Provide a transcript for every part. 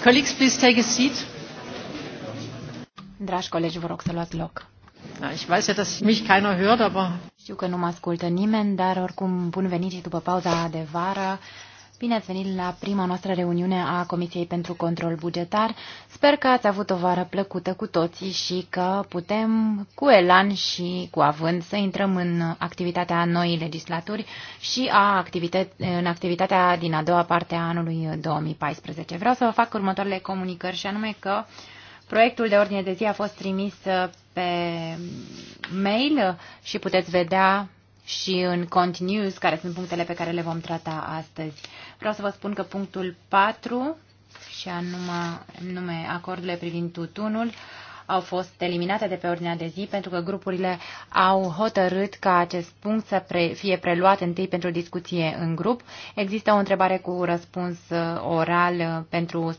Colleagues, please take a seat. Dragi colegi, vă rog să luați loc. Da, ich weiß ja, dass mich keiner hört, aber... Știu că nu mă ascultă nimeni, dar oricum bun venit și după pauza de vară. Bine ați venit la prima noastră reuniune a Comisiei pentru Control Bugetar. Sper că ați avut o vară plăcută cu toții și că putem cu elan și cu avânt să intrăm în activitatea noii legislaturi și a activite- în activitatea din a doua parte a anului 2014. Vreau să vă fac următoarele comunicări și anume că proiectul de ordine de zi a fost trimis pe mail și puteți vedea și în continuous, care sunt punctele pe care le vom trata astăzi. Vreau să vă spun că punctul 4, și anume, anume acordurile privind tutunul, au fost eliminate de pe ordinea de zi pentru că grupurile au hotărât ca acest punct să pre, fie preluat întâi pentru discuție în grup. Există o întrebare cu răspuns uh, oral uh, pentru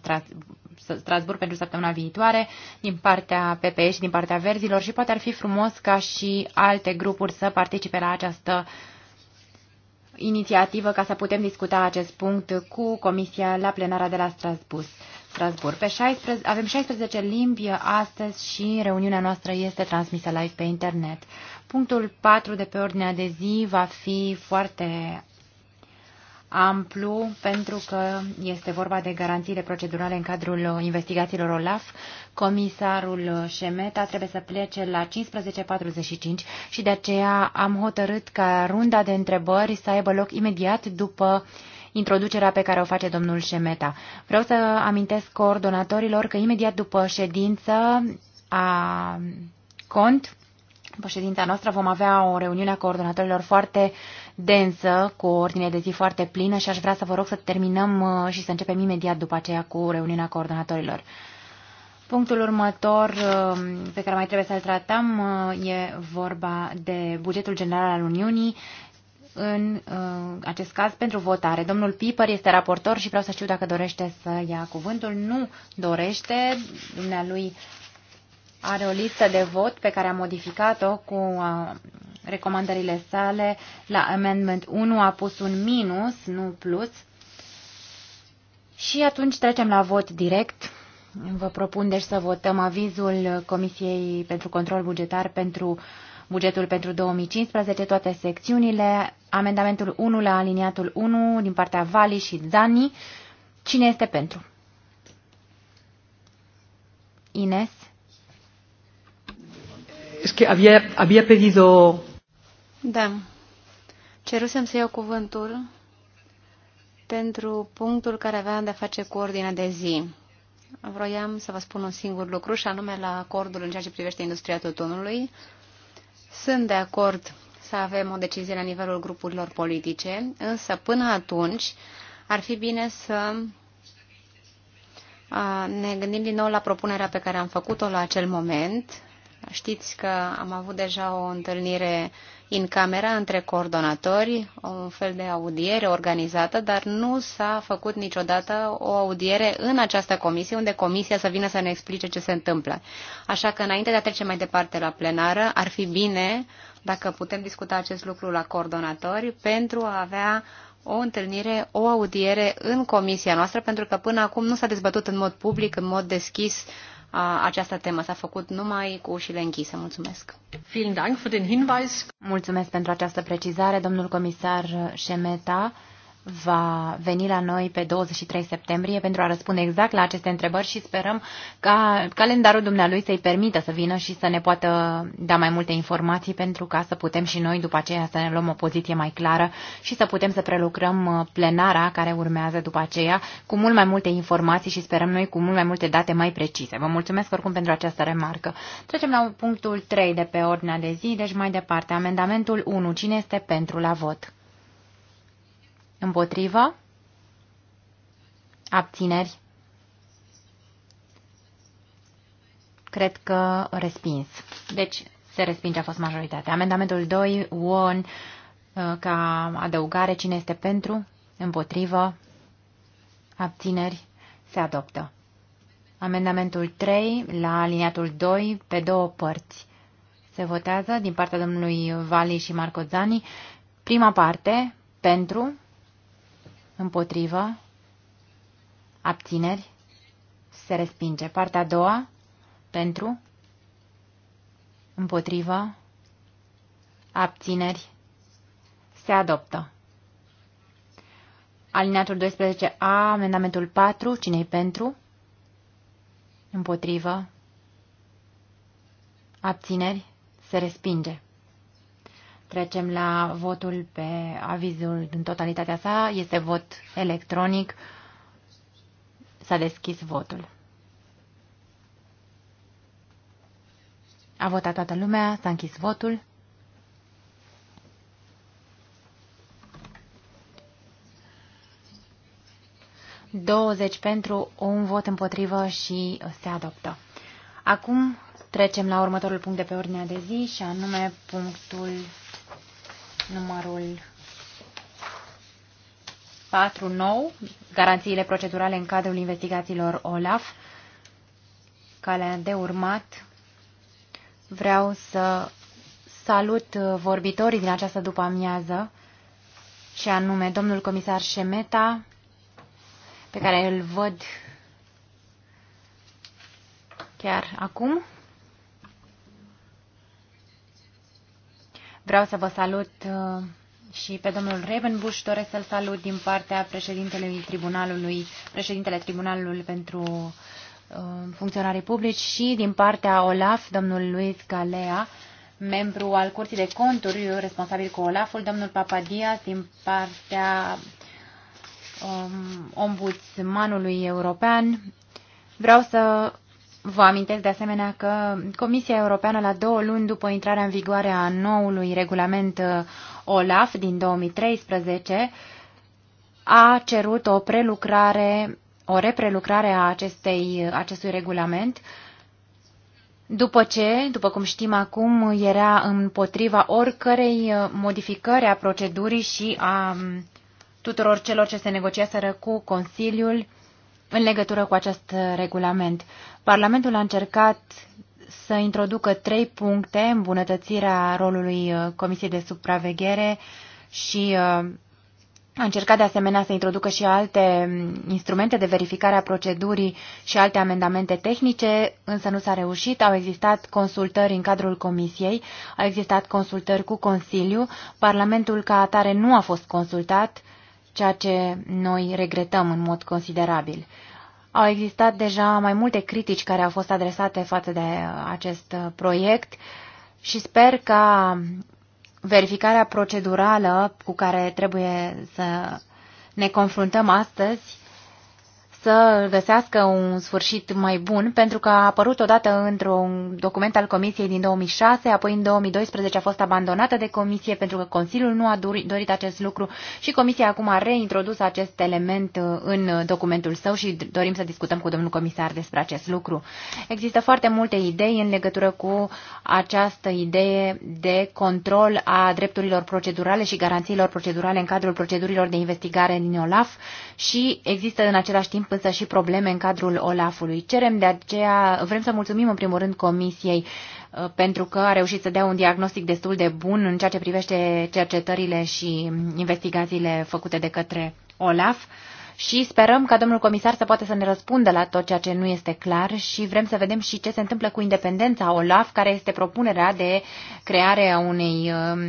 Strasburg pentru săptămâna viitoare din partea PPE și din partea Verzilor și poate ar fi frumos ca și alte grupuri să participe la această inițiativă ca să putem discuta acest punct cu Comisia la plenara de la Strasburg. Strasburg. Pe 16, avem 16 limbi astăzi și reuniunea noastră este transmisă live pe internet. Punctul 4 de pe ordinea de zi va fi foarte amplu pentru că este vorba de garanțiile procedurale în cadrul investigațiilor OLAF. Comisarul Șemeta trebuie să plece la 15.45 și de aceea am hotărât ca runda de întrebări să aibă loc imediat după introducerea pe care o face domnul Șemeta. Vreau să amintesc coordonatorilor că imediat după ședință a cont, după ședința noastră, vom avea o reuniune a coordonatorilor foarte densă, cu o ordine de zi foarte plină și aș vrea să vă rog să terminăm uh, și să începem imediat după aceea cu reuniunea coordonatorilor. Punctul următor uh, pe care mai trebuie să-l tratăm uh, e vorba de bugetul general al Uniunii în acest caz pentru votare. Domnul Piper este raportor și vreau să știu dacă dorește să ia cuvântul. Nu dorește. Dumnealui are o listă de vot pe care a modificat-o cu recomandările sale. La Amendment 1 a pus un minus, nu plus. Și atunci trecem la vot direct. Vă propun deci să votăm avizul Comisiei pentru Control Bugetar pentru bugetul pentru 2015, toate secțiunile, amendamentul 1 la aliniatul 1 din partea Vali și Zani. Cine este pentru? Ines. Es que había, había pedido da. Cerusem să iau cuvântul pentru punctul care avea de a face cu ordinea de zi. Vroiam să vă spun un singur lucru și anume la acordul în ceea ce privește industria tutunului. Sunt de acord să avem o decizie la nivelul grupurilor politice, însă până atunci ar fi bine să ne gândim din nou la propunerea pe care am făcut-o la acel moment Știți că am avut deja o întâlnire în camera între coordonatori, un fel de audiere organizată, dar nu s-a făcut niciodată o audiere în această comisie, unde comisia să vină să ne explice ce se întâmplă. Așa că înainte de a trece mai departe la plenară, ar fi bine dacă putem discuta acest lucru la coordonatori pentru a avea o întâlnire, o audiere în comisia noastră, pentru că până acum nu s-a dezbătut în mod public, în mod deschis, această temă. S-a făcut numai cu ușile închise. Mulțumesc. Mulțumesc pentru această precizare, domnul comisar Șemeta va veni la noi pe 23 septembrie pentru a răspunde exact la aceste întrebări și sperăm ca calendarul dumnealui să-i permită să vină și să ne poată da mai multe informații pentru ca să putem și noi după aceea să ne luăm o poziție mai clară și să putem să prelucrăm uh, plenara care urmează după aceea cu mult mai multe informații și sperăm noi cu mult mai multe date mai precise. Vă mulțumesc oricum pentru această remarcă. Trecem la punctul 3 de pe ordinea de zi, deci mai departe. Amendamentul 1. Cine este pentru la vot? Împotrivă? Abțineri? Cred că respins. Deci se respinge a fost majoritatea. Amendamentul 2, uon uh, ca adăugare, cine este pentru? Împotrivă? Abțineri? Se adoptă. Amendamentul 3, la aliniatul 2, pe două părți. Se votează din partea domnului Vali și Marcozani. Prima parte, pentru, Împotrivă. Abțineri. Se respinge. Partea a doua. Pentru. Împotrivă. Abțineri. Se adoptă. Alineatul 12A, amendamentul 4. Cine-i pentru? Împotrivă. Abțineri. Se respinge. Trecem la votul pe avizul în totalitatea sa. Este vot electronic. S-a deschis votul. A votat toată lumea, s-a închis votul. Douăzeci pentru, un vot împotrivă și se adoptă. Acum trecem la următorul punct de pe ordinea de zi și anume punctul numărul 4 nou, garanțiile procedurale în cadrul investigațiilor OLAF, calea de urmat. Vreau să salut vorbitorii din această după-amiază, și anume domnul comisar Șemeta, pe care îl văd chiar acum. Vreau să vă salut uh, și pe domnul Revenbush doresc să-l salut din partea președintelui tribunalului, președintele tribunalului pentru uh, funcționarii publici și din partea OLAF, domnul Luis Galea, membru al Curții de Conturi, responsabil cu OLAF-ul, domnul Papadia, din partea um, ombudsmanului european. Vreau să Vă amintesc de asemenea că Comisia Europeană la două luni după intrarea în vigoare a noului regulament uh, OLAF din 2013 a cerut o prelucrare, o reprelucrare a acestei, acestui regulament după ce, după cum știm acum, era împotriva oricărei uh, modificări a procedurii și a um, tuturor celor ce se negociaseră cu Consiliul în legătură cu acest regulament. Parlamentul a încercat să introducă trei puncte, îmbunătățirea rolului uh, Comisiei de Supraveghere și uh, a încercat de asemenea să introducă și alte um, instrumente de verificare a procedurii și alte amendamente tehnice, însă nu s-a reușit. Au existat consultări în cadrul Comisiei, au existat consultări cu Consiliu, Parlamentul ca atare nu a fost consultat ceea ce noi regretăm în mod considerabil. Au existat deja mai multe critici care au fost adresate față de acest proiect și sper ca verificarea procedurală cu care trebuie să ne confruntăm astăzi să găsească un sfârșit mai bun, pentru că a apărut odată într-un document al Comisiei din 2006, apoi în 2012 a fost abandonată de Comisie pentru că Consiliul nu a dorit acest lucru și Comisia acum a reintrodus acest element uh, în documentul său și dorim să discutăm cu domnul comisar despre acest lucru. Există foarte multe idei în legătură cu această idee de control a drepturilor procedurale și garanțiilor procedurale în cadrul procedurilor de investigare din OLAF și există în același timp însă și probleme în cadrul Olafului. Cerem de aceea, vrem să mulțumim în primul rând Comisiei uh, pentru că a reușit să dea un diagnostic destul de bun în ceea ce privește cercetările și investigațiile făcute de către Olaf și sperăm ca domnul comisar să poată să ne răspundă la tot ceea ce nu este clar și vrem să vedem și ce se întâmplă cu independența OLAF, care este propunerea de creare a unei, um,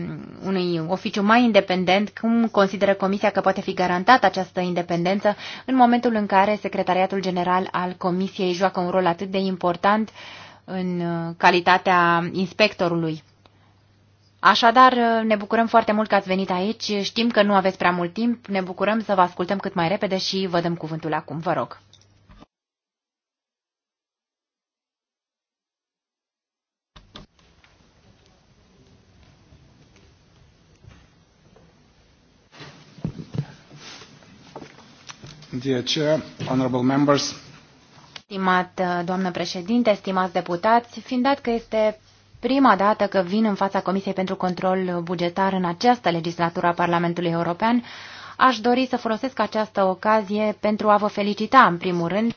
unui oficiu mai independent, cum consideră comisia că poate fi garantată această independență în momentul în care Secretariatul General al Comisiei joacă un rol atât de important în uh, calitatea inspectorului Așadar, ne bucurăm foarte mult că ați venit aici. Știm că nu aveți prea mult timp. Ne bucurăm să vă ascultăm cât mai repede și vă dăm cuvântul acum. Vă rog. Dear Chair, honorable members, Stimat doamnă președinte, stimați deputați, fiind dat că este prima dată că vin în fața Comisiei pentru Control Bugetar în această legislatură a Parlamentului European, aș dori să folosesc această ocazie pentru a vă felicita, în primul rând,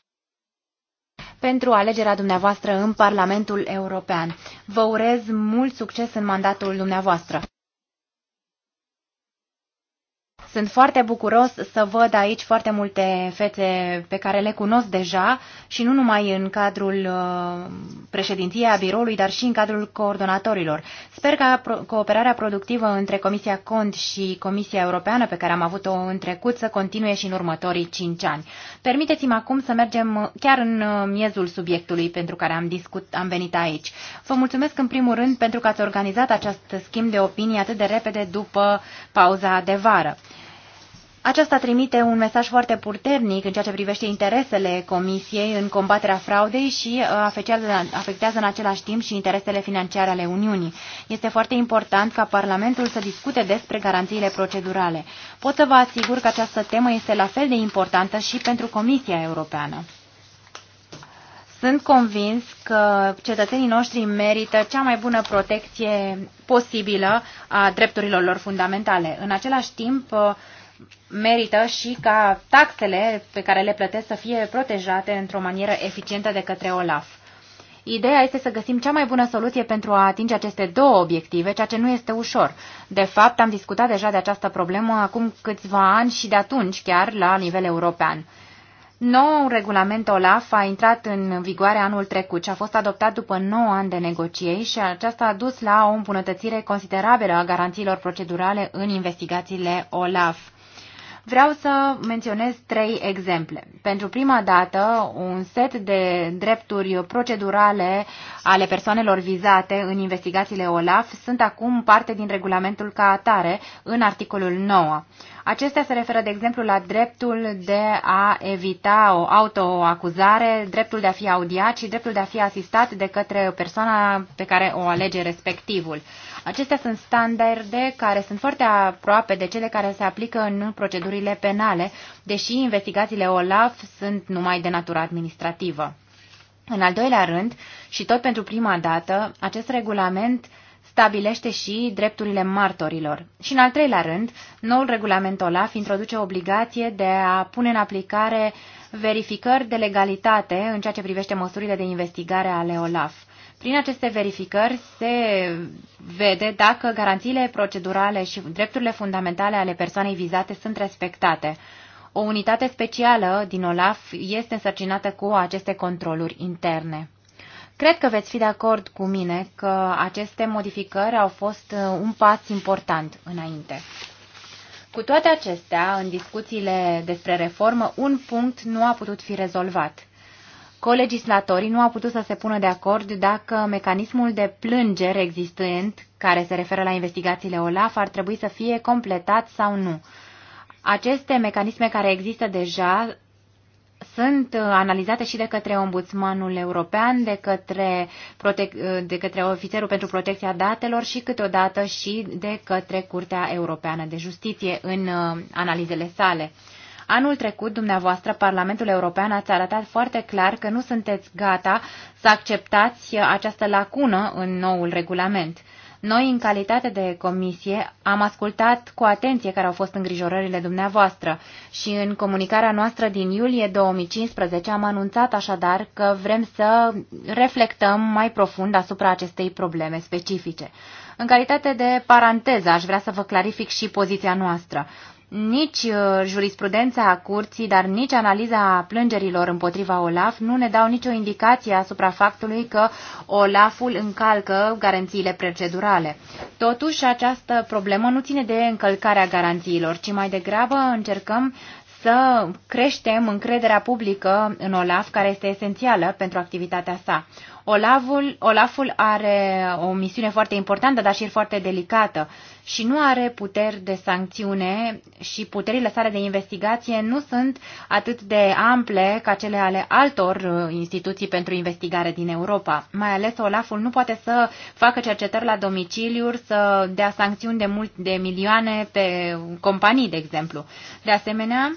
pentru alegerea dumneavoastră în Parlamentul European. Vă urez mult succes în mandatul dumneavoastră. Sunt foarte bucuros să văd aici foarte multe fețe pe care le cunosc deja și nu numai în cadrul uh, președinției a biroului, dar și în cadrul coordonatorilor. Sper ca cooperarea productivă între Comisia Cont și Comisia Europeană, pe care am avut-o în trecut, să continue și în următorii cinci ani. Permiteți-mi acum să mergem chiar în uh, miezul subiectului pentru care am, discut, am venit aici. Vă mulțumesc în primul rând pentru că ați organizat acest schimb de opinii atât de repede după pauza de vară. Aceasta trimite un mesaj foarte puternic în ceea ce privește interesele Comisiei în combaterea fraudei și uh, afectează în același timp și interesele financiare ale Uniunii. Este foarte important ca Parlamentul să discute despre garanțiile procedurale. Pot să vă asigur că această temă este la fel de importantă și pentru Comisia Europeană. Sunt convins că cetățenii noștri merită cea mai bună protecție posibilă a drepturilor lor fundamentale. În același timp, uh, merită și ca taxele pe care le plătesc să fie protejate într-o manieră eficientă de către OLAF. Ideea este să găsim cea mai bună soluție pentru a atinge aceste două obiective, ceea ce nu este ușor. De fapt, am discutat deja de această problemă acum câțiva ani și de atunci chiar la nivel european. Noul regulament OLAF a intrat în vigoare anul trecut și a fost adoptat după 9 ani de negocieri și aceasta a dus la o îmbunătățire considerabilă a garanțiilor procedurale în investigațiile OLAF. Vreau să menționez trei exemple. Pentru prima dată, un set de drepturi procedurale ale persoanelor vizate în investigațiile OLAF sunt acum parte din regulamentul ca atare în articolul 9. Acestea se referă, de exemplu, la dreptul de a evita o autoacuzare, dreptul de a fi audiat și dreptul de a fi asistat de către persoana pe care o alege respectivul. Acestea sunt standarde care sunt foarte aproape de cele care se aplică în procedurile penale, deși investigațiile OLAF sunt numai de natură administrativă. În al doilea rând, și tot pentru prima dată, acest regulament stabilește și drepturile martorilor. Și în al treilea rând, noul regulament OLAF introduce obligație de a pune în aplicare verificări de legalitate în ceea ce privește măsurile de investigare ale OLAF. Prin aceste verificări se vede dacă garanțiile procedurale și drepturile fundamentale ale persoanei vizate sunt respectate. O unitate specială din OLAF este însărcinată cu aceste controluri interne. Cred că veți fi de acord cu mine că aceste modificări au fost uh, un pas important înainte. Cu toate acestea, în discuțiile despre reformă, un punct nu a putut fi rezolvat – colegislatorii nu au putut să se pună de acord dacă mecanismul de plângere existent, care se referă la investigațiile OLAF, ar trebui să fie completat sau nu. Aceste mecanisme care există deja sunt uh, analizate și de către Ombudsmanul European, de către, protec- uh, de către Ofițerul pentru Protecția Datelor și câteodată și de către Curtea Europeană de Justiție în uh, analizele sale. Anul trecut, dumneavoastră, Parlamentul European ați arătat foarte clar că nu sunteți gata să acceptați această lacună în noul regulament. Noi, în calitate de comisie, am ascultat cu atenție care au fost îngrijorările dumneavoastră și în comunicarea noastră din iulie 2015 am anunțat așadar că vrem să reflectăm mai profund asupra acestei probleme specifice. În calitate de paranteză, aș vrea să vă clarific și poziția noastră. Nici uh, jurisprudența a curții, dar nici analiza plângerilor împotriva OLAF nu ne dau nicio indicație asupra faptului că OLAF-ul încalcă garanțiile procedurale. Totuși, această problemă nu ține de încălcarea garanțiilor, ci mai degrabă încercăm să creștem încrederea publică în OLAF, care este esențială pentru activitatea sa. Olaful, Olaful are o misiune foarte importantă, dar și foarte delicată și nu are puteri de sancțiune și puterile sale de investigație nu sunt atât de ample ca cele ale altor uh, instituții pentru investigare din Europa. Mai ales Olaful nu poate să facă cercetări la domiciliuri, să dea sancțiuni de, mult, de milioane pe companii, de exemplu. De asemenea,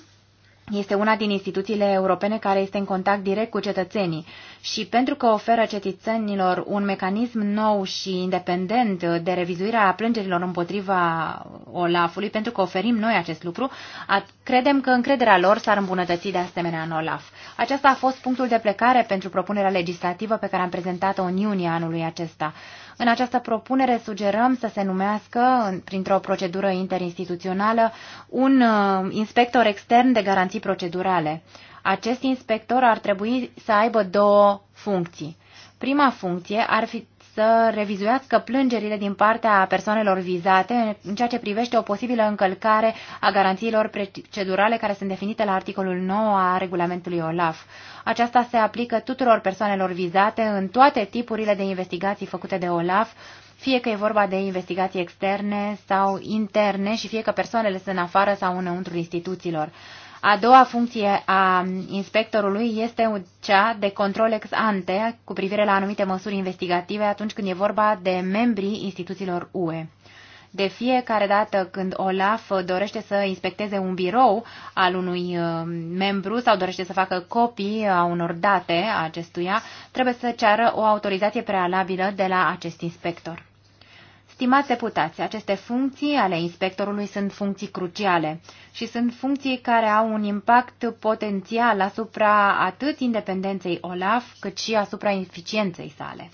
este una din instituțiile europene care este în contact direct cu cetățenii și pentru că oferă cetățenilor un mecanism nou și independent de revizuirea plângerilor împotriva OLAF-ului, pentru că oferim noi acest lucru, credem că încrederea lor s-ar îmbunătăți de asemenea în Olaf. Aceasta a fost punctul de plecare pentru propunerea legislativă pe care am prezentat-o în iunie anului acesta. În această propunere sugerăm să se numească, printr-o procedură interinstituțională, un uh, inspector extern de garanții procedurale. Acest inspector ar trebui să aibă două funcții. Prima funcție ar fi să revizuiască plângerile din partea persoanelor vizate în ceea ce privește o posibilă încălcare a garanțiilor procedurale care sunt definite la articolul 9 a regulamentului OLAF. Aceasta se aplică tuturor persoanelor vizate în toate tipurile de investigații făcute de OLAF, fie că e vorba de investigații externe sau interne și fie că persoanele sunt în afară sau înăuntru instituțiilor. A doua funcție a inspectorului este cea de control ex ante cu privire la anumite măsuri investigative atunci când e vorba de membrii instituțiilor UE. De fiecare dată când OLAF dorește să inspecteze un birou al unui uh, membru sau dorește să facă copii a unor date a acestuia, trebuie să ceară o autorizație prealabilă de la acest inspector. Stimați deputați, aceste funcții ale inspectorului sunt funcții cruciale și sunt funcții care au un impact potențial asupra atât independenței OLAF cât și asupra eficienței sale.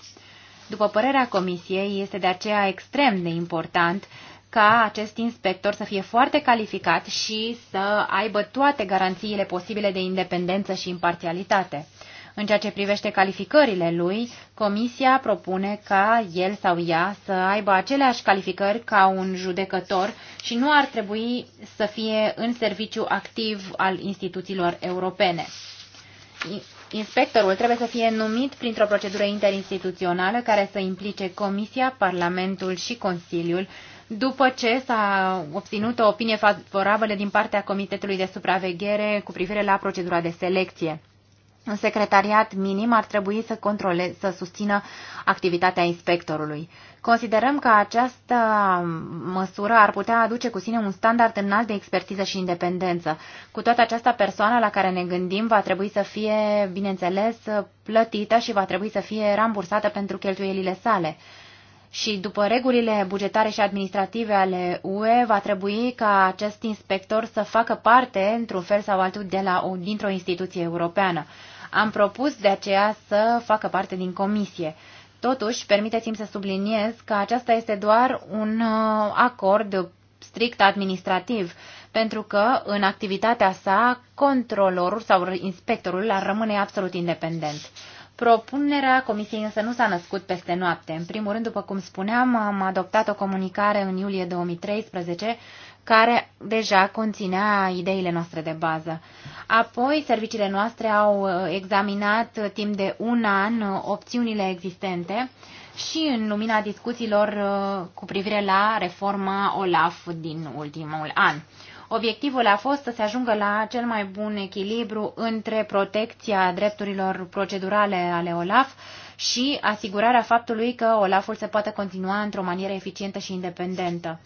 După părerea Comisiei, este de aceea extrem de important ca acest inspector să fie foarte calificat și să aibă toate garanțiile posibile de independență și imparțialitate. În ceea ce privește calificările lui, Comisia propune ca el sau ea să aibă aceleași calificări ca un judecător și nu ar trebui să fie în serviciu activ al instituțiilor europene. Inspectorul trebuie să fie numit printr-o procedură interinstituțională care să implice Comisia, Parlamentul și Consiliul, după ce s-a obținut o opinie favorabilă din partea Comitetului de Supraveghere cu privire la procedura de selecție un secretariat minim ar trebui să, controle, să susțină activitatea inspectorului. Considerăm că această măsură ar putea aduce cu sine un standard înalt de expertiză și independență. Cu toată aceasta, persoana la care ne gândim va trebui să fie, bineînțeles, plătită și va trebui să fie rambursată pentru cheltuielile sale și după regulile bugetare și administrative ale UE, va trebui ca acest inspector să facă parte, într-un fel sau altul, de la, dintr-o instituție europeană. Am propus de aceea să facă parte din comisie. Totuși, permiteți-mi să subliniez că aceasta este doar un uh, acord strict administrativ, pentru că în activitatea sa controlorul sau inspectorul ar rămâne absolut independent. Propunerea Comisiei însă nu s-a născut peste noapte. În primul rând, după cum spuneam, am adoptat o comunicare în iulie 2013 care deja conținea ideile noastre de bază. Apoi, serviciile noastre au examinat timp de un an opțiunile existente și în lumina discuțiilor cu privire la reforma OLAF din ultimul an. Obiectivul a fost să se ajungă la cel mai bun echilibru între protecția drepturilor procedurale ale OLAF și asigurarea faptului că OLAF-ul se poate continua într-o manieră eficientă și independentă.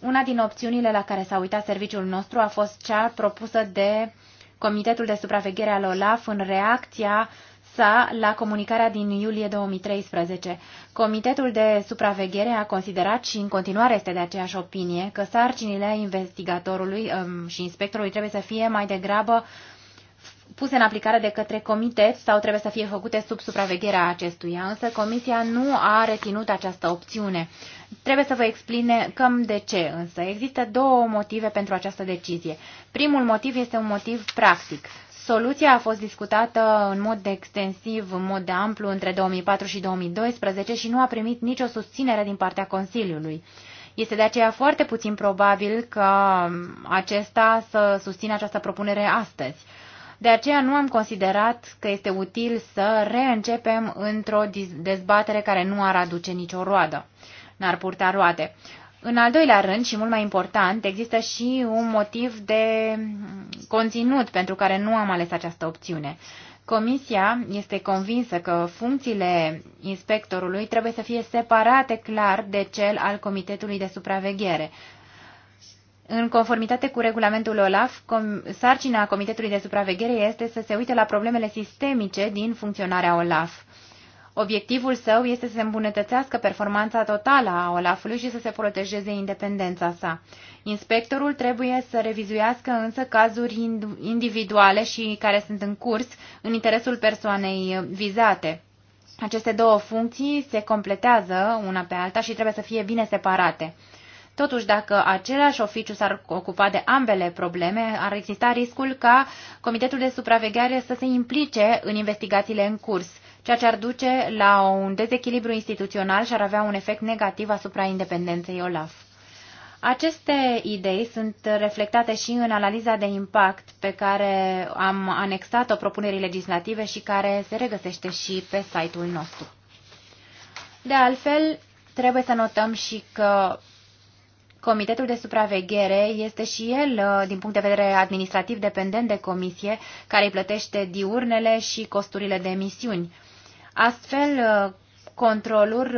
Una din opțiunile la care s-a uitat serviciul nostru a fost cea propusă de Comitetul de Supraveghere al OLAF în reacția sa la comunicarea din iulie 2013. Comitetul de supraveghere a considerat și în continuare este de aceeași opinie că sarcinile investigatorului um, și inspectorului trebuie să fie mai degrabă puse în aplicare de către comitet sau trebuie să fie făcute sub supravegherea acestuia, însă comisia nu a reținut această opțiune. Trebuie să vă explin cam de ce, însă există două motive pentru această decizie. Primul motiv este un motiv practic. Soluția a fost discutată în mod de extensiv, în mod de amplu, între 2004 și 2012 și nu a primit nicio susținere din partea Consiliului. Este de aceea foarte puțin probabil că um, acesta să susțină această propunere astăzi. De aceea nu am considerat că este util să reîncepem într-o dezbatere care nu ar aduce nicio roadă, n-ar purta roade. În al doilea rând, și mult mai important, există și un motiv de conținut pentru care nu am ales această opțiune. Comisia este convinsă că funcțiile inspectorului trebuie să fie separate clar de cel al Comitetului de Supraveghere. În conformitate cu regulamentul OLAF, sarcina Comitetului de Supraveghere este să se uite la problemele sistemice din funcționarea OLAF. Obiectivul său este să se îmbunătățească performanța totală a Olafului și să se protejeze independența sa. Inspectorul trebuie să revizuiască însă cazuri individuale și care sunt în curs în interesul persoanei vizate. Aceste două funcții se completează una pe alta și trebuie să fie bine separate. Totuși, dacă același oficiu s-ar ocupa de ambele probleme, ar exista riscul ca Comitetul de Supraveghere să se implice în investigațiile în curs ceea ce ar duce la un dezechilibru instituțional și ar avea un efect negativ asupra independenței OLAF. Aceste idei sunt reflectate și în analiza de impact pe care am anexat-o propunerii legislative și care se regăsește și pe site-ul nostru. De altfel, trebuie să notăm și că Comitetul de supraveghere este și el, uh, din punct de vedere administrativ, dependent de comisie, care îi plătește diurnele și costurile de emisiuni. Astfel, uh, controlul,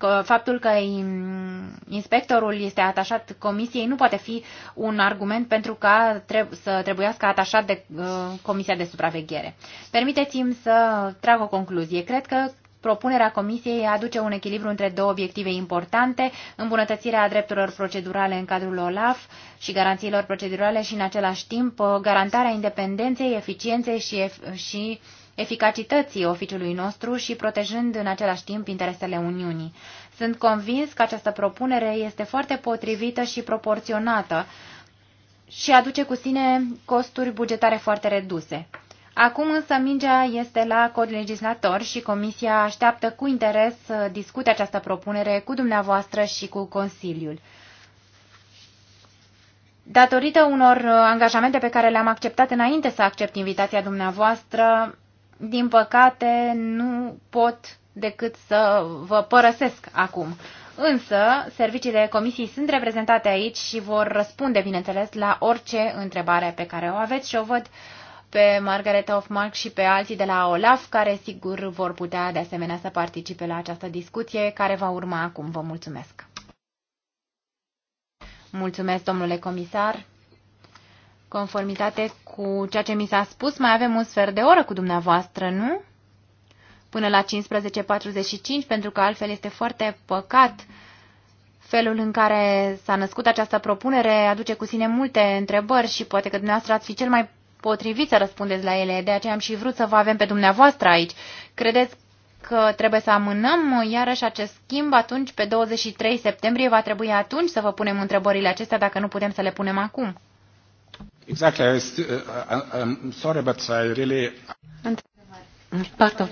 uh, faptul că inspectorul este atașat comisiei nu poate fi un argument pentru ca să trebuiască atașat de uh, Comisia de Supraveghere. Permiteți-mi să trag o concluzie. Cred că Propunerea Comisiei aduce un echilibru între două obiective importante, îmbunătățirea drepturilor procedurale în cadrul OLAF și garanțiilor procedurale și, în același timp, garantarea independenței, eficienței și, și eficacității oficiului nostru și protejând în același timp interesele Uniunii. Sunt convins că această propunere este foarte potrivită și proporționată și aduce cu sine costuri bugetare foarte reduse. Acum însă mingea este la cod legislator și Comisia așteaptă cu interes să discute această propunere cu dumneavoastră și cu Consiliul. Datorită unor uh, angajamente pe care le-am acceptat înainte să accept invitația dumneavoastră, din păcate, nu pot decât să vă părăsesc acum. Însă, serviciile comisiei sunt reprezentate aici și vor răspunde, bineînțeles, la orice întrebare pe care o aveți și o văd pe Margareta Hofmark și pe alții de la OLAF, care sigur vor putea de asemenea să participe la această discuție care va urma acum. Vă mulțumesc! Mulțumesc, domnule comisar! conformitate cu ceea ce mi s-a spus, mai avem un sfert de oră cu dumneavoastră, nu? Până la 15.45, pentru că altfel este foarte păcat felul în care s-a născut această propunere aduce cu sine multe întrebări și poate că dumneavoastră ați fi cel mai potrivit să răspundeți la ele, de aceea am și vrut să vă avem pe dumneavoastră aici. Credeți că trebuie să amânăm iarăși acest schimb atunci pe 23 septembrie va trebui atunci să vă punem întrebările acestea dacă nu putem să le punem acum. Exactly. I was, uh, I'm sorry, but I really... Pardon.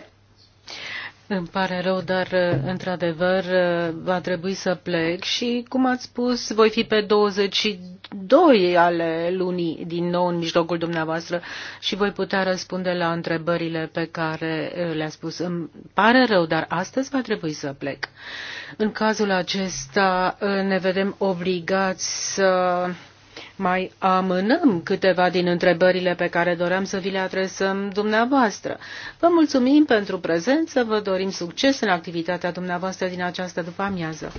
Îmi pare rău, dar uh, într-adevăr uh, va trebui să plec și, cum ați spus, voi fi pe 22 ale lunii din nou în mijlocul dumneavoastră și voi putea răspunde la întrebările pe care uh, le-a spus. Îmi pare rău, dar astăzi va trebui să plec. În cazul acesta ne vedem obligați să mai amânăm câteva din întrebările pe care doream să vi le adresăm dumneavoastră. Vă mulțumim pentru prezență, vă dorim succes în activitatea dumneavoastră din această după-amiază.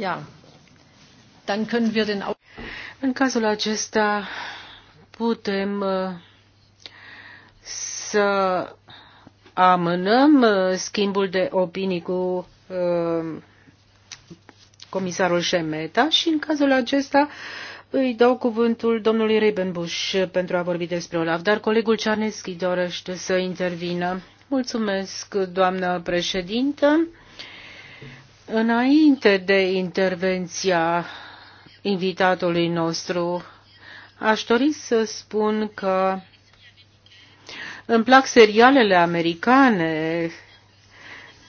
Ja, dann können wir den În cazul acesta putem uh, să amânăm uh, schimbul de opinii cu uh, comisarul Șemeta și în cazul acesta îi dau cuvântul domnului Rebenbuș pentru a vorbi despre Olaf, dar colegul Cerneschi dorește să intervină. Mulțumesc, doamnă președintă. Înainte de intervenția invitatului nostru, aș dori să spun că îmi plac serialele americane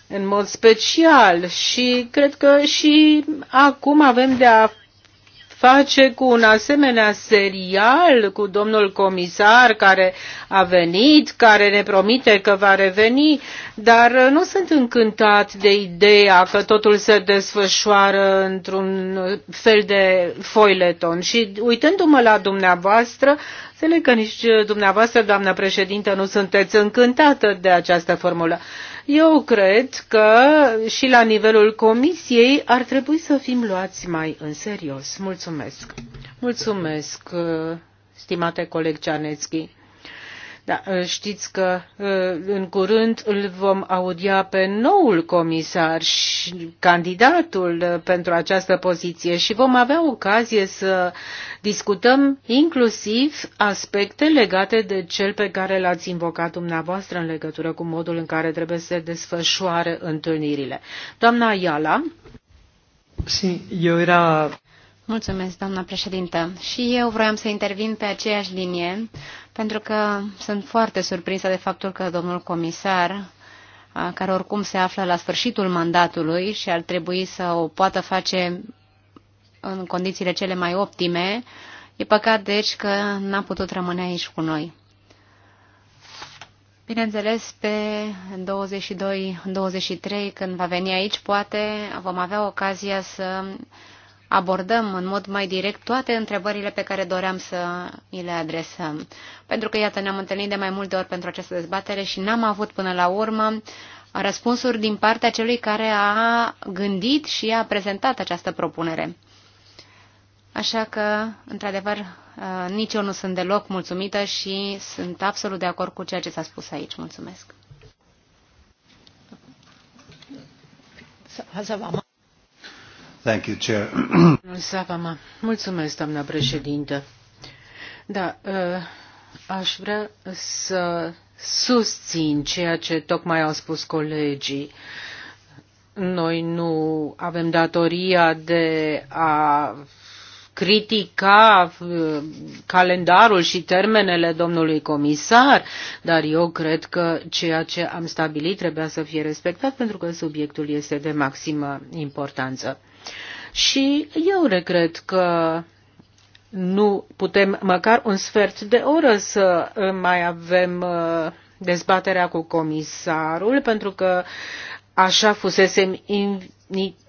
în mod special și cred că și acum avem de a face cu un asemenea serial cu domnul comisar care a venit, care ne promite că va reveni, dar nu sunt încântat de ideea că totul se desfășoară într-un fel de foileton. Și uitându-mă la dumneavoastră, înțeleg că nici dumneavoastră, doamnă președintă, nu sunteți încântată de această formulă. Eu cred că și la nivelul comisiei ar trebui să fim luați mai în serios. Mulțumesc. Mulțumesc, stimate coleg Cianețchi. Da, ă, știți că ă, în curând îl vom audia pe noul comisar și candidatul ă, pentru această poziție și vom avea ocazie să discutăm inclusiv aspecte legate de cel pe care l-ați invocat dumneavoastră în legătură cu modul în care trebuie să se desfășoare întâlnirile. Doamna Iala. Sí, eu era Mulțumesc, doamna președintă. Și eu vroiam să intervin pe aceeași linie, pentru că sunt foarte surprinsă de faptul că domnul comisar, care oricum se află la sfârșitul mandatului și ar trebui să o poată face în condițiile cele mai optime, e păcat deci că n-a putut rămâne aici cu noi. Bineînțeles, pe 22-23, când va veni aici, poate vom avea ocazia să abordăm în mod mai direct toate întrebările pe care doream să îi le adresăm. Pentru că, iată, ne-am întâlnit de mai multe ori pentru această dezbatere și n-am avut până la urmă răspunsuri din partea celui care a gândit și a prezentat această propunere. Așa că, într-adevăr, nici eu nu sunt deloc mulțumită și sunt absolut de acord cu ceea ce s-a spus aici. Mulțumesc. să Thank Mulțumesc, doamna președintă. Da, uh, aș vrea să susțin ceea ce tocmai au spus colegii. Noi nu avem datoria de a critica uh, calendarul și termenele domnului comisar, dar eu cred că ceea ce am stabilit trebuia să fie respectat pentru că subiectul este de maximă importanță. Și eu regret că nu putem măcar un sfert de oră să mai avem uh, dezbaterea cu comisarul, pentru că așa fusesem invitat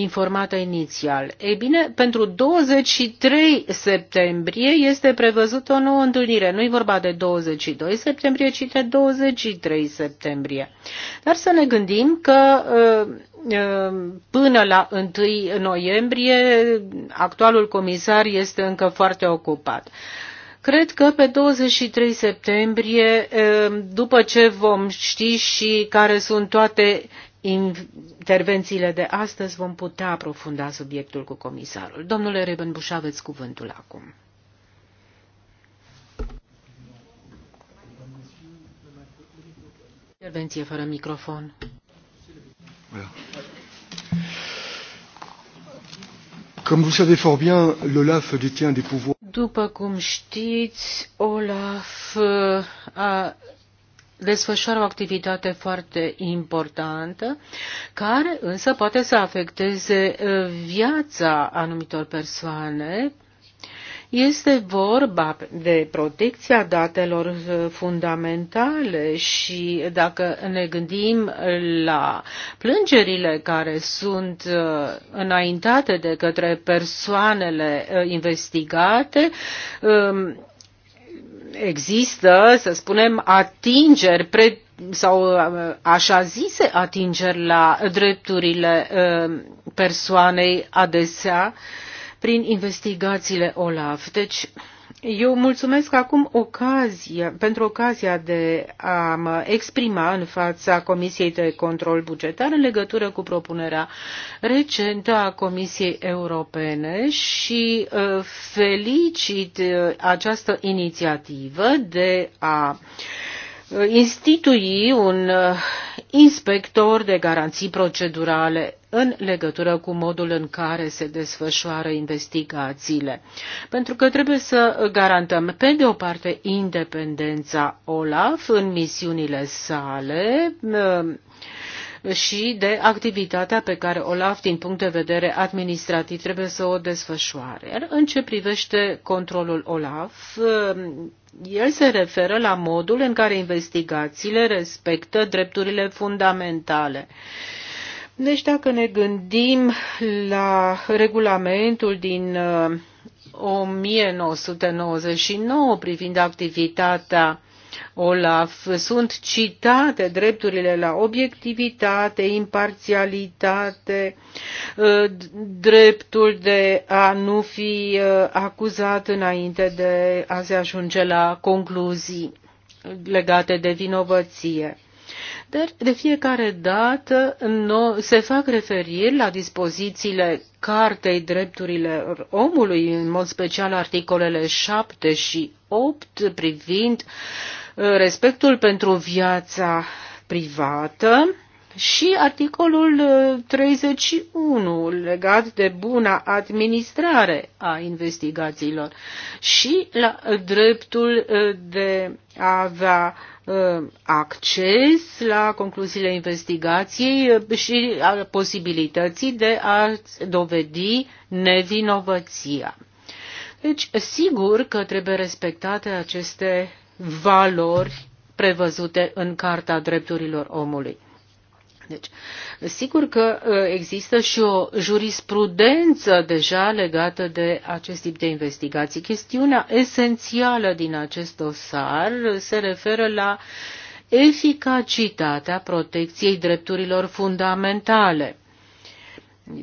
informată inițial. Ei bine, pentru 23 septembrie este prevăzută o nouă întâlnire. Nu-i vorba de 22 septembrie, ci de 23 septembrie. Dar să ne gândim că uh, uh, până la 1 noiembrie actualul comisar este încă foarte ocupat. Cred că pe 23 septembrie, uh, după ce vom ști și care sunt toate intervențiile de astăzi vom putea aprofunda subiectul cu comisarul. Domnule Rebenbuș, aveți cuvântul acum. Intervenție fără microfon. Comme vous savez fort bien, l'OLAF détient des pouvoirs. După cum știți, OLAF uh, a desfășoară o activitate foarte importantă, care însă poate să afecteze viața anumitor persoane. Este vorba de protecția datelor fundamentale și dacă ne gândim la plângerile care sunt înaintate de către persoanele investigate, există, să spunem, atingeri pre, sau uh, așa zise atingeri la drepturile uh, persoanei adesea prin investigațiile OLAF. Deci, eu mulțumesc acum ocazia, pentru ocazia de a mă exprima în fața Comisiei de Control Bugetar în legătură cu propunerea recentă a Comisiei Europene și uh, felicit uh, această inițiativă de a uh, institui un inspector de garanții procedurale în legătură cu modul în care se desfășoară investigațiile. Pentru că trebuie să garantăm, pe de o parte, independența OLAF în misiunile sale, ă, și de activitatea pe care OLAF, din punct de vedere administrativ, trebuie să o desfășoare. în ce privește controlul OLAF, ă, el se referă la modul în care investigațiile respectă drepturile fundamentale deci dacă ne gândim la regulamentul din 1999 uh, privind activitatea Olaf, sunt citate drepturile la obiectivitate, imparțialitate, uh, dreptul de a nu fi uh, acuzat înainte de a se ajunge la concluzii legate de vinovăție. Dar de fiecare dată no, se fac referiri la dispozițiile Cartei Drepturile Omului, în mod special articolele 7 și 8 privind uh, respectul pentru viața privată și articolul 31 uh, legat de buna administrare a investigațiilor și la dreptul uh, de a avea Uh, acces la concluziile investigației uh, și a posibilității de a dovedi nevinovăția. Deci, sigur că trebuie respectate aceste valori prevăzute în Carta Drepturilor Omului. Deci, sigur că uh, există și o jurisprudență deja legată de acest tip de investigații. Chestiunea esențială din acest dosar se referă la eficacitatea protecției drepturilor fundamentale.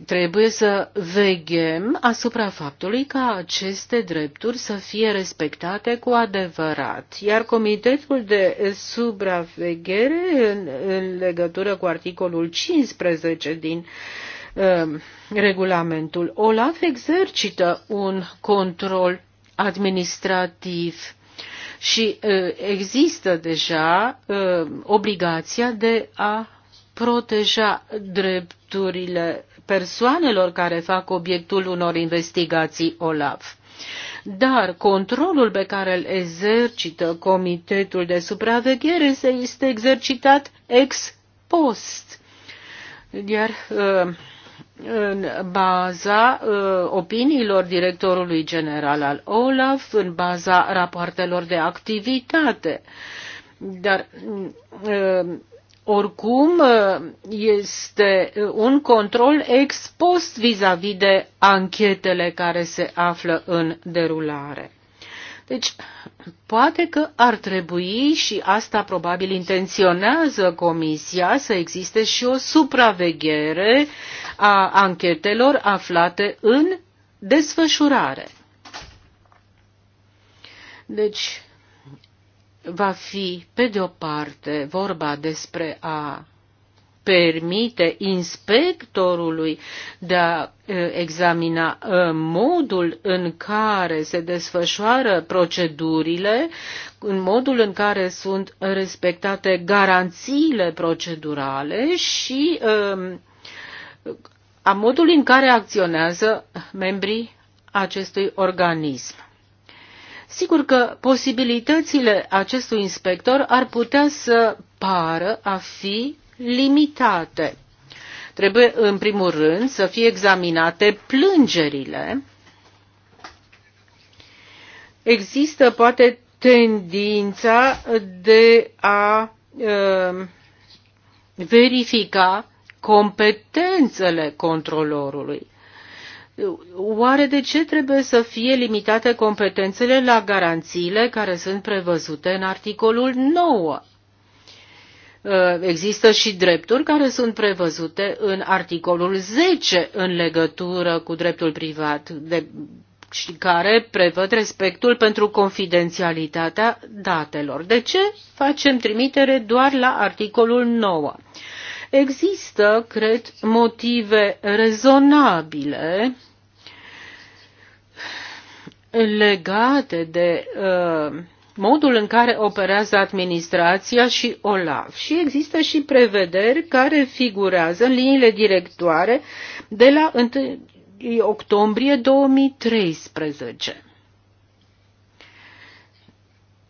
Trebuie să veghem asupra faptului ca aceste drepturi să fie respectate cu adevărat, iar Comitetul de Supraveghere, în, în legătură cu articolul 15 din uh, regulamentul OLAF, exercită un control administrativ și uh, există deja uh, obligația de a proteja drepturile persoanelor care fac obiectul unor investigații OLAF. Dar controlul pe care îl exercită Comitetul de Supraveghere se este exercitat ex post. Iar uh, în baza uh, opiniilor directorului general al OLAF, în baza rapoartelor de activitate. Dar uh, oricum este un control ex post vis-a-vis -vis de anchetele care se află în derulare. Deci, poate că ar trebui și asta probabil intenționează Comisia să existe și o supraveghere a anchetelor aflate în desfășurare. Deci, va fi, pe de o parte, vorba despre a permite inspectorului de a examina modul în care se desfășoară procedurile, în modul în care sunt respectate garanțiile procedurale și a modului în care acționează membrii acestui organism. Sigur că posibilitățile acestui inspector ar putea să pară a fi limitate. Trebuie, în primul rând, să fie examinate plângerile. Există, poate, tendința de a uh, verifica competențele controlorului. Oare de ce trebuie să fie limitate competențele la garanțiile care sunt prevăzute în articolul 9? Uh, există și drepturi care sunt prevăzute în articolul 10 în legătură cu dreptul privat de, și care prevăd respectul pentru confidențialitatea datelor. De ce facem trimitere doar la articolul 9? Există, cred, motive rezonabile legate de uh, modul în care operează administrația și OLAF. Și există și prevederi care figurează în liniile directoare de la 1 octombrie 2013.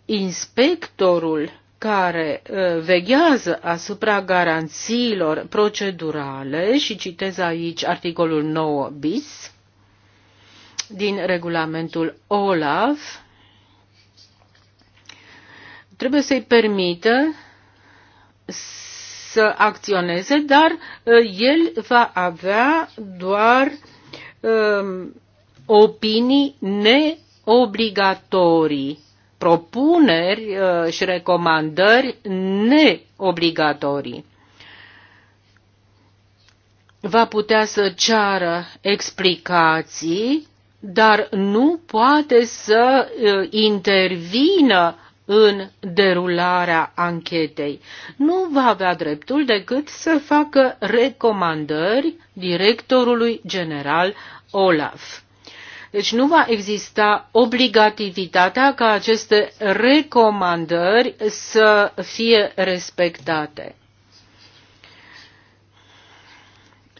Inspectorul care uh, veghează asupra garanțiilor procedurale și citez aici articolul 9 bis din regulamentul OLAF, trebuie să-i permită să acționeze, dar uh, el va avea doar um, opinii neobligatorii propuneri uh, și recomandări neobligatorii. Va putea să ceară explicații, dar nu poate să uh, intervină în derularea anchetei. Nu va avea dreptul decât să facă recomandări directorului general Olaf. Deci nu va exista obligativitatea ca aceste recomandări să fie respectate.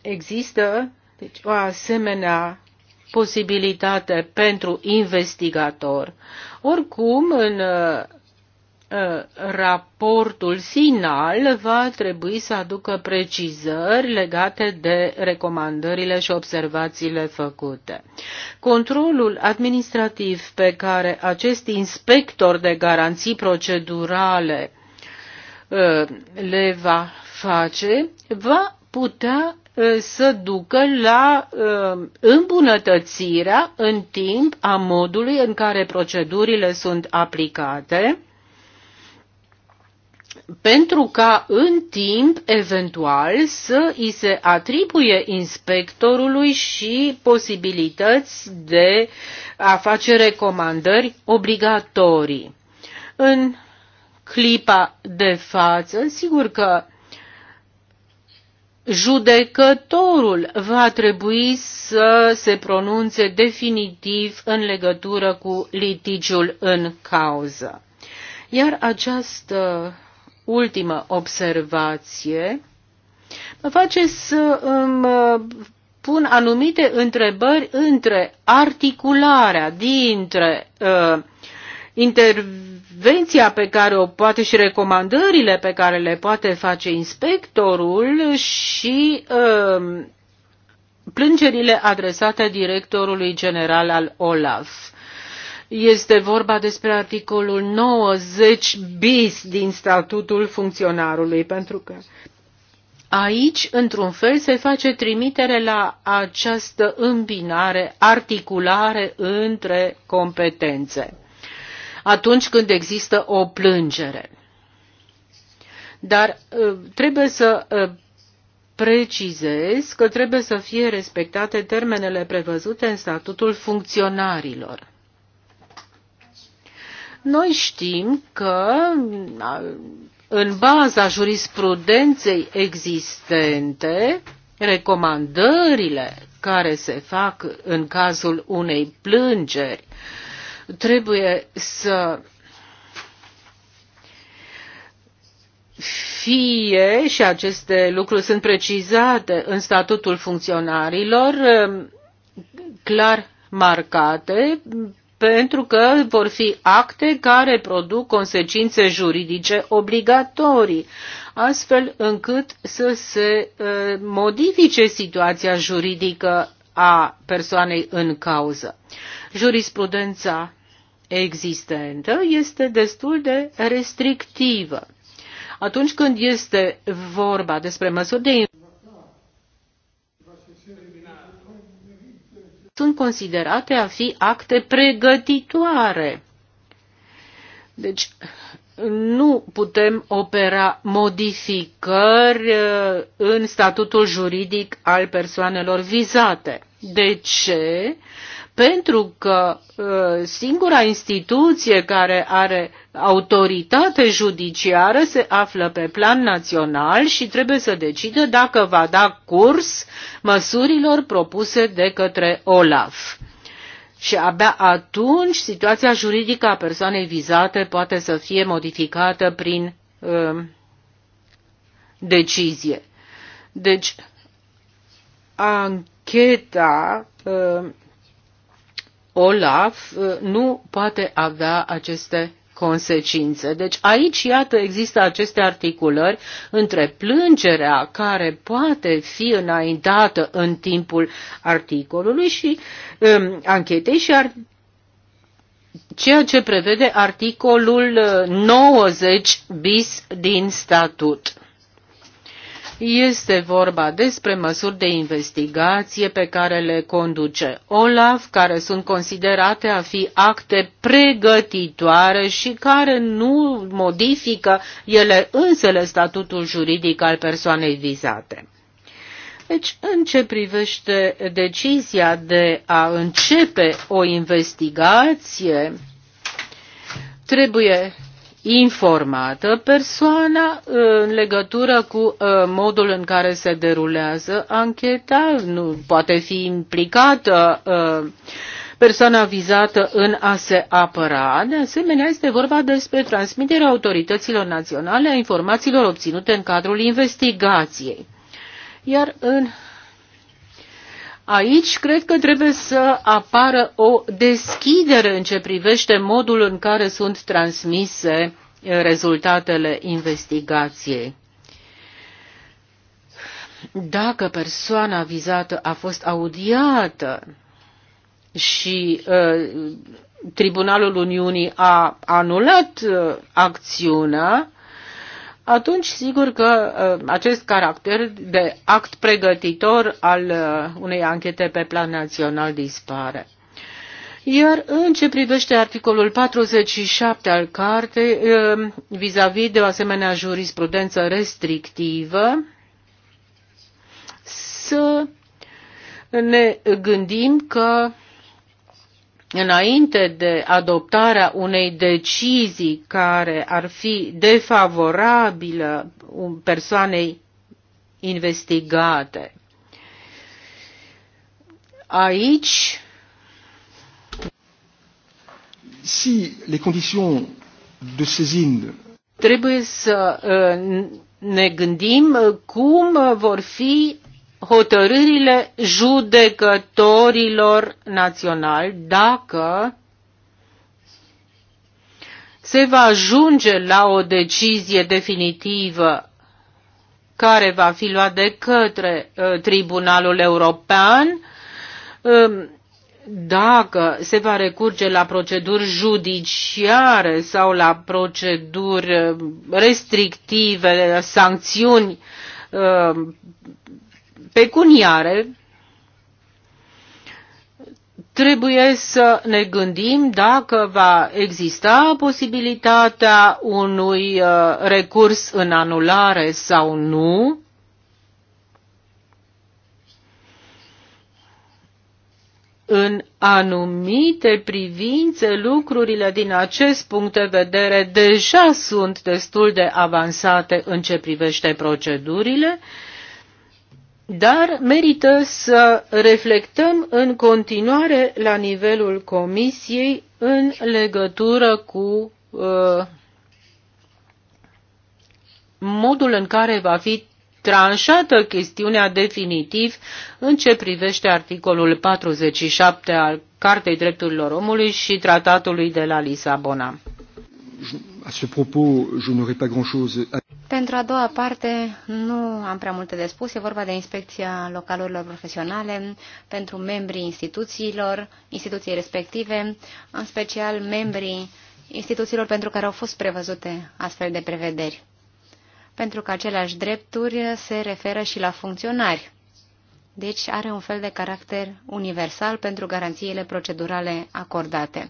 Există deci, o asemenea posibilitate pentru investigator. Oricum, în Uh, raportul final va trebui să aducă precizări legate de recomandările și observațiile făcute. Controlul administrativ pe care acest inspector de garanții procedurale uh, le va face va putea uh, să ducă la îmbunătățirea în timp a modului în care procedurile sunt aplicate pentru ca în timp, eventual, să îi se atribuie inspectorului și posibilități de a face recomandări obligatorii. În clipa de față, sigur că judecătorul va trebui să se pronunțe definitiv în legătură cu litigiul în cauză. Iar această ultimă observație mă face să îmi uh, pun anumite întrebări între articularea dintre uh, intervenția pe care o poate și recomandările pe care le poate face inspectorul și uh, plângerile adresate directorului general al OLAF. Este vorba despre articolul 90 bis din statutul funcționarului, pentru că aici, într-un fel, se face trimitere la această îmbinare, articulare între competențe, atunci când există o plângere. Dar ă, trebuie să ă, precizez că trebuie să fie respectate termenele prevăzute în statutul funcționarilor. Noi știm că în baza jurisprudenței existente, recomandările care se fac în cazul unei plângeri trebuie să fie, și aceste lucruri sunt precizate în statutul funcționarilor, clar marcate pentru că vor fi acte care produc consecințe juridice obligatorii, astfel încât să se modifice situația juridică a persoanei în cauză. Jurisprudența existentă este destul de restrictivă. Atunci când este vorba despre măsuri de sunt considerate a fi acte pregătitoare. Deci nu putem opera modificări uh, în statutul juridic al persoanelor vizate. De ce? pentru că uh, singura instituție care are autoritate judiciară se află pe plan național și trebuie să decidă dacă va da curs măsurilor propuse de către OLAF. Și abia atunci situația juridică a persoanei vizate poate să fie modificată prin uh, decizie. Deci, ancheta uh, OLAF uh, nu poate avea aceste consecințe. Deci aici, iată, există aceste articulări între plângerea care poate fi înaintată în timpul articolului și um, anchetei și ar, ceea ce prevede articolul 90 uh, bis din statut. Este vorba despre măsuri de investigație pe care le conduce OLAF, care sunt considerate a fi acte pregătitoare și care nu modifică ele însele statutul juridic al persoanei vizate. Deci, în ce privește decizia de a începe o investigație, trebuie informată persoana uh, în legătură cu uh, modul în care se derulează ancheta, nu poate fi implicată uh, persoana vizată în a se apăra. De asemenea, este vorba despre transmiterea autorităților naționale a informațiilor obținute în cadrul investigației. Iar în Aici cred că trebuie să apară o deschidere în ce privește modul în care sunt transmise eh, rezultatele investigației. Dacă persoana vizată a fost audiată și uh, Tribunalul Uniunii a anulat uh, acțiunea, atunci sigur că uh, acest caracter de act pregătitor al uh, unei anchete pe plan național dispare. Iar în ce privește articolul 47 al cartei, uh, vis-a-vis -vis de o asemenea jurisprudență restrictivă, să ne gândim că înainte de adoptarea unei decizii care ar fi defavorabilă persoanei investigate. Aici si les conditions de saisine trebuie să uh, ne gândim uh, cum vor fi hotărârile judecătorilor naționali dacă se va ajunge la o decizie definitivă care va fi luat de către uh, Tribunalul European uh, dacă se va recurge la proceduri judiciare sau la proceduri uh, restrictive, sancțiuni uh, pecuniare, trebuie să ne gândim dacă va exista posibilitatea unui uh, recurs în anulare sau nu. În anumite privințe, lucrurile din acest punct de vedere deja sunt destul de avansate în ce privește procedurile, dar merită să reflectăm în continuare la nivelul Comisiei în legătură cu uh, modul în care va fi tranșată chestiunea definitiv în ce privește articolul 47 al Cartei Drepturilor Omului și Tratatului de la Lisabona à ce propos, je n'aurai pas grand-chose à... Pentru a doua parte, nu am prea multe de spus. E vorba de inspecția localurilor profesionale pentru membrii instituțiilor, instituției respective, în special membrii instituțiilor pentru care au fost prevăzute astfel de prevederi. Pentru că aceleași drepturi se referă și la funcționari. Deci are un fel de caracter universal pentru garanțiile procedurale acordate.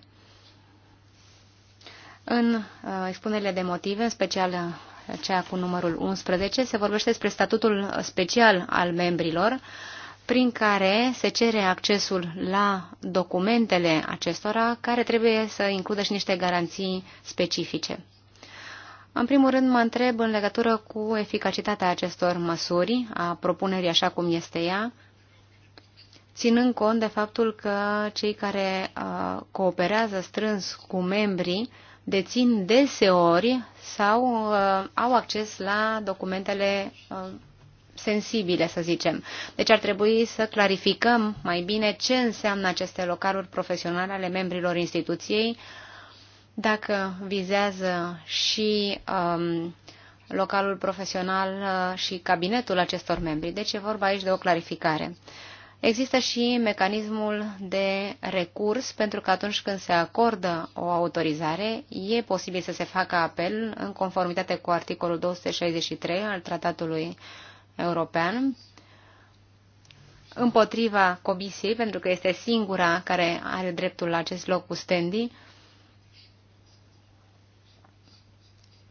În uh, expunerile de motive, în special uh, cea cu numărul 11, se vorbește despre statutul special al membrilor, prin care se cere accesul la documentele acestora, care trebuie să includă și niște garanții specifice. În primul rând, mă întreb în legătură cu eficacitatea acestor măsuri, a propunerii așa cum este ea, ținând cont de faptul că cei care uh, cooperează strâns cu membrii uh, dețin deseori sau uh, au acces la documentele uh, sensibile, să zicem. Deci ar trebui să clarificăm mai bine ce înseamnă aceste locaruri profesionale ale membrilor instituției, dacă vizează și um, localul profesional uh, și cabinetul acestor membri. Deci e vorba aici de o clarificare. Uh, Există și mecanismul de recurs pentru că atunci când se acordă o autorizare, e posibil să se facă apel în conformitate cu articolul 263 al Tratatului European împotriva comisiei, pentru că este singura care are dreptul la acest loc cu standing,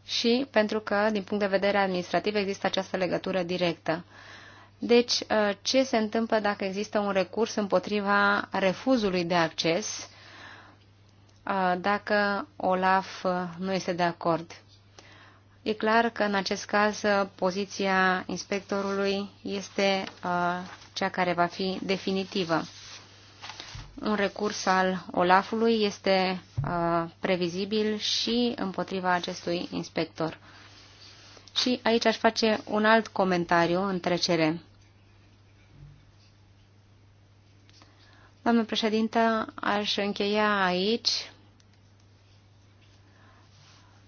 și pentru că, din punct de vedere administrativ, există această legătură directă. Deci, uh, ce se întâmplă dacă există un recurs împotriva refuzului de acces uh, dacă OLAF uh, nu este de acord? E clar că în acest caz poziția inspectorului este cea care va fi definitivă. Un recurs al Olafului este previzibil și împotriva acestui inspector. Și aici aș face un alt comentariu în trecere. Doamnă președintă, aș încheia aici.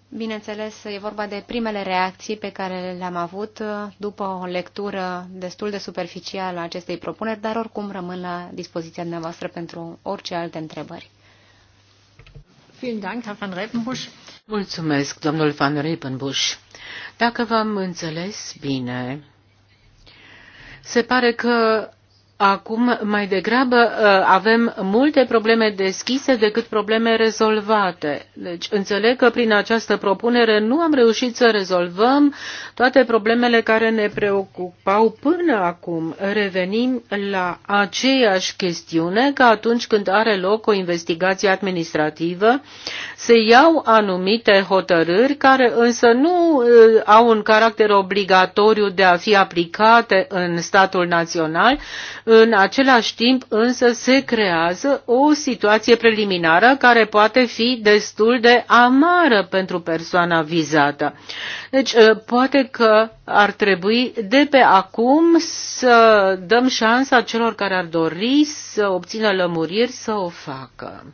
Bineînțeles, e vorba de primele reacții pe care le-am avut după o lectură destul de superficială a acestei propuneri, dar oricum rămân la dispoziția dumneavoastră pentru orice alte întrebări. Mulțumesc, domnul Van Repenbush. Dacă v-am înțeles bine, se pare că Acum, mai degrabă, ă, avem multe probleme deschise decât probleme rezolvate. Deci, înțeleg că prin această propunere nu am reușit să rezolvăm toate problemele care ne preocupau până acum. Revenim la aceeași chestiune că atunci când are loc o investigație administrativă, se iau anumite hotărâri care însă nu ă, au un caracter obligatoriu de a fi aplicate în statul național, în același timp însă se creează o situație preliminară care poate fi destul de amară pentru persoana vizată. Deci ă, poate că ar trebui de pe acum să dăm șansa celor care ar dori să obțină lămuriri să o facă.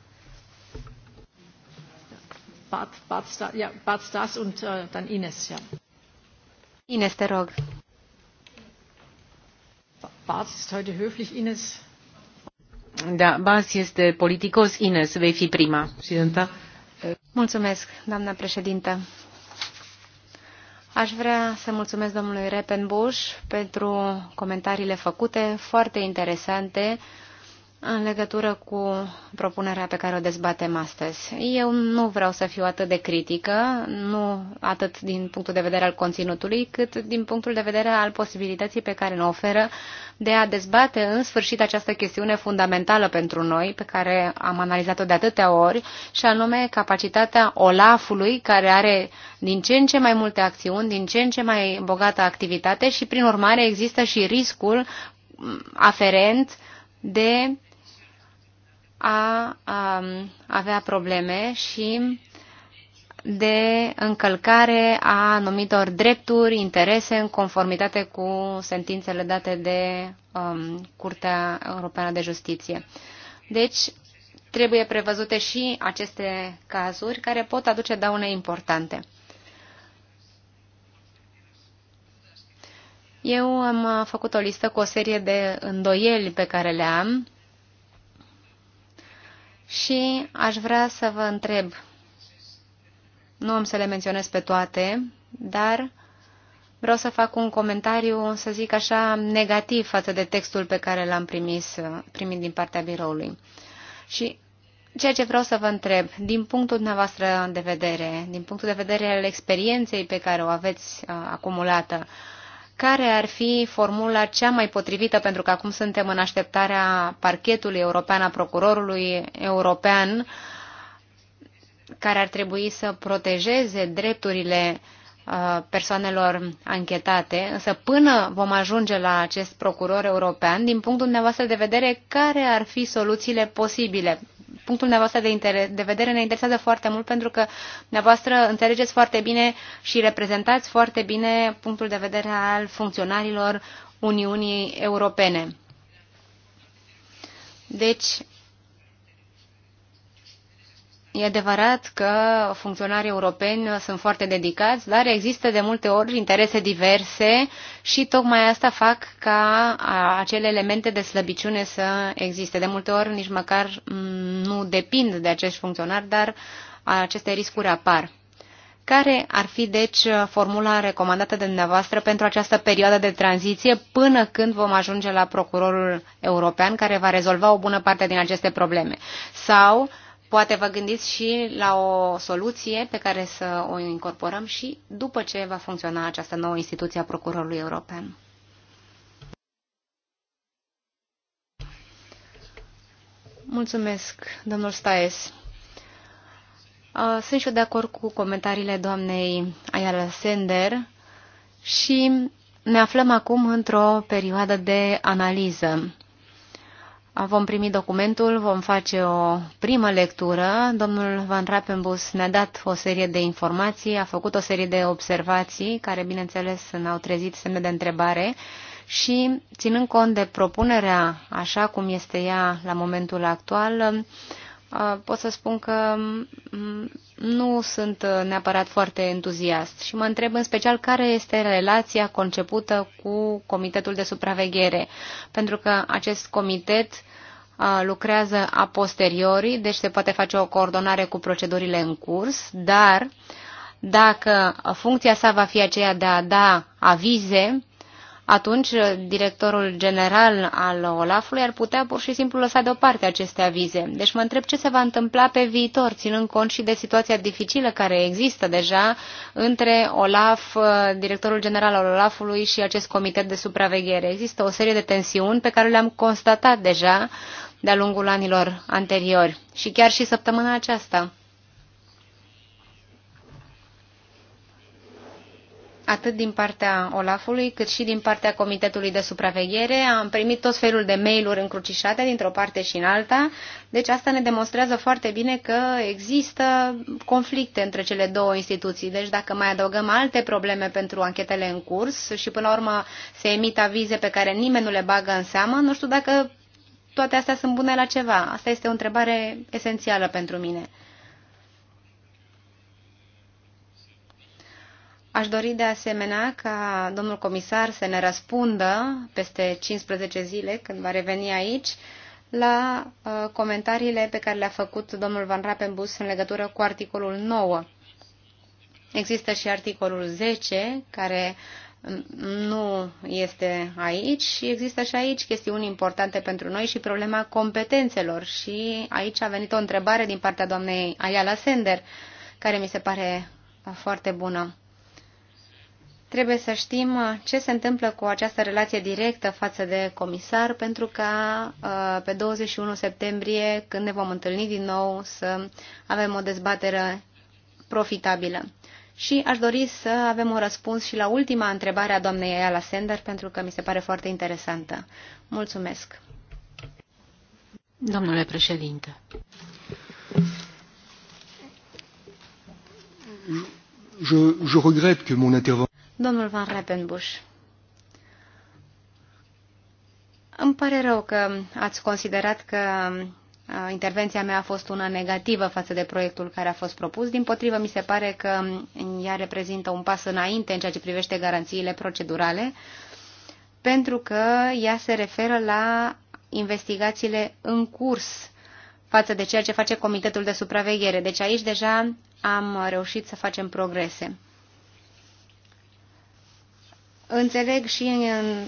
Bad, Bart, ja, bad das und uh, dann Ines. Ja. Ines, te rog. Barz Da, Barz este politicos, Ines, vei fi prima. Mulțumesc, doamna președintă. Aș vrea să mulțumesc domnului Repenbush pentru comentariile făcute, foarte interesante, în legătură cu propunerea pe care o dezbatem astăzi. Eu nu vreau să fiu atât de critică, nu atât din punctul de vedere al conținutului, cât din punctul de vedere al posibilității pe care ne oferă de a dezbate în sfârșit această chestiune fundamentală pentru noi, pe care am analizat-o de atâtea ori, și anume capacitatea OLAF-ului, care are din ce în ce mai multe acțiuni, din ce în ce mai bogată activitate și, prin urmare, există și riscul aferent de a, a avea probleme și de încălcare a anumitor drepturi, interese în conformitate cu sentințele date de um, Curtea Europeană de Justiție. Deci, trebuie prevăzute și aceste cazuri care pot aduce daune importante. Eu am făcut o listă cu o serie de îndoieli pe care le am și aș vrea să vă întreb, nu am să le menționez pe toate, dar vreau să fac un comentariu, să zic așa, negativ față de textul pe care l-am primit primit din partea biroului. Și Ceea ce vreau să vă întreb, din punctul dumneavoastră de vedere, din punctul de vedere al experienței pe care o aveți uh, acumulată, care ar fi formula cea mai potrivită, pentru că acum suntem în așteptarea parchetului european, a procurorului european, care ar trebui să protejeze drepturile uh, persoanelor anchetate, însă până vom ajunge la acest procuror european, din punctul dumneavoastră de vedere, care ar fi soluțiile posibile? punctul dumneavoastră de, de vedere ne interesează foarte mult pentru că dumneavoastră înțelegeți foarte bine și reprezentați foarte bine punctul de vedere al funcționarilor Uniunii Europene. Deci, E adevărat că funcționarii europeni sunt foarte dedicați, dar există de multe ori interese diverse și tocmai asta fac ca acele elemente de slăbiciune să existe. De multe ori nici măcar mm, nu depind de acești funcționari, dar aceste riscuri apar. Care ar fi, deci, formula recomandată de dumneavoastră pentru această perioadă de tranziție până când vom ajunge la procurorul european care va rezolva o bună parte din aceste probleme? Sau Poate vă gândiți și la o soluție pe care să o incorporăm și după ce va funcționa această nouă instituție a Procurorului European. Mulțumesc, domnul Staes. Sunt și eu de acord cu comentariile doamnei Ayala Sender și ne aflăm acum într-o perioadă de analiză. Vom primi documentul, vom face o primă lectură. Domnul Van Rappenbus ne-a dat o serie de informații, a făcut o serie de observații care, bineînțeles, ne-au trezit semne de întrebare și, ținând cont de propunerea așa cum este ea la momentul actual, pot să spun că nu sunt neapărat foarte entuziast și mă întreb în special care este relația concepută cu Comitetul de Supraveghere, pentru că acest comitet lucrează a posteriori, deci se poate face o coordonare cu procedurile în curs, dar dacă funcția sa va fi aceea de a da avize, atunci directorul general al Olafului ar putea pur și simplu lăsa deoparte aceste avize. Deci mă întreb ce se va întâmpla pe viitor, ținând cont și de situația dificilă care există deja între Olaf, directorul general al Olafului și acest comitet de supraveghere. Există o serie de tensiuni pe care le-am constatat deja de-a lungul anilor anteriori și chiar și săptămâna aceasta. atât din partea Olafului, cât și din partea Comitetului de Supraveghere. Am primit tot felul de mail-uri încrucișate dintr-o parte și în alta, deci asta ne demonstrează foarte bine că există conflicte între cele două instituții. Deci dacă mai adăugăm alte probleme pentru anchetele în curs și până la urmă se emit avize pe care nimeni nu le bagă în seamă, nu știu dacă toate astea sunt bune la ceva. Asta este o întrebare esențială pentru mine. Aș dori de asemenea ca domnul comisar să ne răspundă peste 15 zile, când va reveni aici, la uh, comentariile pe care le-a făcut domnul Van Rappenbus în legătură cu articolul 9. Există și articolul 10, care mm, nu este aici și există și aici chestiuni importante pentru noi și problema competențelor. Și aici a venit o întrebare din partea doamnei Ayala Sender, care mi se pare foarte bună. Trebuie să știm uh, ce se întâmplă cu această relație directă față de comisar, pentru ca uh, pe 21 septembrie, când ne vom întâlni din nou, să avem o dezbatere profitabilă. Și aș dori să avem un răspuns și la ultima întrebare a doamnei Ayala Sender, pentru că mi se pare foarte interesantă. Mulțumesc. Domnule președinte. Je, je regrette que mon intervention Domnul Van Rappenbush. Îmi pare rău că ați considerat că intervenția mea a fost una negativă față de proiectul care a fost propus. Din potrivă, mi se pare că ea reprezintă un pas înainte în ceea ce privește garanțiile procedurale, pentru că ea se referă la investigațiile în curs față de ceea ce face Comitetul de Supraveghere. Deci aici deja am reușit să facem progrese. Înțeleg și în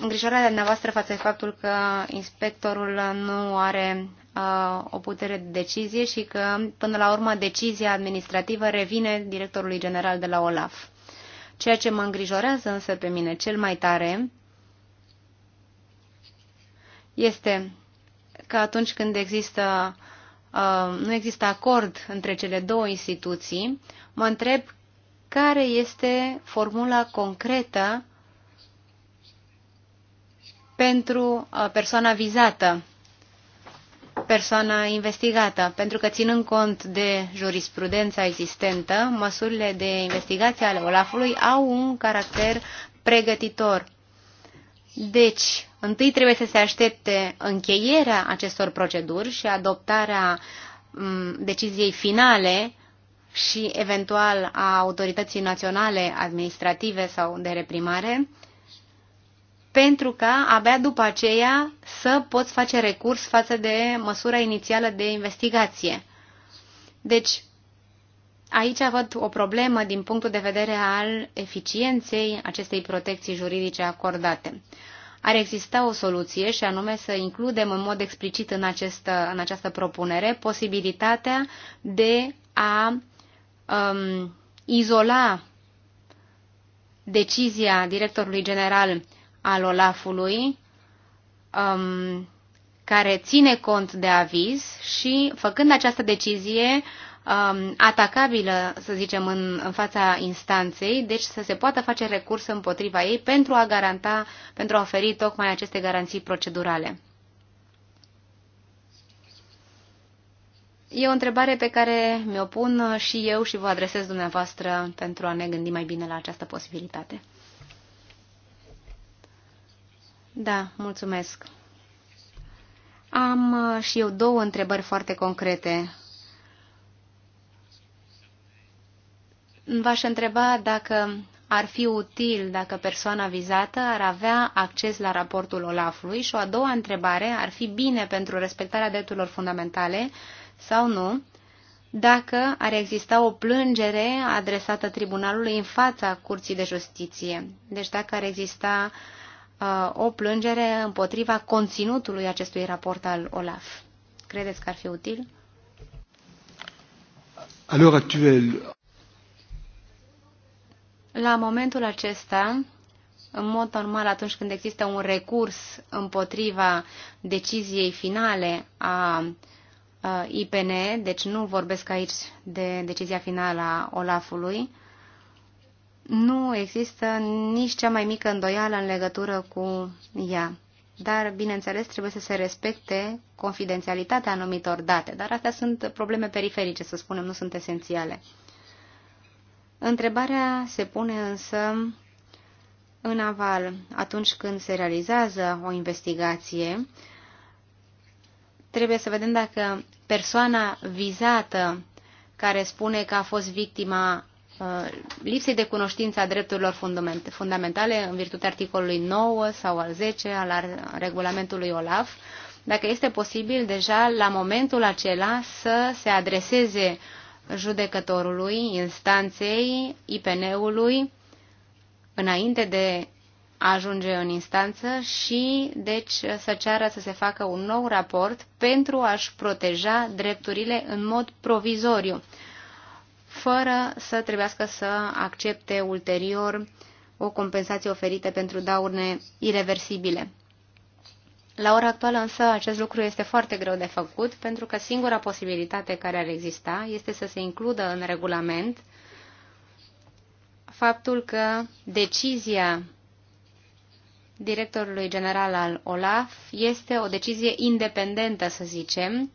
îngrijorarea dumneavoastră față de faptul că inspectorul nu are uh, o putere de decizie și că, până la urmă, decizia administrativă revine directorului general de la OLAF. Ceea ce mă îngrijorează însă pe mine cel mai tare este că atunci când există, uh, nu există acord între cele două instituții, mă întreb care este formula concretă pentru uh, persoana vizată, persoana investigată, pentru că ținând cont de jurisprudența existentă, măsurile de investigație ale Olafului au un caracter pregătitor. Deci, întâi trebuie să se aștepte încheierea acestor proceduri și adoptarea mm, deciziei finale și eventual a autorității naționale administrative sau de reprimare, pentru ca abia după aceea să poți face recurs față de măsura inițială de investigație. Deci, aici văd o problemă din punctul de vedere al eficienței acestei protecții juridice acordate. Ar exista o soluție și anume să includem în mod explicit în, această, în această propunere posibilitatea de a um, izola decizia directorului general al Olafului, um, care ține cont de aviz și, făcând această decizie um, atacabilă, să zicem, în, în fața instanței, deci să se poată face recurs împotriva ei pentru a garanta, pentru a oferi tocmai aceste garanții procedurale. E o întrebare pe care mi-o pun și eu și vă adresez dumneavoastră pentru a ne gândi mai bine la această posibilitate. Da, mulțumesc. Am uh, și eu două întrebări foarte concrete. V-aș întreba dacă ar fi util dacă persoana vizată ar avea acces la raportul Olafului și o a doua întrebare ar fi bine pentru respectarea drepturilor fundamentale sau nu, dacă ar exista o plângere adresată tribunalului în fața Curții de Justiție. Deci dacă ar exista uh, o plângere împotriva conținutului acestui raport al OLAF. Credeți că ar fi util? La momentul acesta, în mod normal, atunci când există un recurs împotriva deciziei finale a uh, Uh, IPN, deci nu vorbesc aici de decizia finală a Olafului, nu există nici cea mai mică îndoială în legătură cu ea. Dar, bineînțeles, trebuie să se respecte confidențialitatea anumitor date, dar astea sunt probleme periferice, să spunem, nu sunt esențiale. Întrebarea se pune însă în aval atunci când se realizează o investigație, trebuie să vedem dacă persoana vizată care spune că a fost victima uh, lipsei de cunoștință a drepturilor fundamentale în virtutea articolului 9 sau al 10 al regulamentului OLAF, dacă este posibil deja la momentul acela să se adreseze judecătorului, instanței, IPN-ului, înainte de ajunge în instanță și, deci, să ceară să se facă un nou raport pentru a-și proteja drepturile în mod provizoriu, fără să trebuiască să accepte ulterior o compensație oferită pentru daune irreversibile. La ora actuală însă acest lucru este foarte greu de făcut pentru că singura posibilitate care ar exista este să se includă în regulament faptul că decizia directorului general al OLAF este o decizie independentă, să zicem,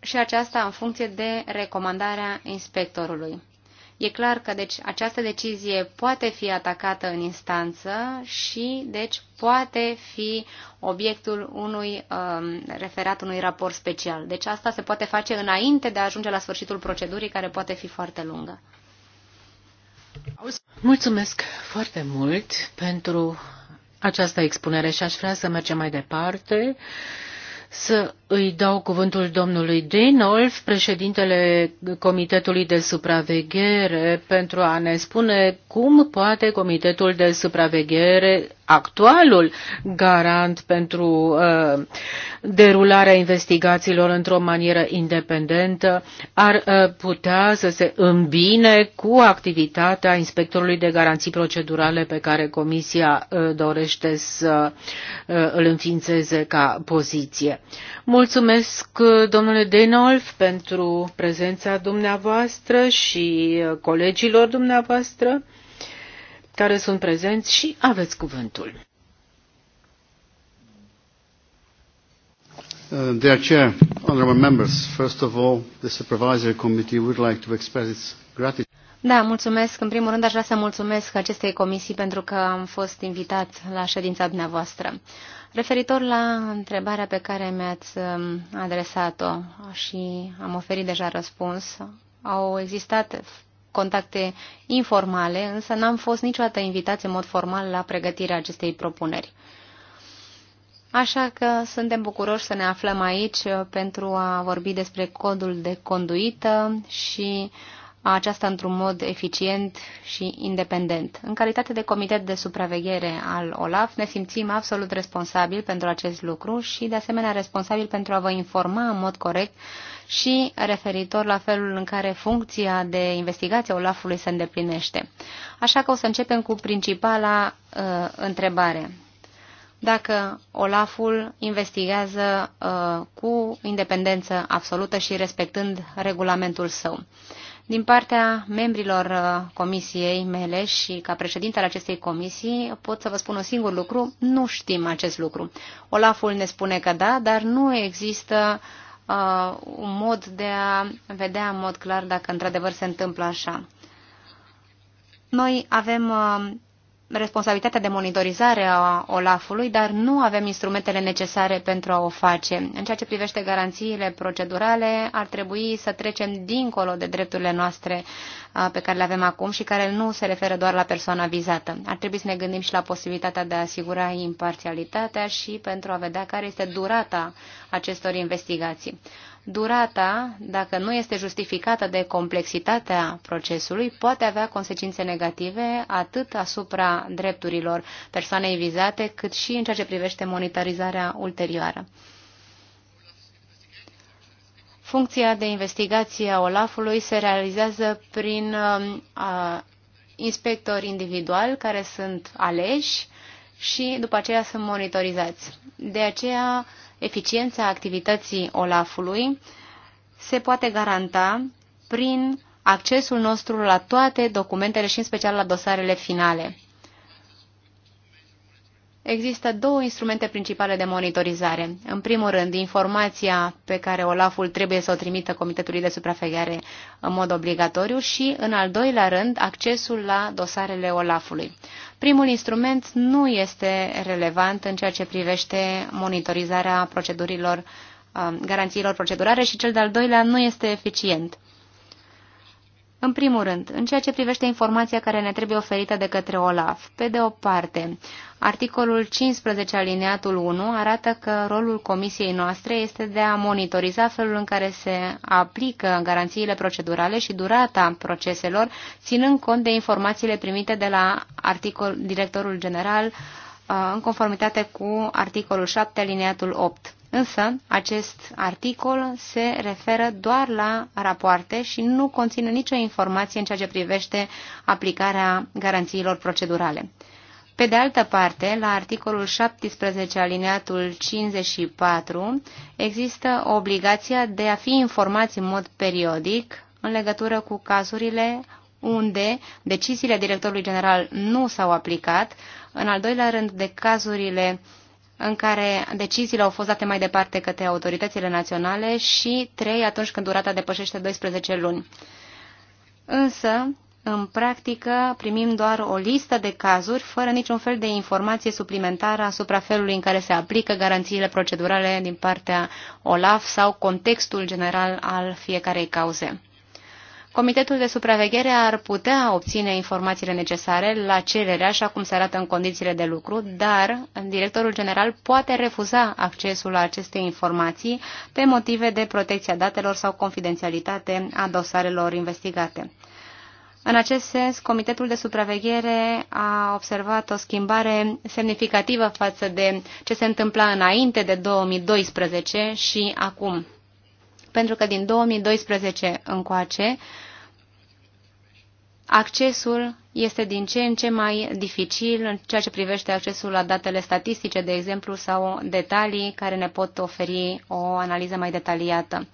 și aceasta în funcție de recomandarea inspectorului. E clar că deci, această decizie poate fi atacată în instanță și deci poate fi obiectul unui um, referat unui raport special. Deci asta se poate face înainte de a ajunge la sfârșitul procedurii care poate fi foarte lungă. Mulțumesc foarte mult pentru această expunere și aș vrea să mergem mai departe să îi dau cuvântul domnului Deinolf, președintele Comitetului de Supraveghere, pentru a ne spune cum poate Comitetul de Supraveghere actualul garant pentru uh, derularea investigațiilor într-o manieră independentă ar uh, putea să se îmbine cu activitatea inspectorului de garanții procedurale pe care Comisia uh, dorește să uh, îl înființeze ca poziție. Mulțumesc, uh, domnule Denolf, pentru prezența dumneavoastră și uh, colegilor dumneavoastră care sunt prezenți și aveți cuvântul. Uh, dear Chair, honorable members, first of all, the Supervisory Committee would like to express its gratitude. Da, mulțumesc. În primul rând aș vrea să mulțumesc acestei comisii pentru că am fost invitat la ședința dumneavoastră. Referitor la întrebarea pe care mi-ați um, adresat-o și am oferit deja răspuns, au existat contacte informale, însă n-am fost niciodată invitați în mod formal la pregătirea acestei propuneri. Așa că suntem bucuroși să ne aflăm aici pentru a vorbi despre codul de conduită și aceasta într-un mod eficient și independent. În calitate de comitet de supraveghere al OLAF, ne simțim absolut responsabili pentru acest lucru și, de asemenea, responsabili pentru a vă informa în mod corect și referitor la felul în care funcția de investigație Olafului se îndeplinește. Așa că o să începem cu principala uh, întrebare. Dacă Olaful investigează uh, cu independență absolută și respectând regulamentul său. Din partea membrilor uh, comisiei mele și ca președinte al acestei comisii pot să vă spun un singur lucru, nu știm acest lucru. Olaful ne spune că da, dar nu există uh, un mod de a vedea în mod clar dacă într-adevăr se întâmplă așa. Noi avem uh, responsabilitatea de monitorizare a OLAF-ului, dar nu avem instrumentele necesare pentru a o face. În ceea ce privește garanțiile procedurale, ar trebui să trecem dincolo de drepturile noastre pe care le avem acum și care nu se referă doar la persoana vizată. Ar trebui să ne gândim și la posibilitatea de a asigura imparțialitatea și pentru a vedea care este durata acestor investigații durata, dacă nu este justificată de complexitatea procesului, poate avea consecințe negative atât asupra drepturilor persoanei vizate, cât și în ceea ce privește monitorizarea ulterioară. Funcția de investigație a OLAF-ului se realizează prin uh, inspectori individuali care sunt aleși și după aceea sunt monitorizați. De aceea, uh, eficiența activității OLAF-ului se poate garanta prin accesul nostru la toate documentele și în special la dosarele finale. Există două instrumente principale de monitorizare. În primul rând, informația pe care OLAF-ul trebuie să o trimită Comitetului de Supraveghere în mod obligatoriu și, în al doilea rând, accesul la dosarele OLAF-ului. Primul instrument nu este relevant în ceea ce privește monitorizarea procedurilor, uh, garanțiilor procedurare și cel de-al doilea nu este eficient. În primul rând, în ceea ce privește informația care ne trebuie oferită de către OLAF, pe de o parte, articolul 15 alineatul 1 arată că rolul comisiei noastre este de a monitoriza felul în care se aplică garanțiile procedurale și durata proceselor, ținând cont de informațiile primite de la articol, directorul general uh, în conformitate cu articolul 7 alineatul 8. Însă, acest articol se referă doar la rapoarte și nu conține nicio informație în ceea ce privește aplicarea garanțiilor procedurale. Pe de altă parte, la articolul 17 alineatul 54 există obligația de a fi informați în mod periodic în legătură cu cazurile unde deciziile directorului general nu s-au aplicat, în al doilea rând de cazurile uh, în care deciziile au fost date mai departe către autoritățile naționale și 3 atunci când durata depășește 12 luni. Însă, în practică, primim doar o listă de cazuri fără niciun fel de informație suplimentară asupra felului în care se aplică garanțiile procedurale din partea OLAF sau contextul general al fiecarei cauze. Comitetul de supraveghere ar putea obține informațiile necesare la cerere, așa cum se arată în condițiile de lucru, dar directorul general poate refuza accesul la aceste informații pe motive de protecția datelor sau confidențialitate a dosarelor investigate. În acest sens, Comitetul de Supraveghere a observat o schimbare semnificativă față de ce se întâmpla înainte de 2012 și acum. Pentru că din 2012 încoace, accesul este din ce în ce mai dificil în ceea ce privește accesul la datele statistice, de exemplu, sau detalii care ne pot oferi o analiză mai detaliată.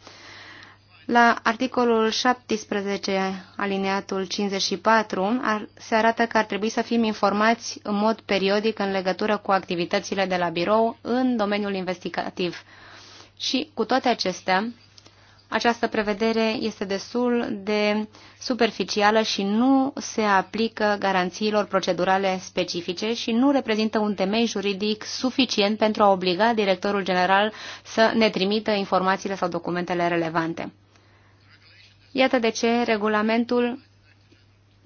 La articolul 17, alineatul 54, ar, se arată că ar trebui să fim informați în mod periodic în legătură cu activitățile de la birou în domeniul investigativ. Și cu toate acestea, această prevedere este destul de superficială și nu se aplică garanțiilor procedurale specifice și nu reprezintă un temei juridic suficient pentru a obliga directorul general să ne trimită informațiile sau documentele relevante. Iată de ce regulamentul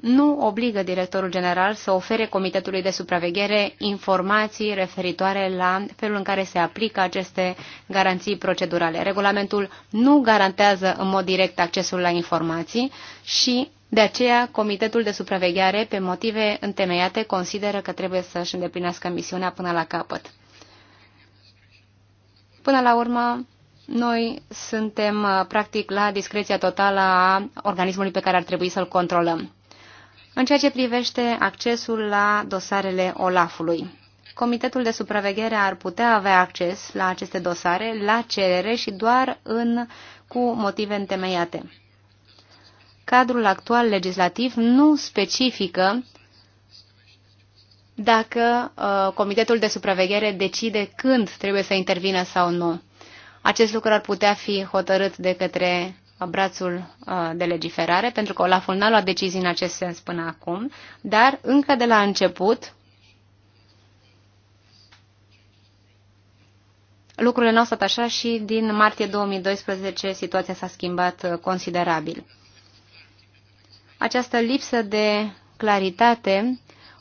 nu obligă directorul general să ofere Comitetului de Supraveghere informații referitoare la felul în care se aplică aceste garanții procedurale. Regulamentul nu garantează în mod direct accesul la informații și de aceea Comitetul de Supraveghere, pe motive întemeiate, consideră că trebuie să-și îndeplinească misiunea până la capăt. Până la urmă, noi suntem practic la discreția totală a organismului pe care ar trebui să-l controlăm în ceea ce privește accesul la dosarele OLAF-ului. Comitetul de supraveghere ar putea avea acces la aceste dosare la cerere și doar în, cu motive întemeiate. Cadrul actual legislativ nu specifică dacă uh, Comitetul de supraveghere decide când trebuie să intervină sau nu. Acest lucru ar putea fi hotărât de către brațul uh, de legiferare, pentru că Olaful n-a luat decizii în acest sens până acum, dar încă de la început lucrurile nu au stat așa și din martie 2012 situația s-a schimbat uh, considerabil. Această lipsă de claritate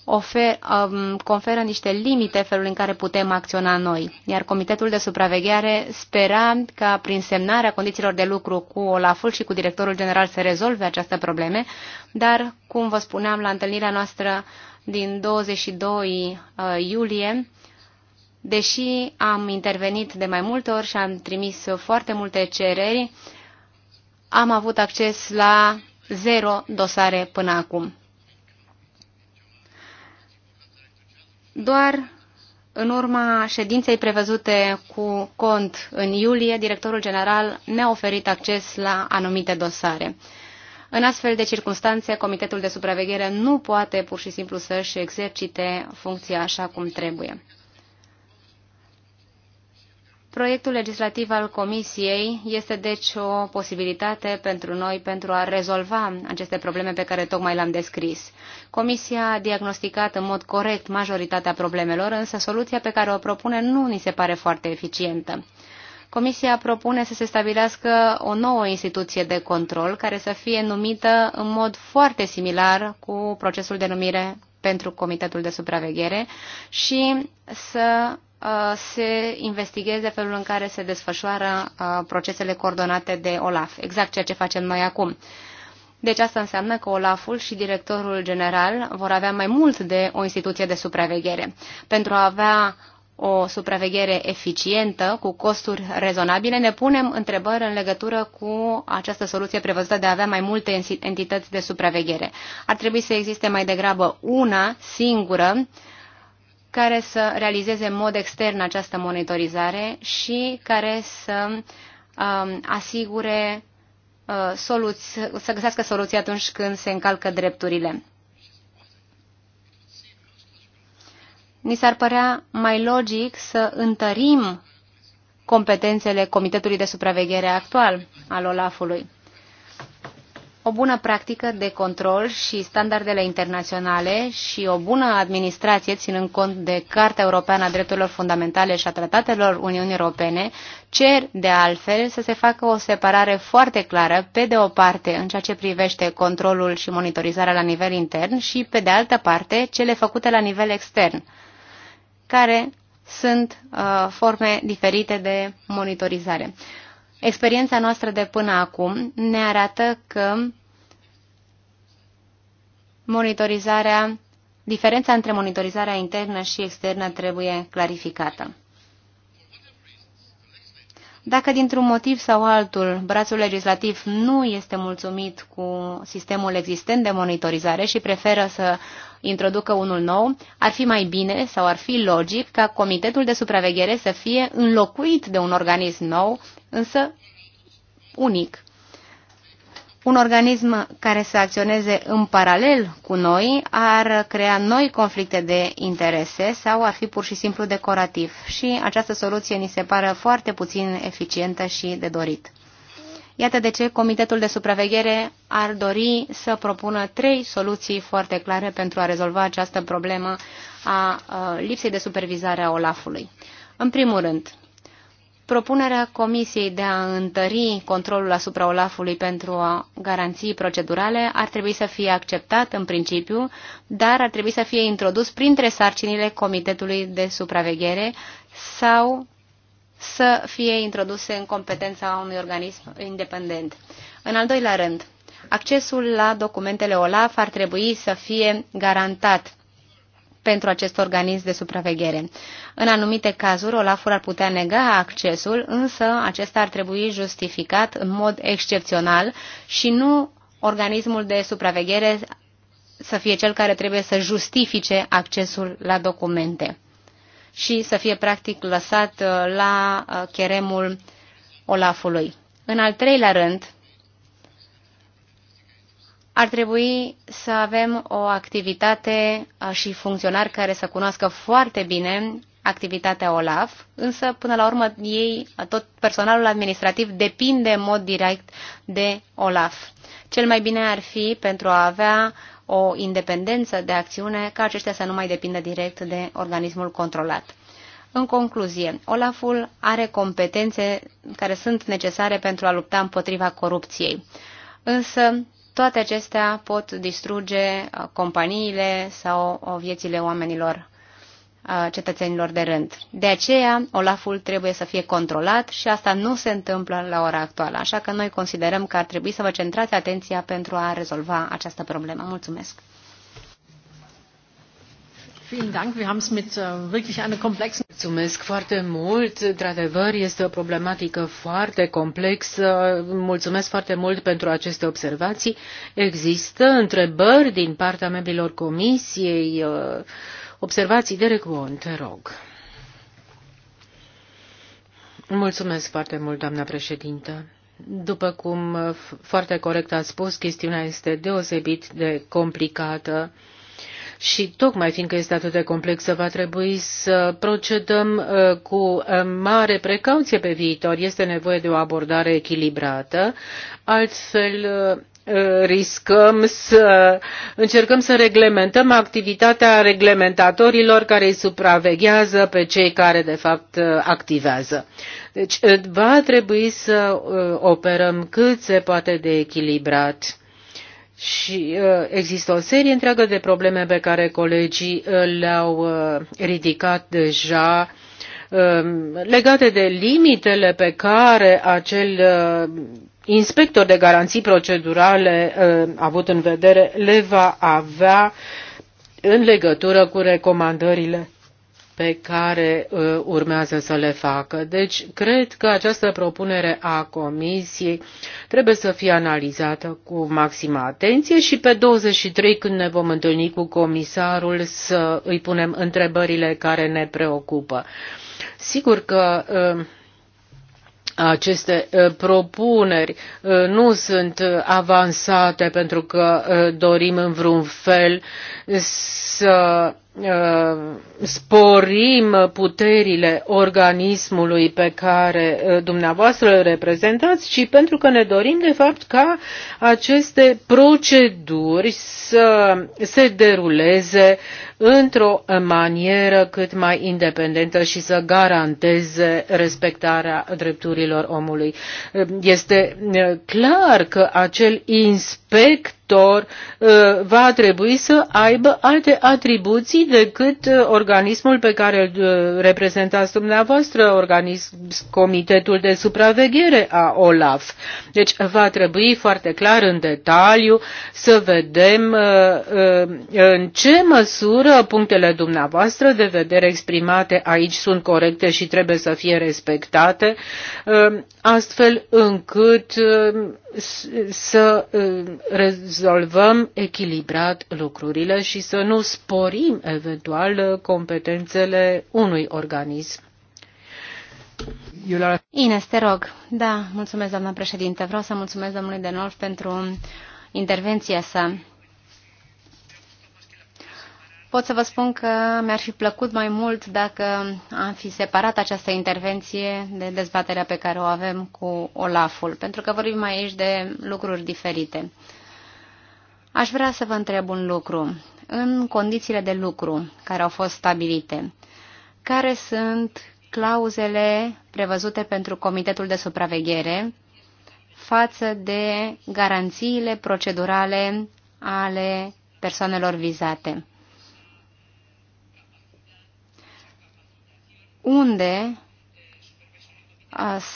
ofer, um, conferă niște limite felul în care putem acționa noi. Iar Comitetul de Supraveghere spera ca prin semnarea condițiilor de lucru cu Olaful și cu directorul general să rezolve aceste probleme, dar, cum vă spuneam la întâlnirea noastră din 22 uh, iulie, deși am intervenit de mai multe ori și am trimis foarte multe cereri, am avut acces la zero dosare până acum. Doar în urma ședinței prevăzute cu cont în iulie, directorul general ne-a oferit acces la anumite dosare. În astfel de circunstanțe, Comitetul de Supraveghere nu poate pur și simplu să-și exercite funcția așa cum trebuie. Proiectul legislativ al Comisiei este deci o posibilitate pentru noi pentru a rezolva aceste probleme pe care tocmai le-am descris. Comisia a diagnosticat în mod corect majoritatea problemelor, însă soluția pe care o propune nu ni se pare foarte eficientă. Comisia propune să se stabilească o nouă instituție de control care să fie numită în mod foarte similar cu procesul de numire pentru Comitetul de Supraveghere și să Uh, se investigheze felul în care se desfășoară uh, procesele coordonate de OLAF, exact ceea ce facem noi acum. Deci asta înseamnă că OLAF-ul și directorul general vor avea mai mult de o instituție de supraveghere. Pentru a avea o supraveghere eficientă, cu costuri rezonabile, ne punem întrebări în legătură cu această soluție prevăzută de a avea mai multe entități de supraveghere. Ar trebui să existe mai degrabă una singură care să realizeze în mod extern această monitorizare și care să um, asigure uh, soluții, să găsească soluții atunci când se încalcă drepturile. Ni s-ar părea mai logic să întărim competențele Comitetului de Supraveghere actual al OLAF-ului o bună practică de control și standardele internaționale și o bună administrație, ținând cont de Cartea Europeană a Drepturilor Fundamentale și a Tratatelor Uniunii Europene, cer de altfel să se facă o separare foarte clară, pe de o parte, în ceea ce privește controlul și monitorizarea la nivel intern și, pe de altă parte, cele făcute la nivel extern, care sunt uh, forme diferite de monitorizare. Experiența noastră de până acum ne arată că monitorizarea, diferența între monitorizarea internă și externă trebuie clarificată. Dacă dintr-un motiv sau altul brațul legislativ nu este mulțumit cu sistemul existent de monitorizare și preferă să introducă unul nou, ar fi mai bine sau ar fi logic ca comitetul de supraveghere să fie înlocuit de un organism nou, însă unic. Un organism care să acționeze în paralel cu noi ar crea noi conflicte de interese sau ar fi pur și simplu decorativ și această soluție ni se pare foarte puțin eficientă și de dorit. Iată de ce Comitetul de Supraveghere ar dori să propună trei soluții foarte clare pentru a rezolva această problemă a lipsei de supervizare a Olafului. În primul rând, Propunerea Comisiei de a întări controlul asupra Olafului pentru a garanții procedurale ar trebui să fie acceptat în principiu, dar ar trebui să fie introdus printre sarcinile Comitetului de Supraveghere sau să fie introduse în competența unui organism independent. În al doilea rând, accesul la documentele OLAF ar trebui să fie garantat pentru acest organism de supraveghere. În anumite cazuri, Olaful ar putea nega accesul, însă acesta ar trebui justificat în mod excepțional și nu organismul de supraveghere să fie cel care trebuie să justifice accesul la documente și să fie practic lăsat uh, la uh, cheremul Olafului. În al treilea rând, ar trebui să avem o activitate și funcționari care să cunoască foarte bine activitatea OLAF, însă până la urmă ei, tot personalul administrativ depinde în mod direct de OLAF. Cel mai bine ar fi pentru a avea o independență de acțiune ca aceștia să nu mai depindă direct de organismul controlat. În concluzie, OLAF-ul are competențe care sunt necesare pentru a lupta împotriva corupției. Însă, toate acestea pot distruge uh, companiile sau uh, viețile oamenilor, uh, cetățenilor de rând. De aceea, Olaful trebuie să fie controlat și asta nu se întâmplă la ora actuală, așa că noi considerăm că ar trebui să vă centrați atenția pentru a rezolva această problemă. Mulțumesc! Vielen Dank. Wir haben es mit äh, wirklich einer komplexen. Mulțumesc foarte mult. Într-adevăr, este o problematică foarte complexă. Mulțumesc foarte mult pentru aceste observații. Există întrebări din partea membrilor comisiei, uh, observații de recuvânt, te rog. Mulțumesc foarte mult, doamna președintă. După cum uh, foarte corect a spus, chestiunea este deosebit de complicată și tocmai fiindcă este atât de complexă, va trebui să procedăm uh, cu uh, mare precauție pe viitor. Este nevoie de o abordare echilibrată, altfel uh, riscăm să încercăm să reglementăm activitatea reglementatorilor care îi supraveghează pe cei care de fapt activează. Deci va trebui să operăm cât se poate de echilibrat și uh, există o serie întreagă de probleme pe care colegii uh, le-au uh, ridicat deja um, legate de limitele pe care acel inspector de garanții procedurale avut în vedere le va avea în legătură cu recomandările pe care uh, urmează să le facă. Deci, cred că această propunere a Comisiei trebuie să fie analizată cu maximă atenție și pe 23, când ne vom întâlni cu comisarul, să îi punem întrebările care ne preocupă. Sigur că uh, aceste uh, propuneri uh, nu sunt avansate pentru că uh, dorim în vreun fel să Uh, sporim puterile organismului pe care uh, dumneavoastră îl reprezentați, ci pentru că ne dorim, de fapt, ca aceste proceduri să se deruleze într-o manieră cât mai independentă și să garanteze respectarea drepturilor omului. Este clar că acel inspector va trebui să aibă alte atribuții decât organismul pe care îl reprezentați dumneavoastră, organism, Comitetul de Supraveghere a OLAF. Deci va trebui foarte clar în detaliu să vedem în ce măsură legătură, punctele dumneavoastră de vedere exprimate aici sunt corecte și trebuie să fie respectate, um, astfel încât um, să um, rezolvăm echilibrat lucrurile și să nu sporim eventual uh, competențele unui organism. Ines, te rog. Da, mulțumesc, doamna președinte. Vreau să mulțumesc domnului Denolf pentru intervenția sa. Pot să vă spun că mi-ar fi plăcut mai mult dacă am fi separat această intervenție de dezbaterea pe care o avem cu Olaful, pentru că vorbim aici de lucruri diferite. Aș vrea să vă întreb un lucru. În condițiile de lucru care au fost stabilite, care sunt clauzele prevăzute pentru Comitetul de Supraveghere față de garanțiile procedurale ale persoanelor vizate? unde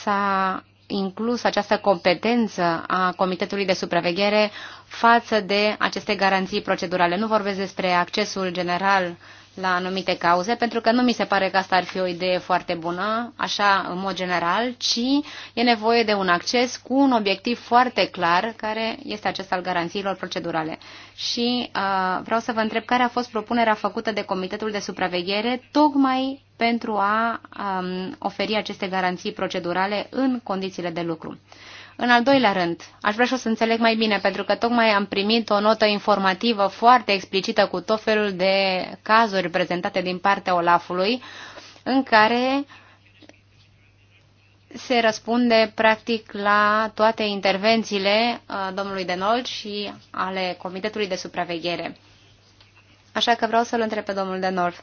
s-a inclus această competență a Comitetului de Supraveghere față de aceste garanții procedurale. Nu vorbesc despre accesul general la anumite cauze, pentru că nu mi se pare că asta ar fi o idee foarte bună, așa în mod general, ci e nevoie de un acces cu un obiectiv foarte clar, care este acesta al garanțiilor procedurale. Și uh, vreau să vă întreb care a fost propunerea făcută de Comitetul de Supraveghere tocmai pentru a um, oferi aceste garanții procedurale în condițiile de lucru. În al doilea rând, aș vrea și să înțeleg mai bine, pentru că tocmai am primit o notă informativă foarte explicită cu tot felul de cazuri prezentate din partea Olafului, în care se răspunde practic la toate intervențiile uh, domnului Denol și ale Comitetului de Supraveghere. Așa că vreau să-l întreb pe domnul Denolf.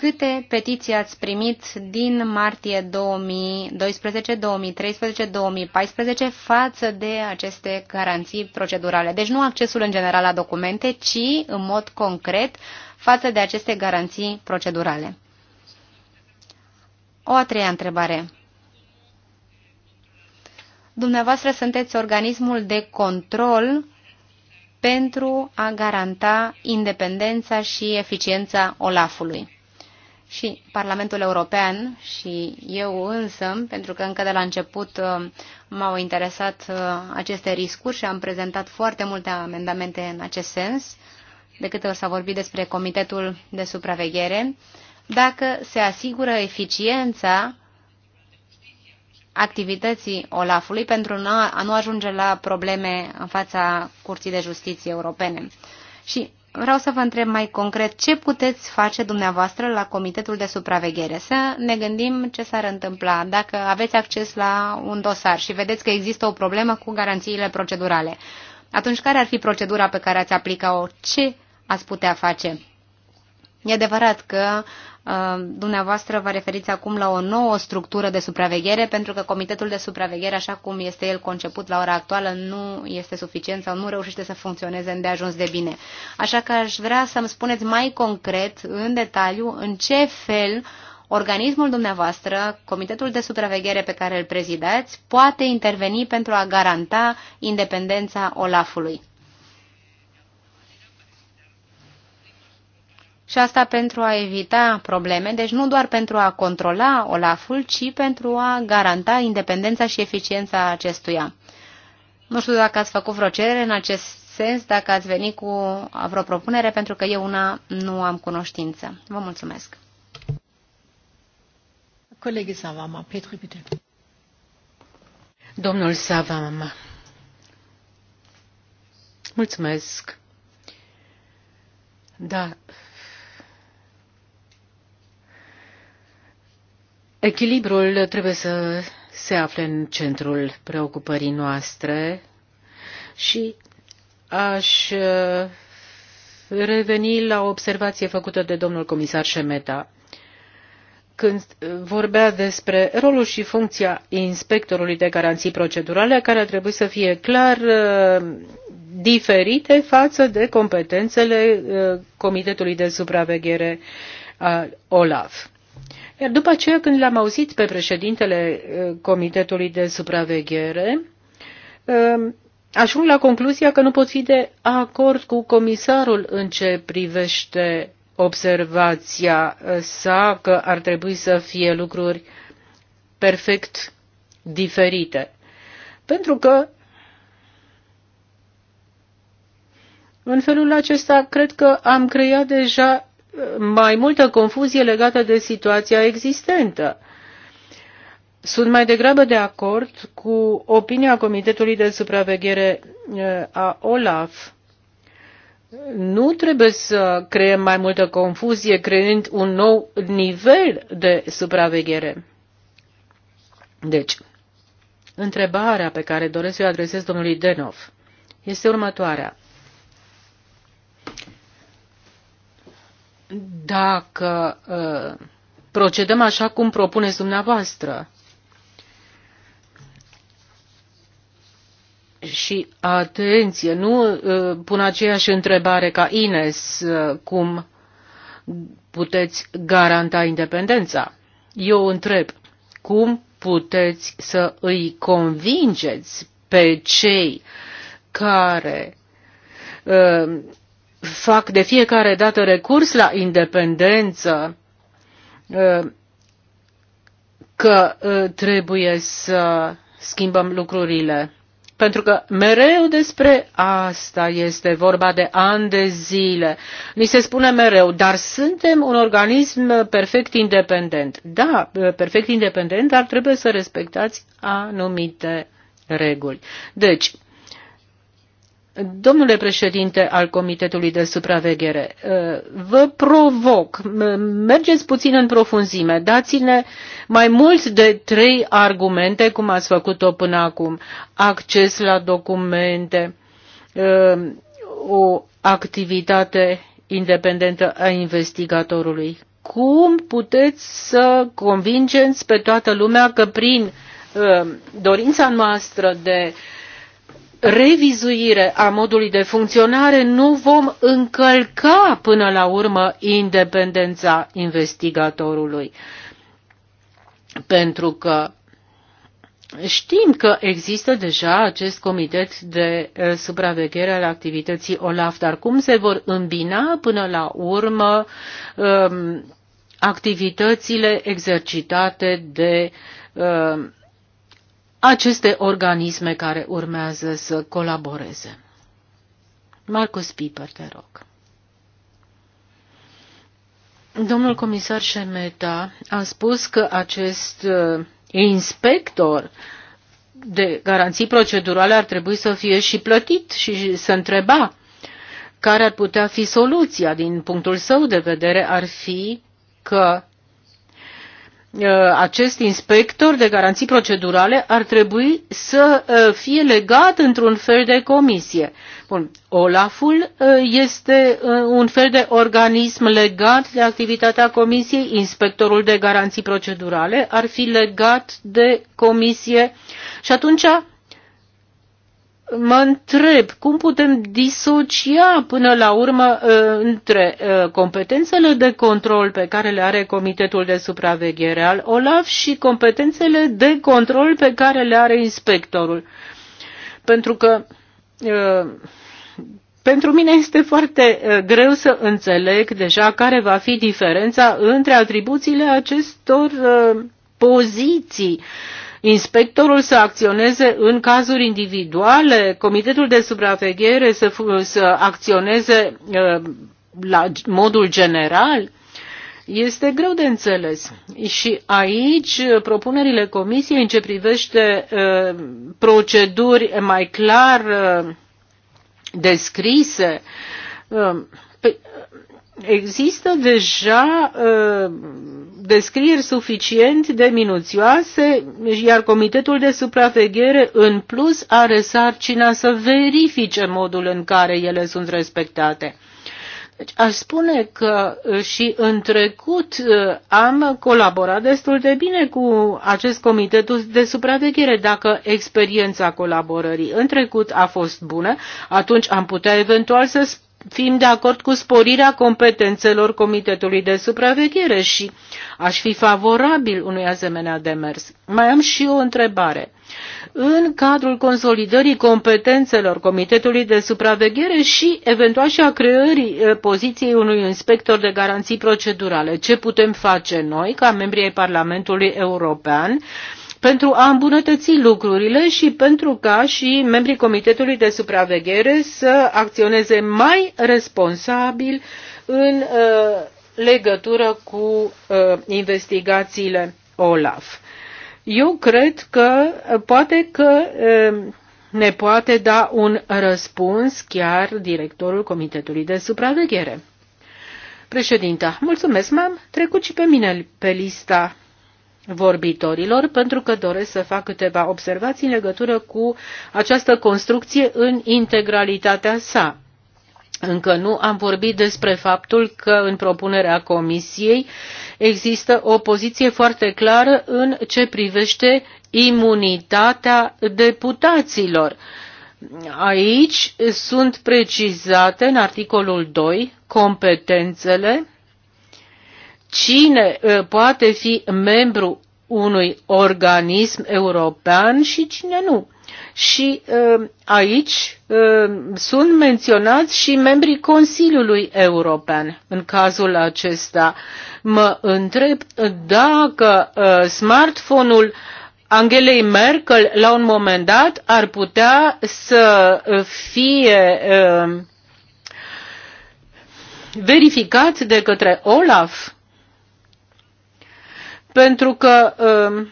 Câte petiții ați primit din martie 2012, 2013, 2014 față de aceste garanții procedurale? Deci nu accesul în general la documente, ci în mod concret față de aceste garanții procedurale. O a treia întrebare. Dumneavoastră sunteți organismul de control pentru a garanta independența și eficiența OLAF-ului și Parlamentul European și eu însă, pentru că încă de la început uh, m-au interesat uh, aceste riscuri și am prezentat foarte multe amendamente în acest sens, de câte ori s-a vorbit despre Comitetul de Supraveghere, dacă se asigură eficiența activității Olafului pentru a nu ajunge la probleme în fața Curții de Justiție Europene. Și vreau să vă întreb mai concret ce puteți face dumneavoastră la Comitetul de Supraveghere. Să ne gândim ce s-ar întâmpla dacă aveți acces la un dosar și vedeți că există o problemă cu garanțiile procedurale. Atunci, care ar fi procedura pe care ați aplica-o? Ce ați putea face? E adevărat că uh, dumneavoastră vă referiți acum la o nouă structură de supraveghere, pentru că Comitetul de Supraveghere, așa cum este el conceput la ora actuală, nu este suficient sau nu reușește să funcționeze îndeajuns de bine. Așa că aș vrea să-mi spuneți mai concret, în detaliu, în ce fel organismul dumneavoastră, Comitetul de Supraveghere pe care îl prezidați, poate interveni pentru a garanta independența Olafului. Și asta pentru a evita probleme, deci nu doar pentru a controla Olaful, ci pentru a garanta independența și eficiența acestuia. Nu știu dacă ați făcut vreo cerere în acest sens, dacă ați venit cu vreo propunere, pentru că eu una nu am cunoștință. Vă mulțumesc. Colegii Savama, Petru, bine. Domnul Savama, mulțumesc. Da, Echilibrul trebuie să se afle în centrul preocupării noastre și aș uh, reveni la o observație făcută de domnul comisar Șemeta când vorbea despre rolul și funcția inspectorului de garanții procedurale, care ar trebui să fie clar uh, diferite față de competențele uh, Comitetului de Supraveghere al OLAF. Iar după aceea, când l-am auzit pe președintele eh, Comitetului de Supraveghere, eh, ajung la concluzia că nu pot fi de acord cu comisarul în ce privește observația eh, sa că ar trebui să fie lucruri perfect diferite. Pentru că în felul acesta cred că am creat deja mai multă confuzie legată de situația existentă. Sunt mai degrabă de acord cu opinia Comitetului de Supraveghere eh, a OLAF. Nu trebuie să creăm mai multă confuzie creând un nou nivel de supraveghere. Deci, întrebarea pe care doresc să o adresez domnului Denov este următoarea. dacă uh, procedăm așa cum propuneți dumneavoastră și atenție, nu uh, pun aceeași întrebare ca Ines, uh, cum puteți garanta independența. Eu întreb, cum puteți să îi convingeți pe cei care fac de fiecare dată recurs la independență, ă, că ă, trebuie să schimbăm lucrurile. Pentru că mereu despre asta este vorba de ani de zile. Ni se spune mereu, dar suntem un organism perfect independent. Da, ă, perfect independent, dar trebuie să respectați anumite reguli. Deci, Domnule președinte al Comitetului de Supraveghere, uh, vă provoc, mergeți puțin în profunzime, dați-ne mai mult de trei argumente, cum ați făcut-o până acum. Acces la documente, uh, o activitate independentă a investigatorului. Cum puteți să convingeți pe toată lumea că prin uh, dorința noastră de uh, revizuire a modului de funcționare nu vom încălca până la urmă independența investigatorului. Pentru că Știm că există deja acest comitet de eh, supraveghere al activității OLAF, dar cum se vor îmbina până la urmă um, activitățile exercitate de um, aceste organisme care urmează să colaboreze. Marcus Piper, te rog. Domnul comisar Șemeta a spus că acest uh, inspector de garanții procedurale ar trebui să fie și plătit și să întreba care ar putea fi soluția din punctul său de vedere ar fi că Uh, acest inspector de garanții procedurale ar trebui să uh, fie legat într-un fel de comisie. Bun, Olaful uh, este un fel de organism legat de activitatea comisiei, inspectorul de garanții procedurale ar fi legat de comisie și atunci mă întreb cum putem disocia până la urmă ă, între ă, competențele de control pe care le are Comitetul de Supraveghere al OLAF și competențele de control pe care le are inspectorul. Pentru că ă, pentru mine este foarte greu să înțeleg deja care va fi diferența între atribuțiile acestor poziții inspectorul să acționeze în cazuri individuale, comitetul de supraveghere să, să acționeze uh, la modul general, este greu de înțeles. Și aici uh, propunerile comisiei în ce privește uh, proceduri mai clar descrise, Există deja uh, descrieri suficient de minuțioase, iar Comitetul de Supraveghere în plus are sarcina să verifice modul în care ele sunt respectate. Deci aș spune că uh, și în trecut uh, am colaborat destul de bine cu acest comitet de supraveghere. Dacă experiența colaborării în trecut a fost bună, atunci am putea eventual să fim de acord cu sporirea competențelor Comitetului de Supraveghere și aș fi favorabil unui asemenea demers. Mai am și o întrebare. În cadrul consolidării competențelor Comitetului de Supraveghere și eventual și a creării eh, poziției unui inspector de garanții procedurale, ce putem face noi, ca membri ai Parlamentului European, pentru a îmbunătăți lucrurile și pentru ca și membrii Comitetului de Supraveghere să acționeze mai responsabil în uh, legătură cu uh, investigațiile OLAF. Eu cred că uh, poate că uh, ne poate da un răspuns chiar directorul Comitetului de Supraveghere. Președinta, mulțumesc, m-am trecut și pe mine pe lista vorbitorilor pentru că doresc să fac câteva observații în legătură cu această construcție în integralitatea sa. Încă nu am vorbit despre faptul că în propunerea Comisiei există o poziție foarte clară în ce privește imunitatea deputaților. Aici sunt precizate în articolul 2 competențele cine ă, poate fi membru unui organism european și cine nu. Și ă, aici ă, sunt menționați și membrii Consiliului European. În cazul acesta mă întreb dacă smartphone-ul Angelei Merkel la un moment dat ar putea să fie verificat de către Olaf pentru că um,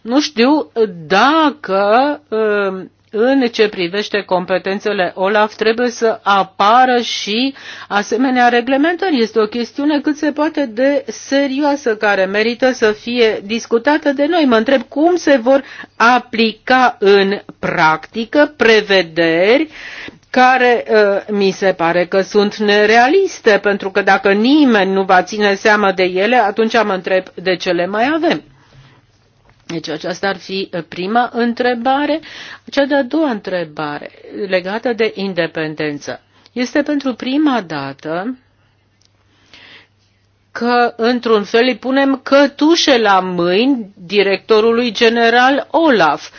nu știu dacă um, în ce privește competențele OLAF trebuie să apară și asemenea reglementări. Este o chestiune cât se poate de serioasă care merită să fie discutată de noi. Mă întreb cum se vor aplica în practică prevederi care ă, mi se pare că sunt nerealiste, pentru că dacă nimeni nu va ține seama de ele, atunci mă întreb de ce le mai avem. Deci aceasta ar fi ă, prima întrebare. Cea de-a doua întrebare, legată de independență. Este pentru prima dată că, într-un fel, îi punem cătușe la mâini directorului general Olaf.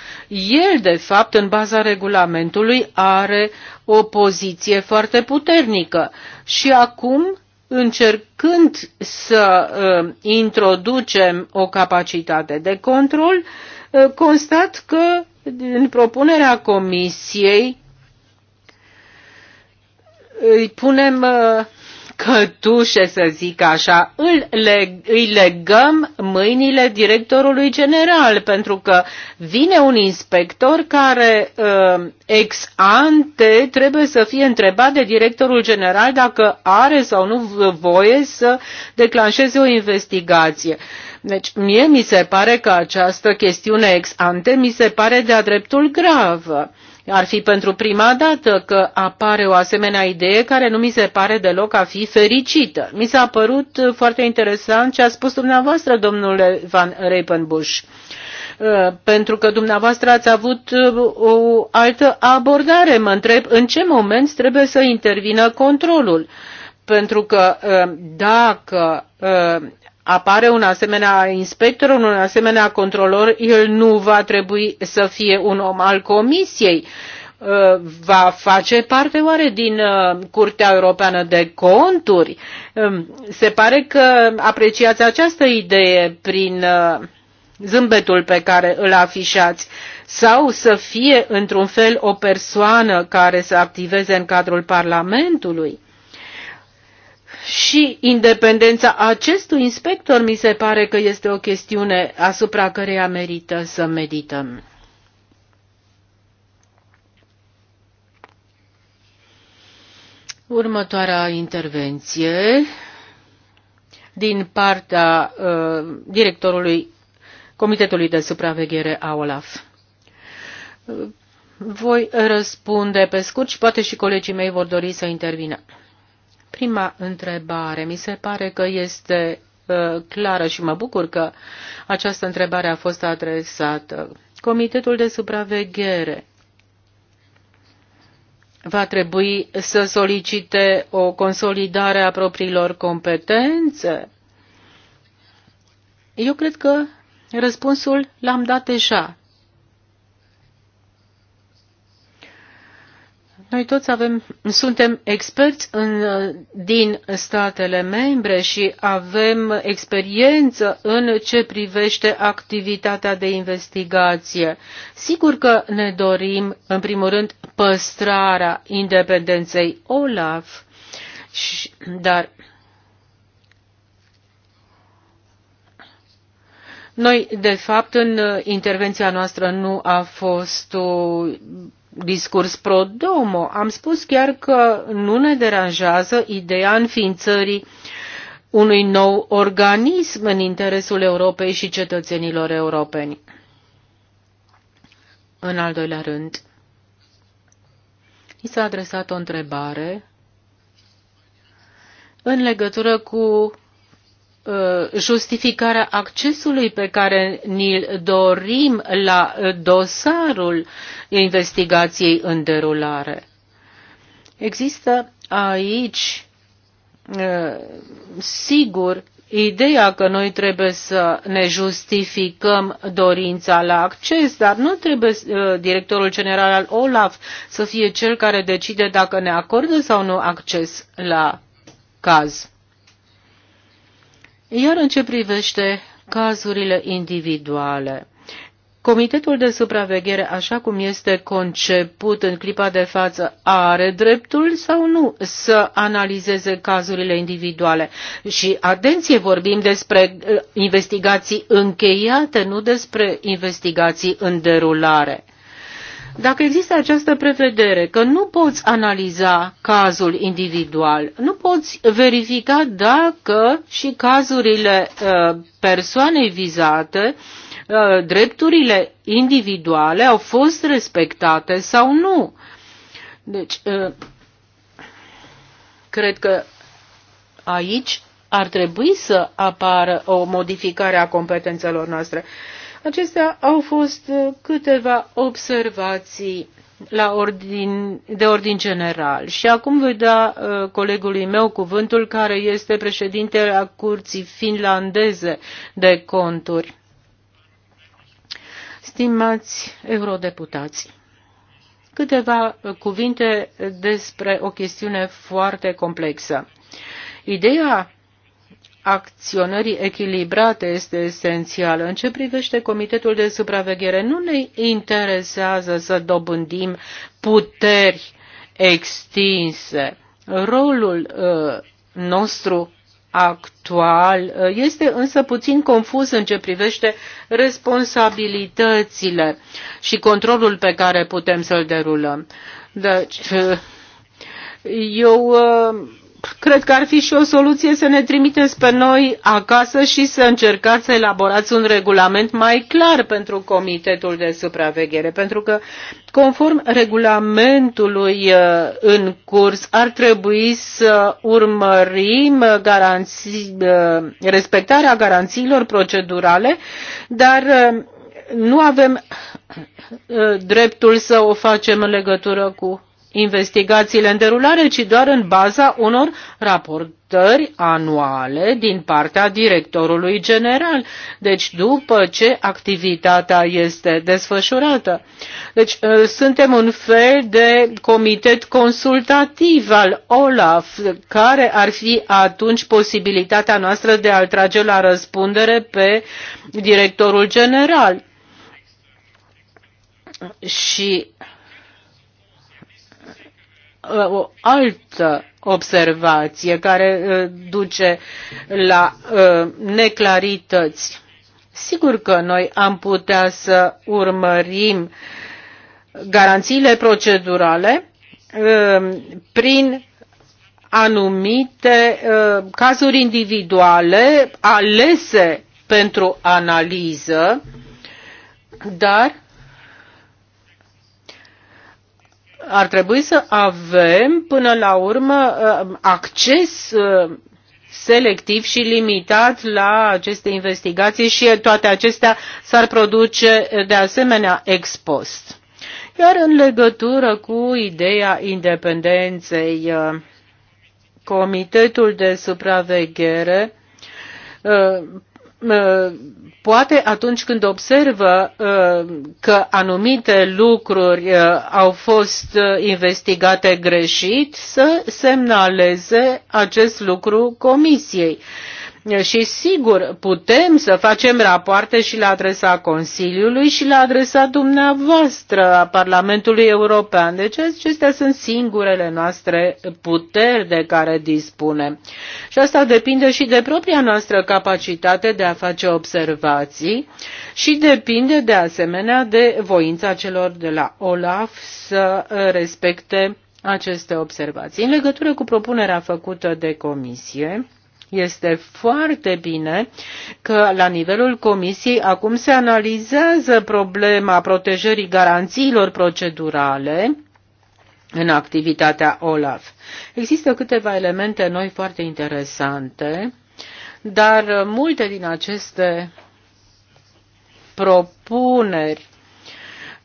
El, de fapt, în baza regulamentului, are o poziție foarte puternică. Și acum, încercând să uh, introducem o capacitate de control, uh, constat că în propunerea comisiei îi punem uh, cătușe, să zic așa, îl leg, îi legăm mâinile directorului general, pentru că vine un inspector care uh, ex ante trebuie să fie întrebat de directorul general dacă are sau nu voie să declanșeze o investigație. Deci, mie mi se pare că această chestiune ex ante mi se pare de-a dreptul gravă. Uh, ar fi pentru prima dată că apare o asemenea idee care nu mi se pare deloc a fi fericită. Mi s-a părut foarte interesant ce a spus dumneavoastră, domnule Van Reipenbush uh, pentru că dumneavoastră ați avut uh, o altă abordare. Mă întreb în ce moment trebuie să intervină controlul. Pentru că uh, dacă apare un asemenea inspector, un asemenea controlor, el nu va trebui să fie un om al comisiei. Uh, va face parte oare din uh, Curtea Europeană de Conturi? Um, se pare că apreciați această idee prin uh, zâmbetul pe care îl afișați sau să fie într-un fel o persoană care să activeze în cadrul Parlamentului și independența acestui inspector mi se pare că este o chestiune asupra căreia merită să medităm. Următoarea intervenție din partea uh, directorului Comitetului de Supraveghere a OLAF. Voi răspunde pe scurt și poate și colegii mei vor dori să intervină. Prima întrebare. Mi se pare că este uh, clară și mă bucur că această întrebare a fost adresată. Comitetul de supraveghere va trebui să solicite o consolidare a propriilor competențe? Eu cred că răspunsul l-am dat deja. Noi toți avem, suntem experți în, din statele membre și avem experiență în ce privește activitatea de investigație. Sigur că ne dorim, în primul rând, păstrarea independenței OLAF, și, dar Noi, de fapt, în intervenția noastră nu a fost o discurs pro-domo. Am spus chiar că nu ne deranjează ideea înființării unui nou organism în interesul Europei și cetățenilor europeni. În al doilea rând, i s-a adresat o întrebare în legătură cu Uh, justificarea accesului pe care ni-l dorim la uh, dosarul investigației în derulare. Există aici, uh, sigur, ideea că noi trebuie să ne justificăm dorința la acces, dar nu trebuie directorul general al OLAF să fie cel care decide dacă ne acordă sau nu acces la caz. Iar în ce privește cazurile individuale, Comitetul de supraveghere, așa cum este conceput în clipa de față, are dreptul sau nu să analizeze cazurile individuale? Și atenție, vorbim despre uh, investigații încheiate, nu despre investigații în derulare. Dacă există această prevedere că nu poți analiza cazul individual, nu poți verifica dacă și cazurile uh, persoanei vizate, uh, drepturile individuale au fost respectate sau nu. Deci, uh, cred că aici ar trebui să apară o modificare a competențelor noastre. Acestea au fost uh, câteva observații la ordin, de ordin general. Și acum voi da uh, colegului meu cuvântul, care este președintele a Curții Finlandeze de Conturi. Stimați eurodeputați, câteva cuvinte despre o chestiune foarte complexă. Ideea acționării echilibrate este esențială. În ce privește Comitetul de Supraveghere, nu ne interesează să dobândim puteri extinse. Rolul uh, nostru actual uh, este însă puțin confuz în ce privește responsabilitățile și controlul pe care putem să-l derulăm. Deci, eu uh, cred că ar fi și o soluție să ne trimiteți pe noi acasă și să încercați să elaborați un regulament mai clar pentru Comitetul de Supraveghere, pentru că conform regulamentului uh, în curs ar trebui să urmărim garanții, uh, respectarea garanțiilor procedurale, dar uh, nu avem dreptul să o facem în legătură cu investigațiile în derulare, ci doar în baza unor raportări anuale din partea directorului general, deci după ce activitatea este desfășurată. Deci ă, suntem un fel de comitet consultativ al OLAF, care ar fi atunci posibilitatea noastră de a-l trage la răspundere pe directorul general. Și o altă observație care uh, duce la uh, neclarități. Sigur că noi am putea să urmărim garanțiile procedurale uh, prin anumite cazuri individuale alese pentru analiză, dar ar trebui să avem până la urmă uh, acces uh, selectiv și limitat la aceste investigații și toate acestea s-ar produce de asemenea ex post. Iar în legătură cu ideea independenței, uh, Comitetul de Supraveghere poate atunci când observă ă, că anumite lucruri ă, au fost ă, investigate greșit, să semnaleze acest lucru comisiei. Și sigur, putem să facem rapoarte și la adresa Consiliului și la adresa dumneavoastră a Parlamentului European. Deci acestea sunt singurele noastre puteri de care dispunem. Și asta depinde și de propria noastră capacitate de a face observații și depinde de asemenea de voința celor de la OLAF să respecte aceste observații. În legătură cu propunerea făcută de comisie, este foarte bine că la nivelul Comisiei acum se analizează problema protejării garanțiilor procedurale în activitatea OLAF. Există câteva elemente noi foarte interesante, dar multe din aceste propuneri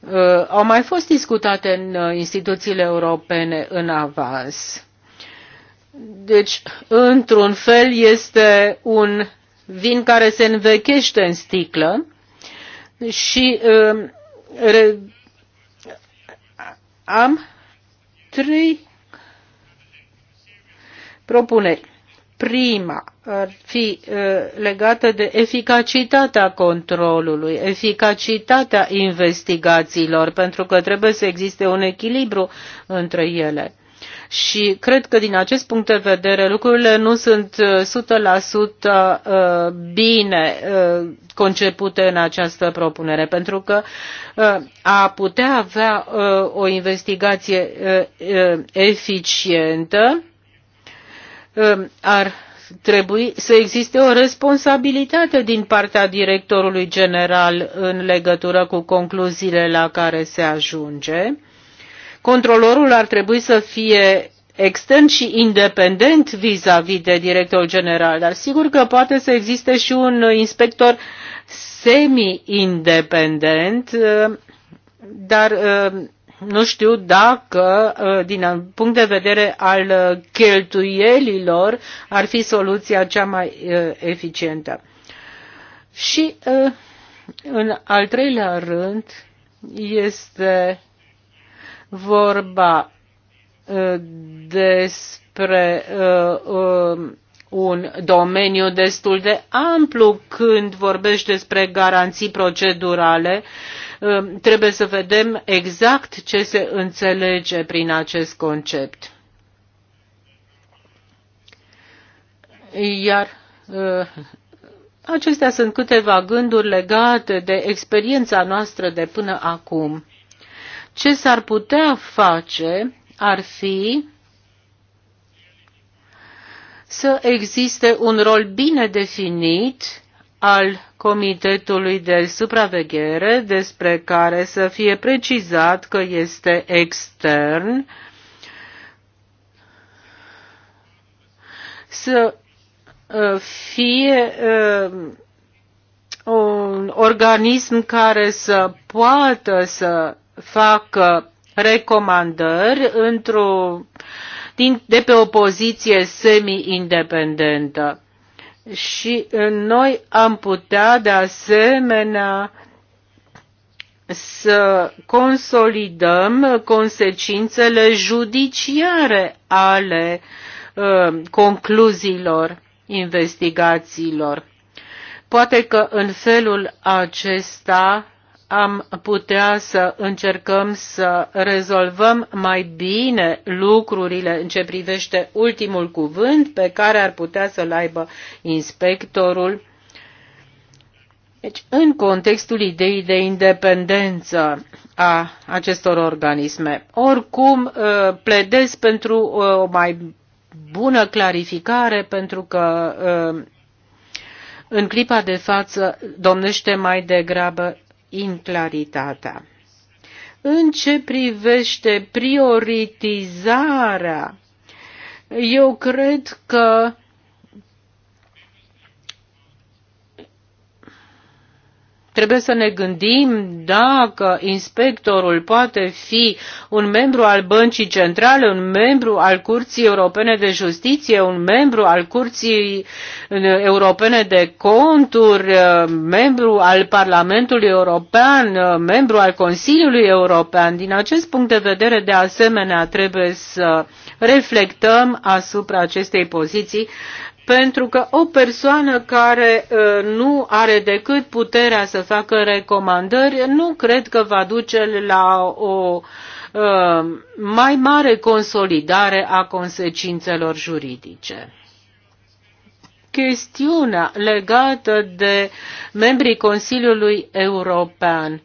uh, au mai fost discutate în uh, instituțiile europene în avans. Deci, într-un fel, este un vin care se învechește în sticlă și uh, re, am trei propuneri. Prima ar fi uh, legată de eficacitatea controlului, eficacitatea investigațiilor, pentru că trebuie să existe un echilibru între ele și cred că din acest punct de vedere lucrurile nu sunt 100% uh, uh, bine uh, concepute în această propunere, pentru că a putea avea o investigație eficientă ar trebui să existe o responsabilitate din partea directorului general în legătură cu concluziile la care se ajunge Controlorul ar trebui să fie extern și independent vis-a-vis de directorul general, dar sigur că poate să existe și un inspector semi-independent, dar uh, nu știu dacă, uh, din punct de vedere al cheltuielilor, ar fi soluția cea mai uh, eficientă. Și, în al treilea rând, este vorba despre un domeniu destul de amplu când vorbești despre garanții procedurale. Trebuie să vedem exact ce se înțelege prin acest concept. Iar acestea sunt câteva gânduri legate de experiența noastră de până acum. Ce s-ar putea face ar fi să existe un rol bine definit al Comitetului de Supraveghere, despre care să fie precizat că este extern, să ă, fie ă, un organism care să poată să fac recomandări într-o, din, de pe o poziție semi-independentă. Și uh, noi am putea de asemenea să consolidăm consecințele judiciare ale uh, concluziilor investigațiilor. Poate că în felul acesta am putea să încercăm să rezolvăm mai bine lucrurile în ce privește ultimul cuvânt pe care ar putea să-l aibă inspectorul. Deci, în contextul ideii de independență a acestor organisme, oricum uh, pledez pentru uh, o mai bună clarificare, pentru că uh, în clipa de față domnește mai degrabă inclaritatea. În ce privește prioritizarea, eu cred că Trebuie să ne gândim dacă inspectorul poate fi un membru al Băncii Centrale, un membru al Curții Europene de Justiție, un membru al Curții uh, Europene de Conturi, uh, membru al Parlamentului European, uh, membru al Consiliului European. Din acest punct de vedere, de asemenea, trebuie să reflectăm asupra acestei poziții pentru că o persoană care uh, nu are decât puterea să facă recomandări nu cred că va duce la o uh, mai mare consolidare a consecințelor juridice chestiunea legată de membrii Consiliului European.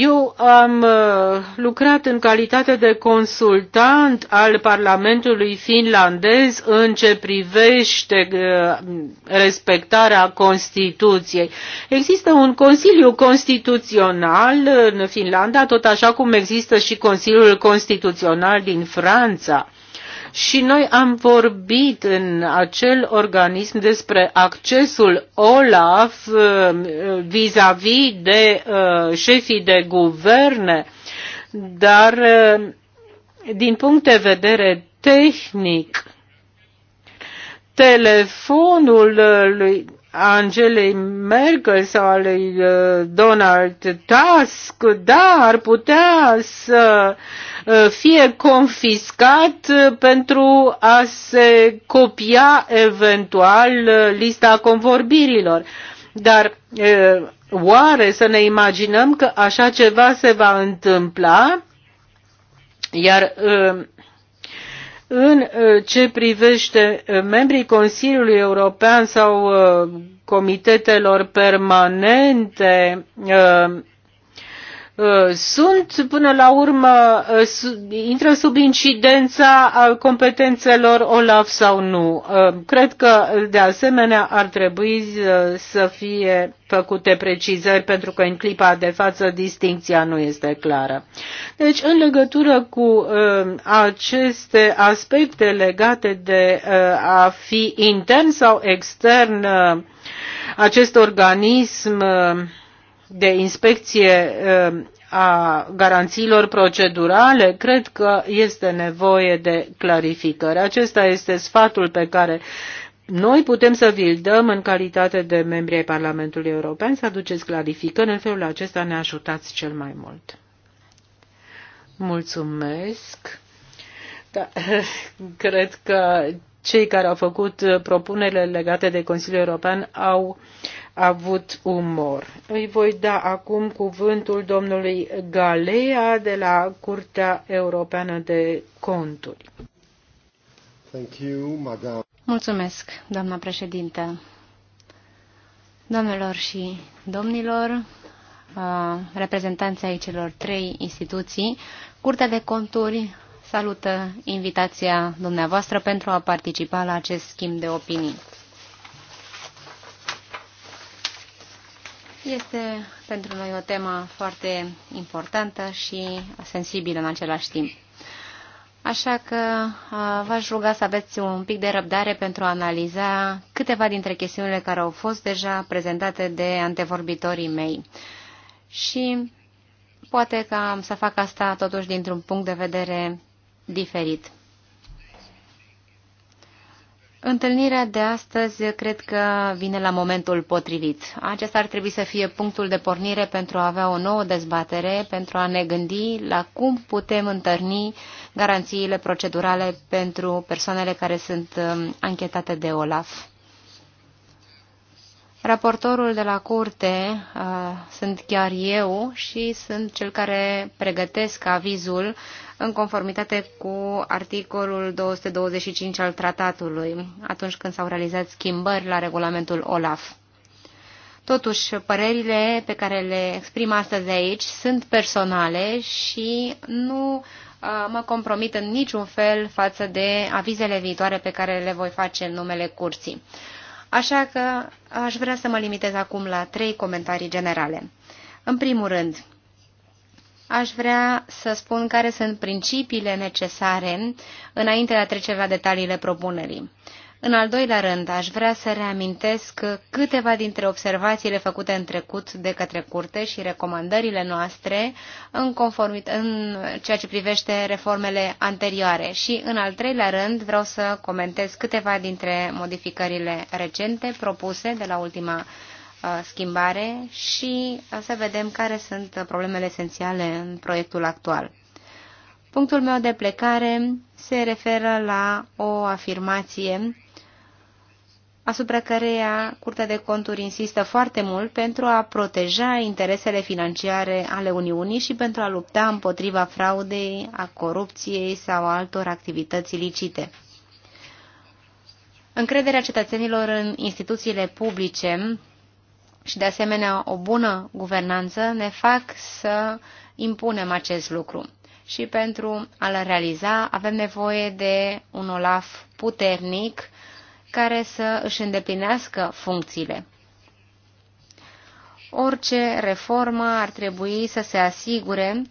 Eu am uh, lucrat în calitate de consultant al Parlamentului finlandez în ce privește uh, respectarea Constituției. Există un Consiliu Constituțional în Finlanda, tot așa cum există și Consiliul Constituțional din Franța și noi am vorbit în acel organism despre accesul OLAF uh, vis-a-vis -vis de uh, șefii de guverne, dar uh, din punct de vedere tehnic, telefonul lui Angelei Merkel sau al lui Donald Tusk, da, ar putea să uh, Uh, fie confiscat uh, pentru a se copia eventual uh, lista convorbirilor. Dar oare să ne imaginăm că așa ceva se va întâmpla? Iar în ce privește membrii Consiliului European sau comitetelor permanente, Uh, sunt până la urmă, uh, intră sub incidența uh, competențelor OLAF sau nu. Cred că de asemenea ar trebui să fie făcute precizări pentru că în clipa de față distinția nu este clară. Deci în legătură cu aceste aspecte legate de a fi intern sau extern acest organism de inspecție um, a garanțiilor procedurale, cred că este nevoie de clarificări. Acesta este sfatul pe care noi putem să vi-l dăm în calitate de membri ai Parlamentului European, să aduceți clarificări, în felul acesta ne ajutați cel mai mult. Mulțumesc. Da, cred că cei care au făcut propunerile legate de Consiliul European au uh, avut umor. Îi voi da acum cuvântul domnului Galea de la Curtea Europeană de Conturi. Thank you, madame. Mulțumesc, doamna președintă. Doamnelor și domnilor, reprezentanții ai celor trei instituții, Curtea de Conturi salută invitația dumneavoastră pentru a participa la acest schimb de opinii. Este pentru noi o temă foarte importantă și sensibilă în același timp. Așa că v-aș ruga să aveți un pic de răbdare pentru a analiza câteva dintre chestiunile care au fost deja prezentate de antevorbitorii mei. Și poate că am să fac asta totuși dintr-un punct de vedere diferit. Întâlnirea de astăzi cred că vine la momentul potrivit. Acesta ar trebui să fie punctul de pornire pentru a avea o nouă dezbatere, pentru a ne gândi la cum putem întărni garanțiile procedurale pentru persoanele care sunt um, anchetate de OLAF. Raportorul de la curte uh, sunt chiar eu și sunt cel care pregătesc avizul în conformitate cu articolul 225 al tratatului, atunci când s-au realizat schimbări la regulamentul OLAF. Totuși, părerile pe care le exprim astăzi aici sunt personale și nu uh, mă compromit în niciun fel față de avizele viitoare pe care le voi face în numele curții. Așa că aș vrea să mă limitez acum la trei comentarii generale. În primul rând, aș vrea să spun care sunt principiile necesare înainte de a trece la detaliile propunerii. În al doilea rând, aș vrea să reamintesc câteva dintre observațiile făcute în trecut de către curte și recomandările noastre în, conformit, în ceea ce privește reformele anterioare. Și în al treilea rând, vreau să comentez câteva dintre modificările recente propuse de la ultima uh, schimbare și uh, să vedem care sunt problemele esențiale în proiectul actual. Punctul meu de plecare se referă la o afirmație asupra căreia Curtea de Conturi insistă foarte mult pentru a proteja interesele financiare ale Uniunii și pentru a lupta împotriva fraudei, a corupției sau altor activități ilicite. Încrederea cetățenilor în instituțiile publice și, de asemenea, o bună guvernanță ne fac să impunem acest lucru. Și pentru a-l realiza avem nevoie de un OLAF puternic, care să își îndeplinească funcțiile. Orice reformă ar trebui să se asigure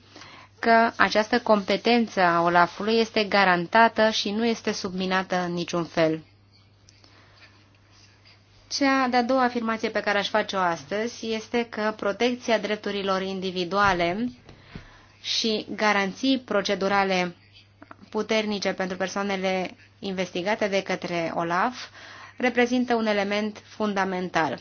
că această competență a Olafului este garantată și nu este subminată în niciun fel. Cea de-a doua afirmație pe care aș face-o astăzi este că protecția drepturilor individuale și garanții procedurale puternice pentru persoanele investigate de către OLAF reprezintă un element fundamental.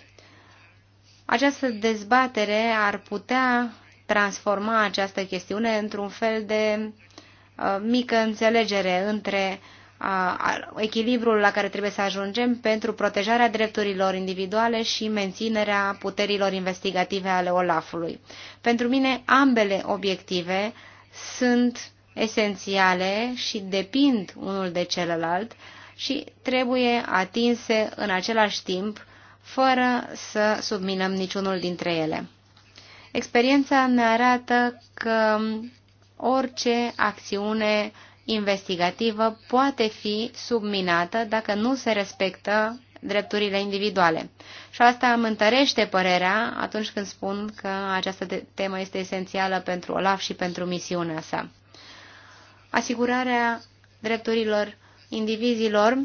Această dezbatere ar putea transforma această chestiune într-un fel de uh, mică înțelegere între uh, echilibrul la care trebuie să ajungem pentru protejarea drepturilor individuale și menținerea puterilor investigative ale OLAF-ului. Pentru mine, ambele obiective sunt esențiale și depind unul de celălalt și trebuie atinse în același timp fără să subminăm niciunul dintre ele. Experiența ne arată că orice acțiune investigativă poate fi subminată dacă nu se respectă drepturile individuale. Și asta îmi întărește părerea atunci când spun că această temă este esențială pentru OLAF și pentru misiunea sa asigurarea drepturilor indivizilor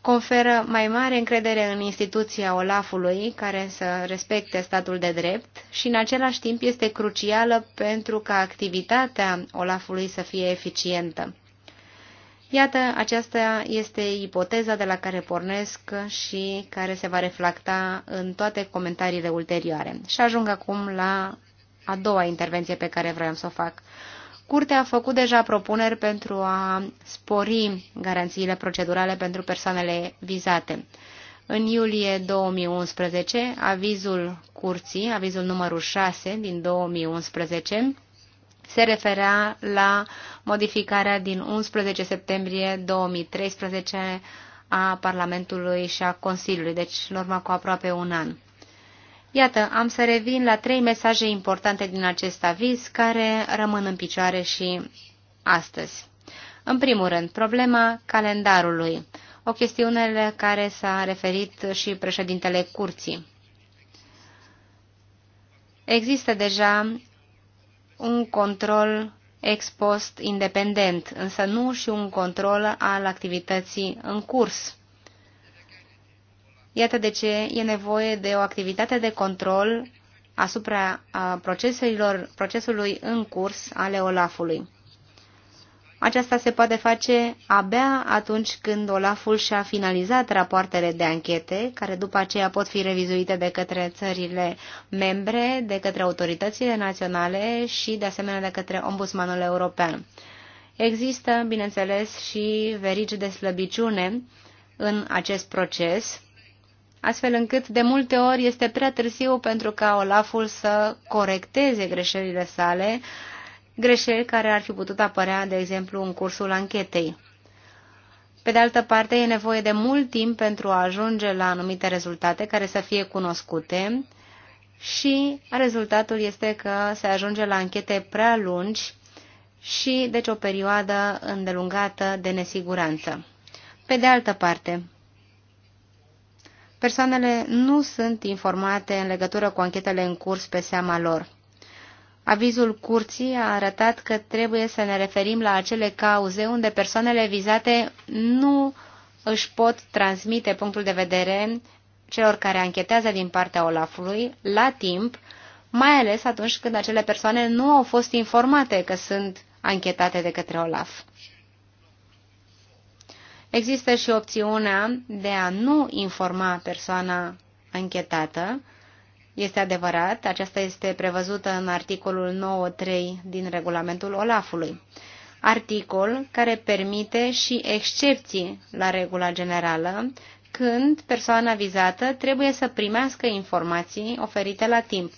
conferă mai mare încredere în instituția Olafului, care să respecte statul de drept și în același timp este crucială pentru ca activitatea Olafului să fie eficientă. Iată, aceasta este ipoteza de la care pornesc și care se va reflecta în toate comentariile ulterioare. Și ajung acum la a doua intervenție pe care vreau să o fac. Curtea a făcut deja propuneri pentru a spori garanțiile procedurale pentru persoanele vizate. În iulie 2011, avizul curții, avizul numărul 6 din 2011, se referea la modificarea din 11 septembrie 2013 a Parlamentului și a Consiliului, deci în urma cu aproape un an. Iată, am să revin la trei mesaje importante din acest aviz care rămân în picioare și astăzi. În primul rând, problema calendarului, o chestiune care s-a referit și președintele curții. Există deja un control ex post independent, însă nu și un control al activității în curs. Iată de ce e nevoie de o activitate de control asupra proceselor, procesului în curs ale Olafului. Aceasta se poate face abia atunci când Olaful și-a finalizat rapoartele de anchete, care după aceea pot fi revizuite de către țările membre, de către autoritățile naționale și de asemenea de către Ombudsmanul European. Există, bineînțeles, și verigi de slăbiciune în acest proces, astfel încât de multe ori este prea târziu pentru ca Olaful să corecteze greșelile sale, greșeli care ar fi putut apărea, de exemplu, în cursul anchetei. Pe de altă parte, e nevoie de mult timp pentru a ajunge la anumite rezultate care să fie cunoscute și rezultatul este că se ajunge la anchete prea lungi și, deci, o perioadă îndelungată de nesiguranță. Pe de altă parte, Persoanele nu sunt informate în legătură cu anchetele în curs pe seama lor. Avizul curții a arătat că trebuie să ne referim la acele cauze unde persoanele vizate nu își pot transmite punctul de vedere celor care anchetează din partea Olafului la timp, mai ales atunci când acele persoane nu au fost informate că sunt anchetate de către Olaf. Există și opțiunea de a nu informa persoana închetată. Este adevărat, aceasta este prevăzută în articolul 9.3 din regulamentul Olafului, articol care permite și excepții la regula generală când persoana vizată trebuie să primească informații oferite la timp.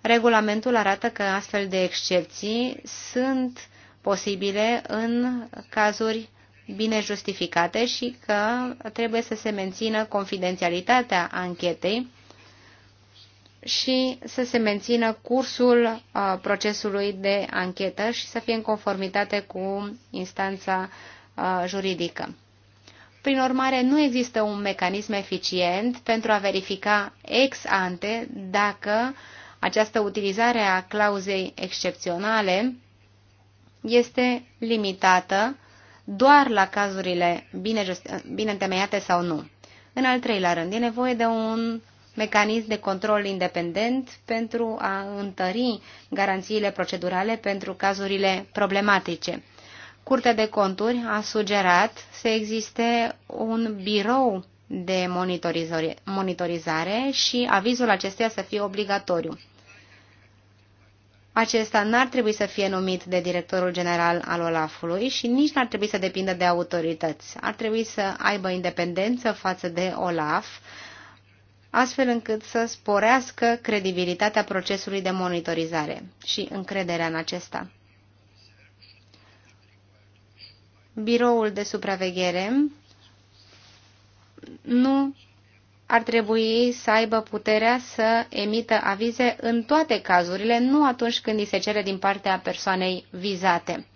Regulamentul arată că astfel de excepții sunt posibile în cazuri bine justificate și că trebuie să se mențină confidențialitatea anchetei și să se mențină cursul uh, procesului de anchetă și să fie în conformitate cu instanța uh, juridică. Prin urmare, nu există un mecanism eficient pentru a verifica ex ante dacă această utilizare a clauzei excepționale este limitată doar la cazurile bine, bine întemeiate sau nu. În al treilea rând, e nevoie de un mecanism de control independent pentru a întări garanțiile procedurale pentru cazurile problematice. Curtea de conturi a sugerat să existe un birou de monitorizare și avizul acesteia să fie obligatoriu acesta n-ar trebui să fie numit de directorul general al Olafului și nici n-ar trebui să depindă de autorități. Ar trebui să aibă independență față de Olaf, astfel încât să sporească credibilitatea procesului de monitorizare și încrederea în acesta. Biroul de supraveghere nu ar trebui să aibă puterea să emită avize în toate cazurile, nu atunci când îi se cere din partea persoanei vizate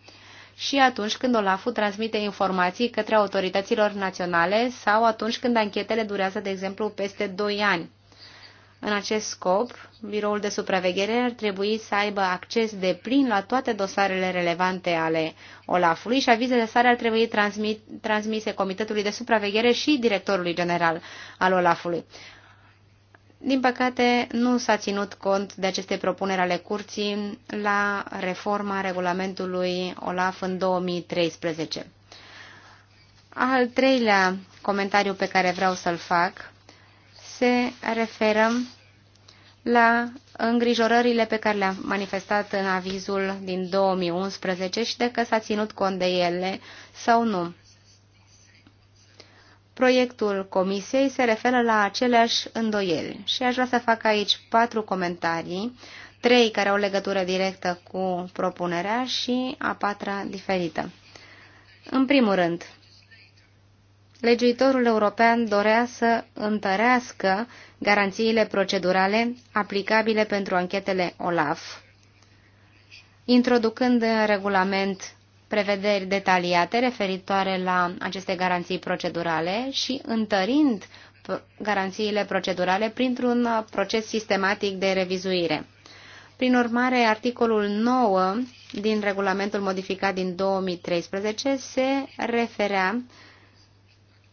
și atunci când OLAF-ul transmite informații către autorităților naționale sau atunci când anchetele durează, de exemplu, peste 2 ani. În acest scop, biroul de supraveghere ar trebui să aibă acces de plin la toate dosarele relevante ale Olafului și avizele sale ar trebui transmit, transmise Comitetului de Supraveghere și Directorului General al Olafului. Din păcate, nu s-a ținut cont de aceste propuneri ale curții la reforma regulamentului OLAF în 2013. Al treilea comentariu pe care vreau să-l fac se referă la îngrijorările pe care le-am manifestat în avizul din 2011 și de că s-a ținut cont de ele sau nu. Proiectul comisiei se referă la aceleași îndoieli și aș vrea să fac aici patru comentarii, trei care au legătură directă cu propunerea și a patra diferită. În primul rând, legiuitorul european dorea să întărească garanțiile procedurale aplicabile pentru anchetele OLAF, introducând în regulament prevederi detaliate referitoare la aceste garanții procedurale și întărind garanțiile procedurale printr-un proces sistematic de revizuire. Prin urmare, articolul 9 din regulamentul modificat din 2013 se referea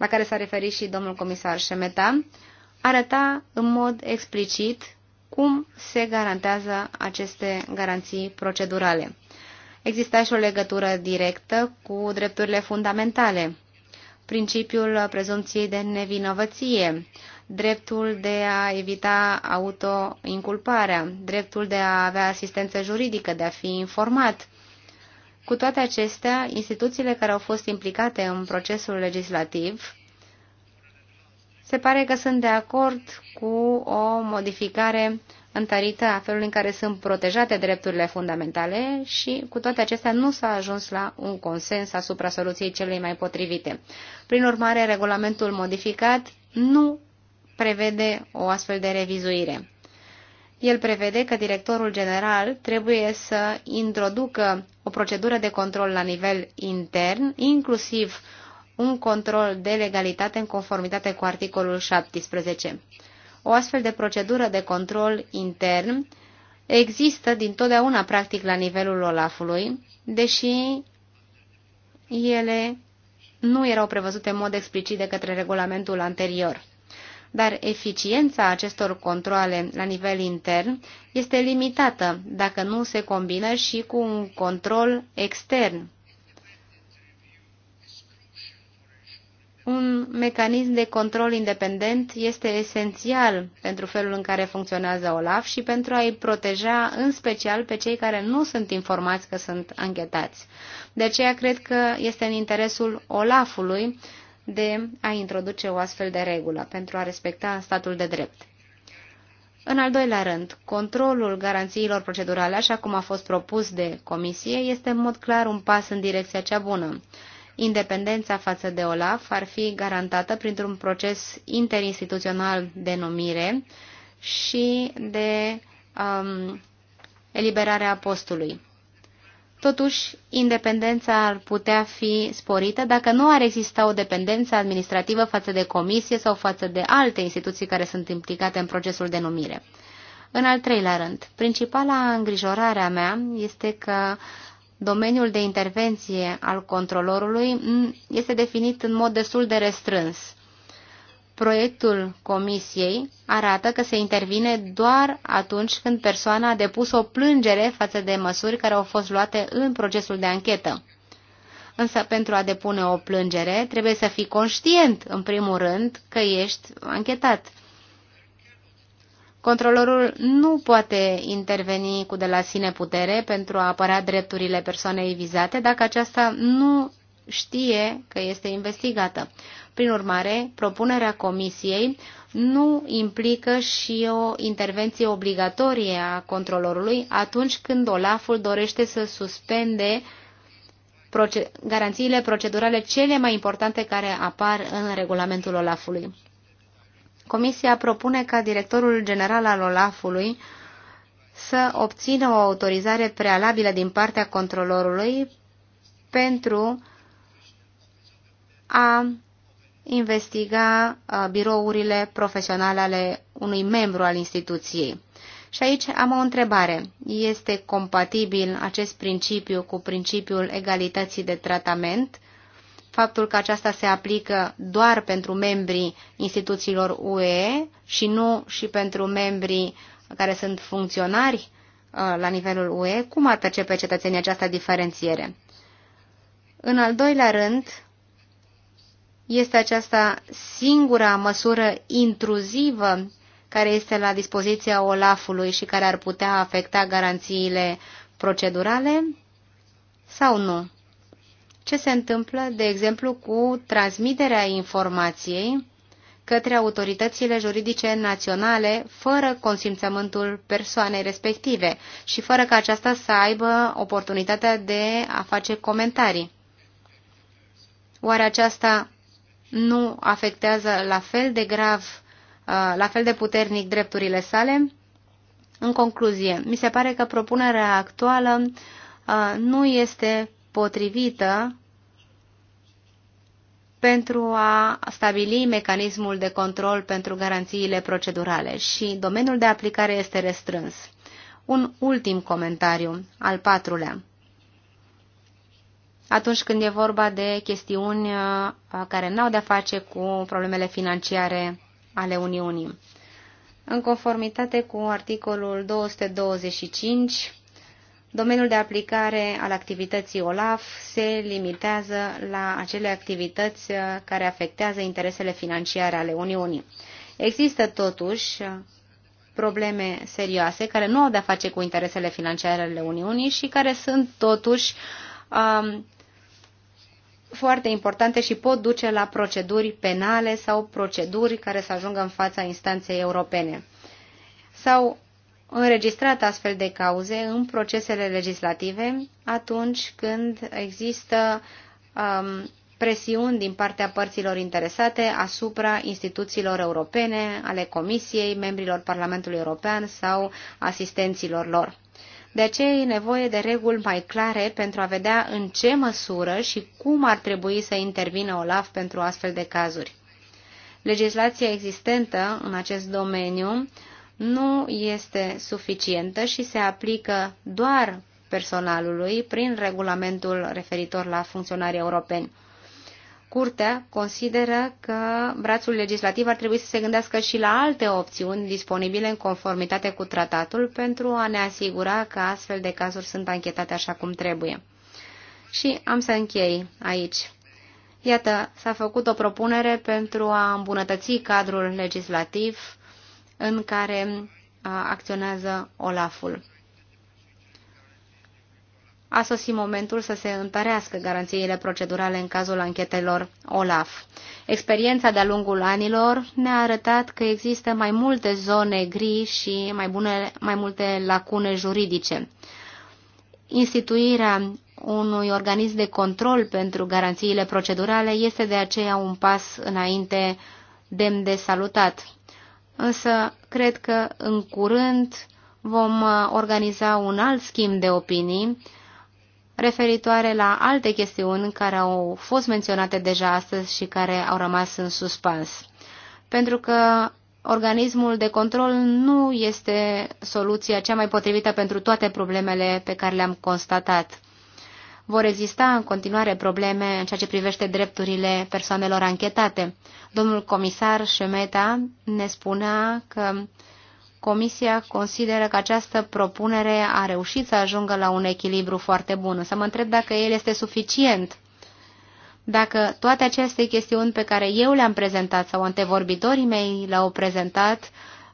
la care s-a referit și domnul comisar Șemeta, arăta în mod explicit cum se garantează aceste garanții procedurale. Exista și o legătură directă cu drepturile fundamentale, principiul prezumției de nevinovăție, dreptul de a evita autoinculparea, dreptul de a avea asistență juridică, de a fi informat, cu toate acestea, instituțiile care au fost implicate în procesul legislativ se pare că sunt de acord cu o modificare întărită a felului în care sunt protejate drepturile fundamentale și, cu toate acestea, nu s-a ajuns la un consens asupra soluției celei mai potrivite. Prin urmare, regulamentul modificat nu prevede o astfel de revizuire. El prevede că directorul general trebuie să introducă o procedură de control la nivel intern, inclusiv un control de legalitate în conformitate cu articolul 17. O astfel de procedură de control intern există din totdeauna practic la nivelul Olafului, deși ele nu erau prevăzute în mod explicit de către regulamentul anterior dar eficiența acestor controle la nivel intern este limitată dacă nu se combină și cu un control extern. Un mecanism de control independent este esențial pentru felul în care funcționează OLAF și pentru a-i proteja în special pe cei care nu sunt informați că sunt anchetați. De aceea cred că este în interesul OLAF-ului de a introduce o astfel de regulă pentru a respecta statul de drept. În al doilea rând, controlul garanțiilor procedurale, așa cum a fost propus de comisie, este în mod clar un pas în direcția cea bună. Independența față de OLAF ar fi garantată printr-un proces interinstituțional de numire și de um, eliberarea postului. Totuși, independența ar putea fi sporită dacă nu ar exista o dependență administrativă față de comisie sau față de alte instituții care sunt implicate în procesul de numire. În al treilea rând, principala îngrijorare a mea este că domeniul de intervenție al controlorului este definit în mod destul de restrâns proiectul comisiei arată că se intervine doar atunci când persoana a depus o plângere față de măsuri care au fost luate în procesul de anchetă. Însă pentru a depune o plângere trebuie să fii conștient, în primul rând, că ești anchetat. Controlorul nu poate interveni cu de la sine putere pentru a apăra drepturile persoanei vizate dacă aceasta nu știe că este investigată. Prin urmare, propunerea Comisiei nu implică și o intervenție obligatorie a controlorului atunci când OLAF-ul dorește să suspende garanțiile procedurale cele mai importante care apar în regulamentul OLAF-ului. Comisia propune ca directorul general al OLAF-ului să obțină o autorizare prealabilă din partea controlorului pentru a investiga uh, birourile profesionale ale unui membru al instituției. Și aici am o întrebare. Este compatibil acest principiu cu principiul egalității de tratament? Faptul că aceasta se aplică doar pentru membrii instituțiilor UE și nu și pentru membrii care sunt funcționari uh, la nivelul UE, cum ar percepe cetățenii această diferențiere? În al doilea rând, este aceasta singura măsură intruzivă care este la dispoziția Olafului și care ar putea afecta garanțiile procedurale sau nu? Ce se întâmplă, de exemplu, cu transmiterea informației către autoritățile juridice naționale fără consimțământul persoanei respective și fără ca aceasta să aibă oportunitatea de a face comentarii? Oare aceasta nu afectează la fel de grav, uh, la fel de puternic drepturile sale? În concluzie, mi se pare că propunerea actuală uh, nu este potrivită pentru a stabili mecanismul de control pentru garanțiile procedurale și domeniul de aplicare este restrâns. Un ultim comentariu, al patrulea atunci când e vorba de chestiuni uh, care n-au de-a face cu problemele financiare ale Uniunii. În conformitate cu articolul 225, domeniul de aplicare al activității OLAF se limitează la acele activități uh, care afectează interesele financiare ale Uniunii. Există totuși uh, probleme serioase care nu au de-a face cu interesele financiare ale Uniunii și care sunt totuși um, foarte importante și pot duce la proceduri penale sau proceduri care să ajungă în fața instanței europene. S-au înregistrat astfel de cauze în procesele legislative atunci când există um, presiuni din partea părților interesate asupra instituțiilor europene, ale Comisiei, membrilor Parlamentului European sau asistenților lor. De aceea e nevoie de reguli mai clare pentru a vedea în ce măsură și cum ar trebui să intervină OLAF pentru astfel de cazuri. Legislația existentă în acest domeniu nu este suficientă și se aplică doar personalului prin regulamentul referitor la funcționarii europeni. Curtea consideră că brațul legislativ ar trebui să se gândească și la alte opțiuni disponibile în conformitate cu tratatul pentru a ne asigura că astfel de cazuri sunt anchetate așa cum trebuie. Și am să închei aici. Iată, s-a făcut o propunere pentru a îmbunătăți cadrul legislativ în care acționează Olaful a sosit momentul să se întărească garanțiile procedurale în cazul anchetelor OLAF. Experiența de-a lungul anilor ne-a arătat că există mai multe zone gri și mai, bune, mai multe lacune juridice. Instituirea unui organism de control pentru garanțiile procedurale este de aceea un pas înainte demn de salutat. Însă, cred că în curând vom organiza un alt schimb de opinii referitoare la alte chestiuni care au fost menționate deja astăzi și care au rămas în suspans. Pentru că organismul de control nu este soluția cea mai potrivită pentru toate problemele pe care le-am constatat. Vor exista în continuare probleme în ceea ce privește drepturile persoanelor anchetate. Domnul comisar Șemeta ne spunea că uh, Comisia consideră că această propunere a reușit să ajungă la un echilibru foarte bun. Să mă întreb dacă el este suficient. Dacă toate aceste chestiuni pe care eu le-am prezentat sau antevorbitorii mei le-au prezentat, uh,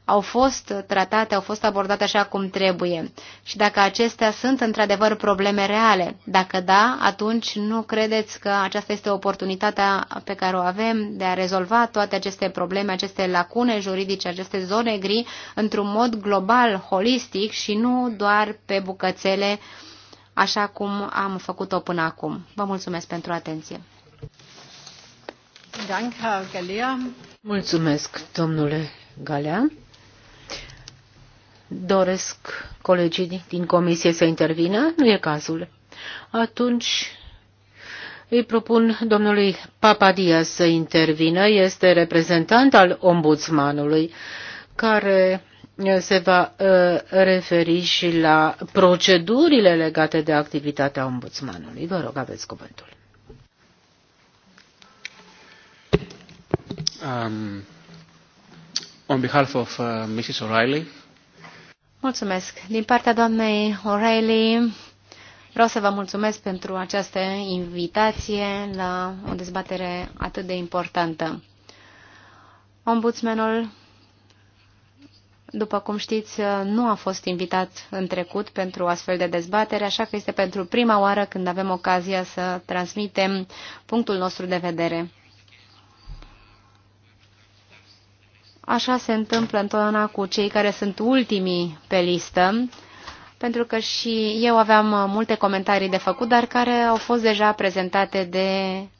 au fost tratate, au fost abordate așa cum trebuie și dacă acestea sunt într-adevăr probleme reale. Dacă da, atunci nu credeți că aceasta este oportunitatea pe care o avem de a rezolva toate aceste probleme, aceste lacune juridice, aceste zone gri, într-un mod global, holistic și nu doar pe bucățele, așa cum am făcut-o până acum. Vă mulțumesc pentru atenție. Mulțumesc, domnule Galea. Doresc colegii din comisie să intervină? Nu e cazul. Atunci îi propun domnului Papadia să intervină. Este reprezentant al ombudsmanului care se va referi și la procedurile legate de activitatea ombudsmanului. Vă rog, aveți cuvântul. Um, on behalf of uh, Mrs. O'Reilly, Mulțumesc. Din partea doamnei O'Reilly, vreau să vă mulțumesc pentru această invitație la o dezbatere atât de importantă. Ombudsmanul, după cum știți, nu a fost invitat în trecut pentru astfel de dezbatere, așa că este pentru prima oară când avem ocazia să transmitem punctul nostru de vedere. Așa se întâmplă întotdeauna cu cei care sunt ultimii pe listă, pentru că și eu aveam multe comentarii de făcut, dar care au fost deja prezentate de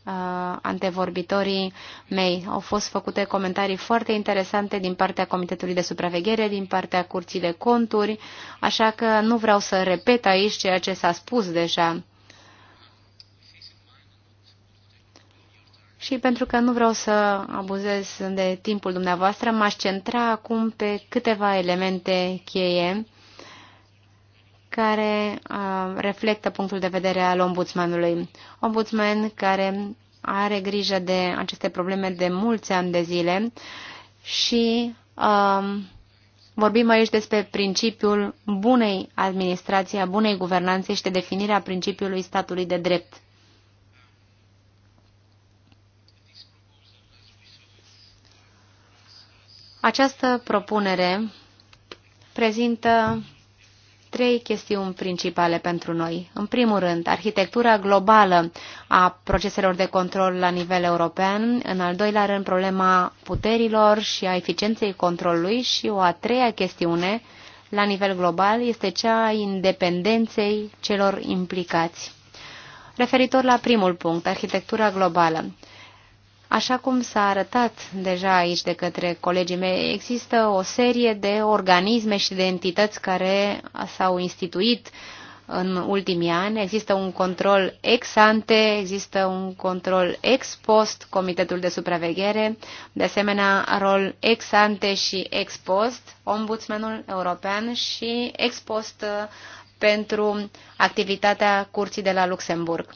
uh, antevorbitorii mei. Au fost făcute comentarii foarte interesante din partea Comitetului de Supraveghere, din partea Curții de Conturi, așa că nu vreau să repet aici ceea ce s-a spus deja. Și pentru că nu vreau să abuzez de timpul dumneavoastră, m-aș centra acum pe câteva elemente cheie care uh, reflectă punctul de vedere al ombudsmanului. Ombudsman care are grijă de aceste probleme de mulți ani de zile și uh, vorbim aici despre principiul bunei administrații, a bunei guvernanțe și de definirea principiului statului de drept. Această propunere prezintă trei chestiuni principale pentru noi. În primul rând, arhitectura globală a proceselor de control la nivel european, în al doilea rând, problema puterilor și a eficienței controlului și o a treia chestiune la nivel global este cea a independenței celor implicați. Referitor la primul punct, arhitectura globală. Așa cum s-a arătat deja aici de către colegii mei, există o serie de organisme și de entități care s-au instituit în ultimii ani. Există un control ex ante, există un control ex post, Comitetul de Supraveghere, de asemenea rol ex ante și ex post, Ombudsmanul European și ex post uh, pentru activitatea Curții de la Luxemburg.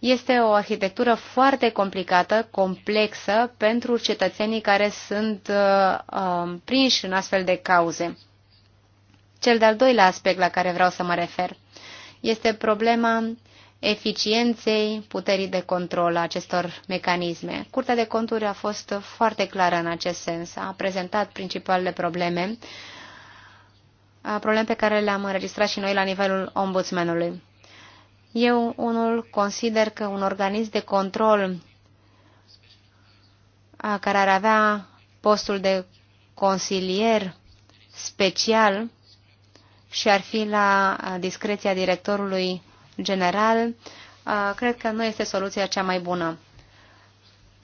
Este o arhitectură foarte complicată, complexă pentru cetățenii care sunt uh, um, prinși în astfel de cauze. Cel de-al doilea aspect la care vreau să mă refer este problema eficienței puterii de control a acestor mecanisme. Curtea de conturi a fost foarte clară în acest sens, a prezentat principalele probleme, probleme pe care le-am înregistrat și noi la nivelul ombudsmanului. Eu unul consider că un organism de control care ar avea postul de consilier special și ar fi la discreția directorului general, cred că nu este soluția cea mai bună.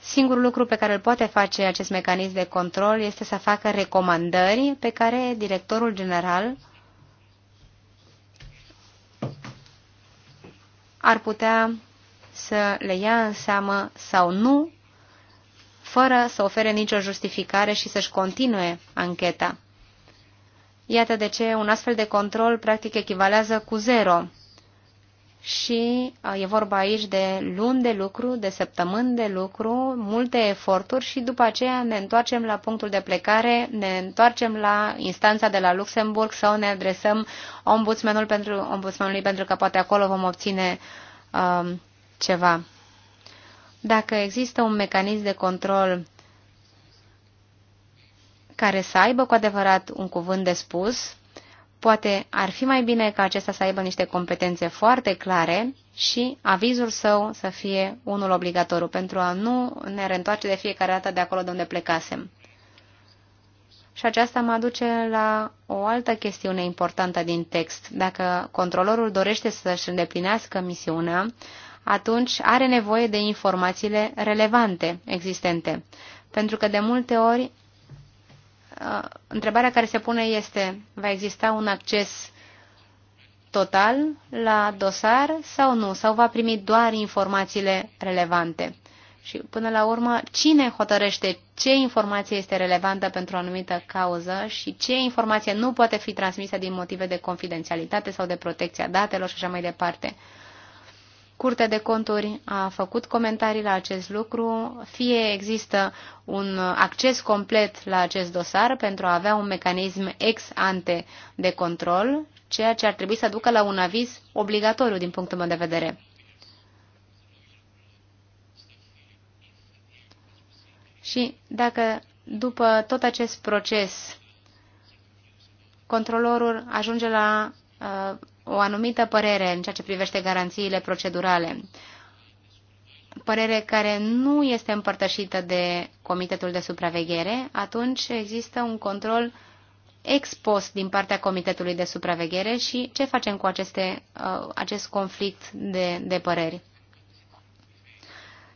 Singurul lucru pe care îl poate face acest mecanism de control este să facă recomandări pe care directorul general ar putea să le ia în seamă sau nu, fără să ofere nicio justificare și să-și continue ancheta. Iată de ce un astfel de control practic echivalează cu zero și uh, e vorba aici de luni de lucru, de săptămâni de lucru, multe eforturi și după aceea ne întoarcem la punctul de plecare, ne întoarcem la instanța de la Luxemburg sau ne adresăm ombudsmanul pentru, ombudsmanului pentru că poate acolo vom obține uh, ceva. Dacă există un mecanism de control care să aibă cu adevărat un cuvânt de spus, Poate ar fi mai bine ca acesta să aibă niște competențe foarte clare și avizul său să fie unul obligatoriu, pentru a nu ne reîntoarce de fiecare dată de acolo de unde plecasem. Și aceasta mă aduce la o altă chestiune importantă din text. Dacă controlorul dorește să-și îndeplinească misiunea, atunci are nevoie de informațiile relevante existente. Pentru că de multe ori Uh, întrebarea care se pune este, va exista un acces total la dosar sau nu? Sau va primi doar informațiile relevante? Și până la urmă, cine hotărăște ce informație este relevantă pentru o anumită cauză și ce informație nu poate fi transmisă din motive de confidențialitate sau de protecția datelor și așa mai departe? Curtea de conturi a făcut comentarii la acest lucru, fie există un acces complet la acest dosar pentru a avea un mecanism ex ante de control, ceea ce ar trebui să ducă la un aviz obligatoriu din punctul meu de vedere. Și dacă după tot acest proces controlorul ajunge la uh, o anumită părere în ceea ce privește garanțiile procedurale, părere care nu este împărtășită de Comitetul de Supraveghere, atunci există un control ex post din partea Comitetului de Supraveghere și ce facem cu aceste, uh, acest conflict de, de păreri.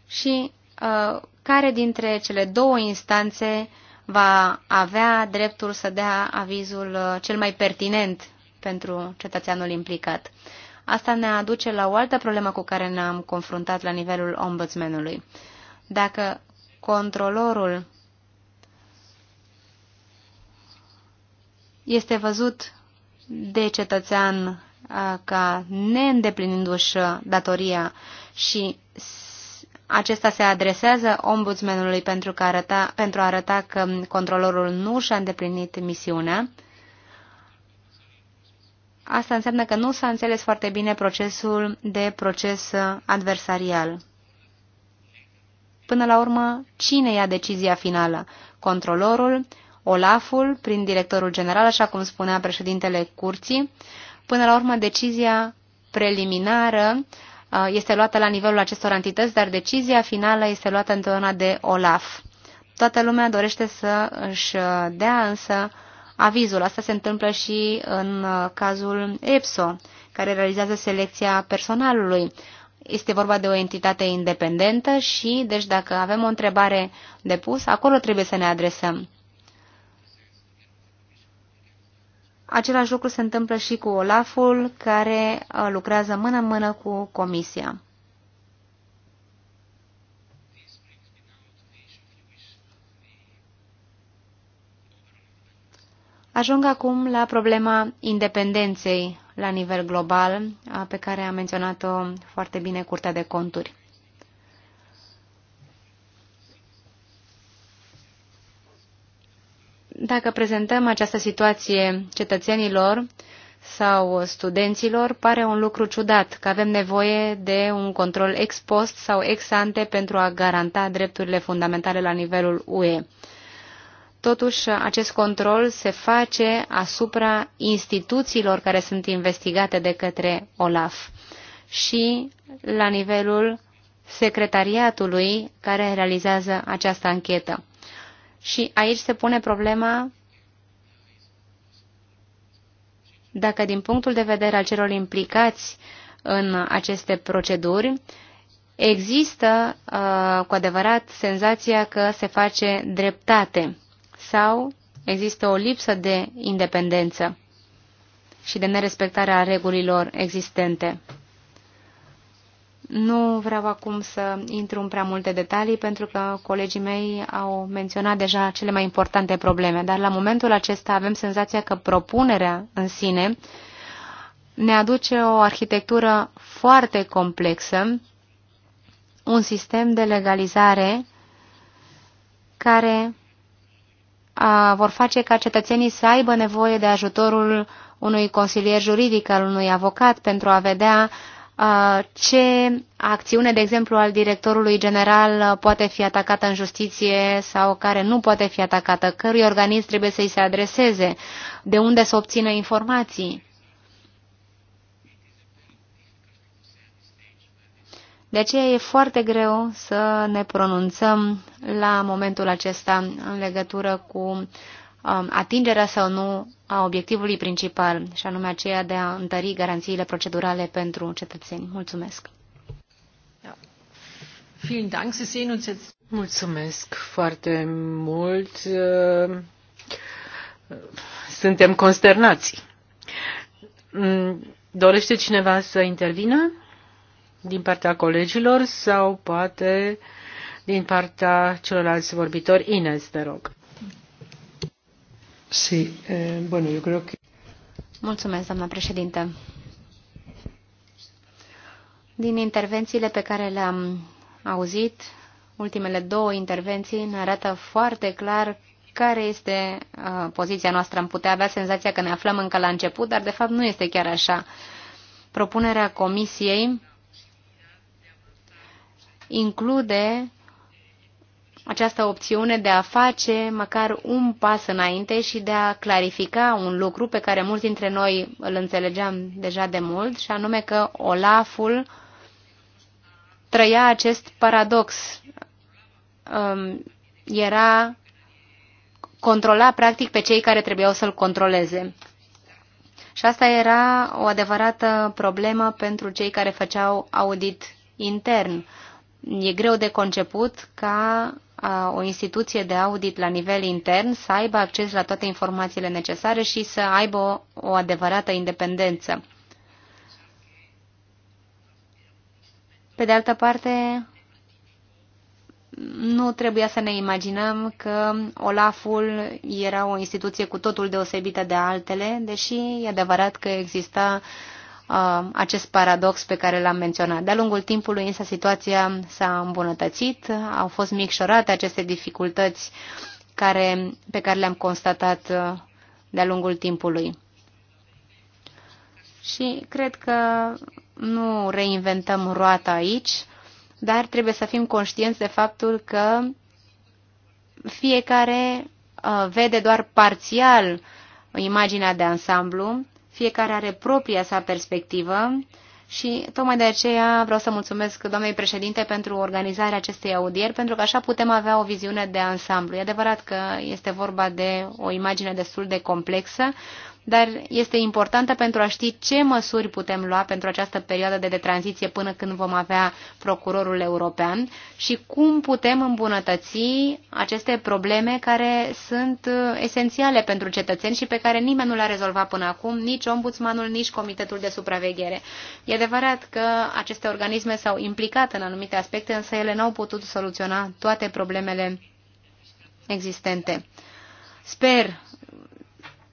Și uh, care dintre cele două instanțe va avea dreptul să dea avizul uh, cel mai pertinent pentru cetățeanul implicat. Asta ne aduce la o altă problemă cu care ne-am confruntat la nivelul ombudsmanului. Dacă controlorul este văzut de cetățean uh, ca neîndeplinindu-și datoria și acesta se adresează ombudsmanului pentru, că arăta, pentru a arăta că controlorul nu și-a îndeplinit misiunea, asta înseamnă că nu s-a înțeles foarte bine procesul de proces adversarial. Până la urmă, cine ia decizia finală? Controlorul, Olaful, prin directorul general, așa cum spunea președintele curții. Până la urmă, decizia preliminară uh, este luată la nivelul acestor entități, dar decizia finală este luată întotdeauna de Olaf. Toată lumea dorește să își uh, dea însă avizul. Asta se întâmplă și în uh, cazul EPSO, care realizează selecția personalului. Este vorba de o entitate independentă și, deci, dacă avem o întrebare de pus, acolo trebuie să ne adresăm. Același lucru se întâmplă și cu Olaful, care uh, lucrează mână-mână cu Comisia. Ajung acum la problema independenței la nivel global, pe care a menționat-o foarte bine Curtea de Conturi. Dacă prezentăm această situație cetățenilor sau studenților, pare un lucru ciudat că avem nevoie de un control ex post sau ex ante pentru a garanta drepturile fundamentale la nivelul UE. Totuși, acest control se face asupra instituțiilor care sunt investigate de către OLAF și la nivelul secretariatului care realizează această anchetă. Și aici se pune problema dacă din punctul de vedere al celor implicați în aceste proceduri, există uh, cu adevărat senzația că se face dreptate sau există o lipsă de independență și de nerespectare a regulilor existente. Nu vreau acum să intru în prea multe detalii, pentru că colegii mei au menționat deja cele mai importante probleme, dar la momentul acesta avem senzația că propunerea în sine ne aduce o arhitectură foarte complexă, un sistem de legalizare care vor face ca cetățenii să aibă nevoie de ajutorul unui consilier juridic, al unui avocat, pentru a vedea ce acțiune, de exemplu, al directorului general poate fi atacată în justiție sau care nu poate fi atacată, cărui organism trebuie să-i se adreseze, de unde să obțină informații. De aceea e foarte greu să ne pronunțăm la momentul acesta în legătură cu um, atingerea sau nu a obiectivului principal, și anume aceea de a întări garanțiile procedurale pentru cetățeni. Mulțumesc! Da. Mulțumesc foarte mult! Suntem consternați. Dorește cineva să intervină? din partea colegilor sau poate din partea celorlalți vorbitori. Ines, te rog. Sí, eh, bueno, yo creo que... Mulțumesc, doamna președinte. Din intervențiile pe care le-am auzit, ultimele două intervenții ne arată foarte clar care este uh, poziția noastră. Am putea avea senzația că ne aflăm încă la început, dar de fapt nu este chiar așa. Propunerea Comisiei include această opțiune de a face măcar un pas înainte și de a clarifica un lucru pe care mulți dintre noi îl înțelegeam deja de mult, și anume că Olaful trăia acest paradox. Um, era controla practic pe cei care trebuiau să-l controleze. Și asta era o adevărată problemă pentru cei care făceau audit intern e greu de conceput ca o instituție de audit la nivel intern să aibă acces la toate informațiile necesare și să aibă o, o adevărată independență. Pe de altă parte, nu trebuia să ne imaginăm că Olaful era o instituție cu totul deosebită de altele, deși e adevărat că exista uh, Uh, acest paradox pe care l-am menționat. De-a lungul timpului, însă, situația s-a îmbunătățit, au fost micșorate aceste dificultăți care, pe care le-am constatat uh, de-a lungul timpului. Și cred că nu reinventăm roata aici, dar trebuie să fim conștienți de faptul că fiecare uh, vede doar parțial imaginea de ansamblu fiecare are propria sa perspectivă și tocmai de aceea vreau să mulțumesc doamnei președinte pentru organizarea acestei audieri, pentru că așa putem avea o viziune de ansamblu. E adevărat că este vorba de o imagine destul de complexă, dar este importantă pentru a ști ce măsuri putem lua pentru această perioadă de, tranziție până când vom avea procurorul european și cum putem îmbunătăți aceste probleme care sunt uh, esențiale pentru cetățeni și pe care nimeni nu le-a rezolvat până acum, nici ombudsmanul, nici comitetul de supraveghere. E adevărat că aceste organisme s-au implicat în anumite aspecte, însă ele n-au putut soluționa toate problemele existente. Sper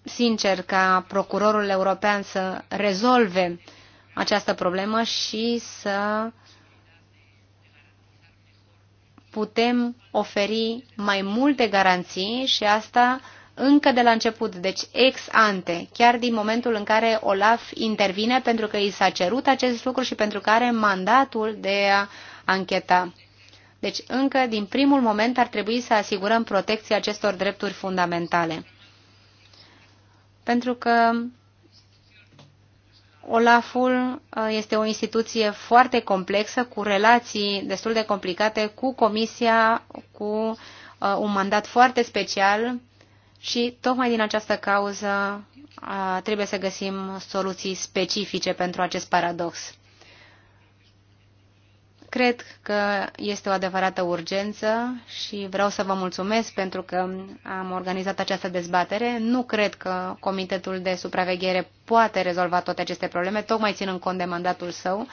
sincer ca procurorul european să rezolve această problemă și să putem oferi mai multe garanții și asta încă de la început, deci ex ante, chiar din momentul în care Olaf intervine pentru că i s-a cerut acest lucru și pentru că are mandatul de a ancheta. Deci încă din primul moment ar trebui să asigurăm protecția acestor drepturi fundamentale pentru că Olaful uh, este o instituție foarte complexă, cu relații destul de complicate cu Comisia, cu uh, un mandat foarte special și tocmai din această cauză uh, trebuie să găsim soluții specifice pentru acest paradox. Cred că este o adevărată urgență și vreau să vă mulțumesc pentru că am organizat această dezbatere. Nu cred că Comitetul de Supraveghere poate rezolva toate aceste probleme, tocmai ținând cont de mandatul său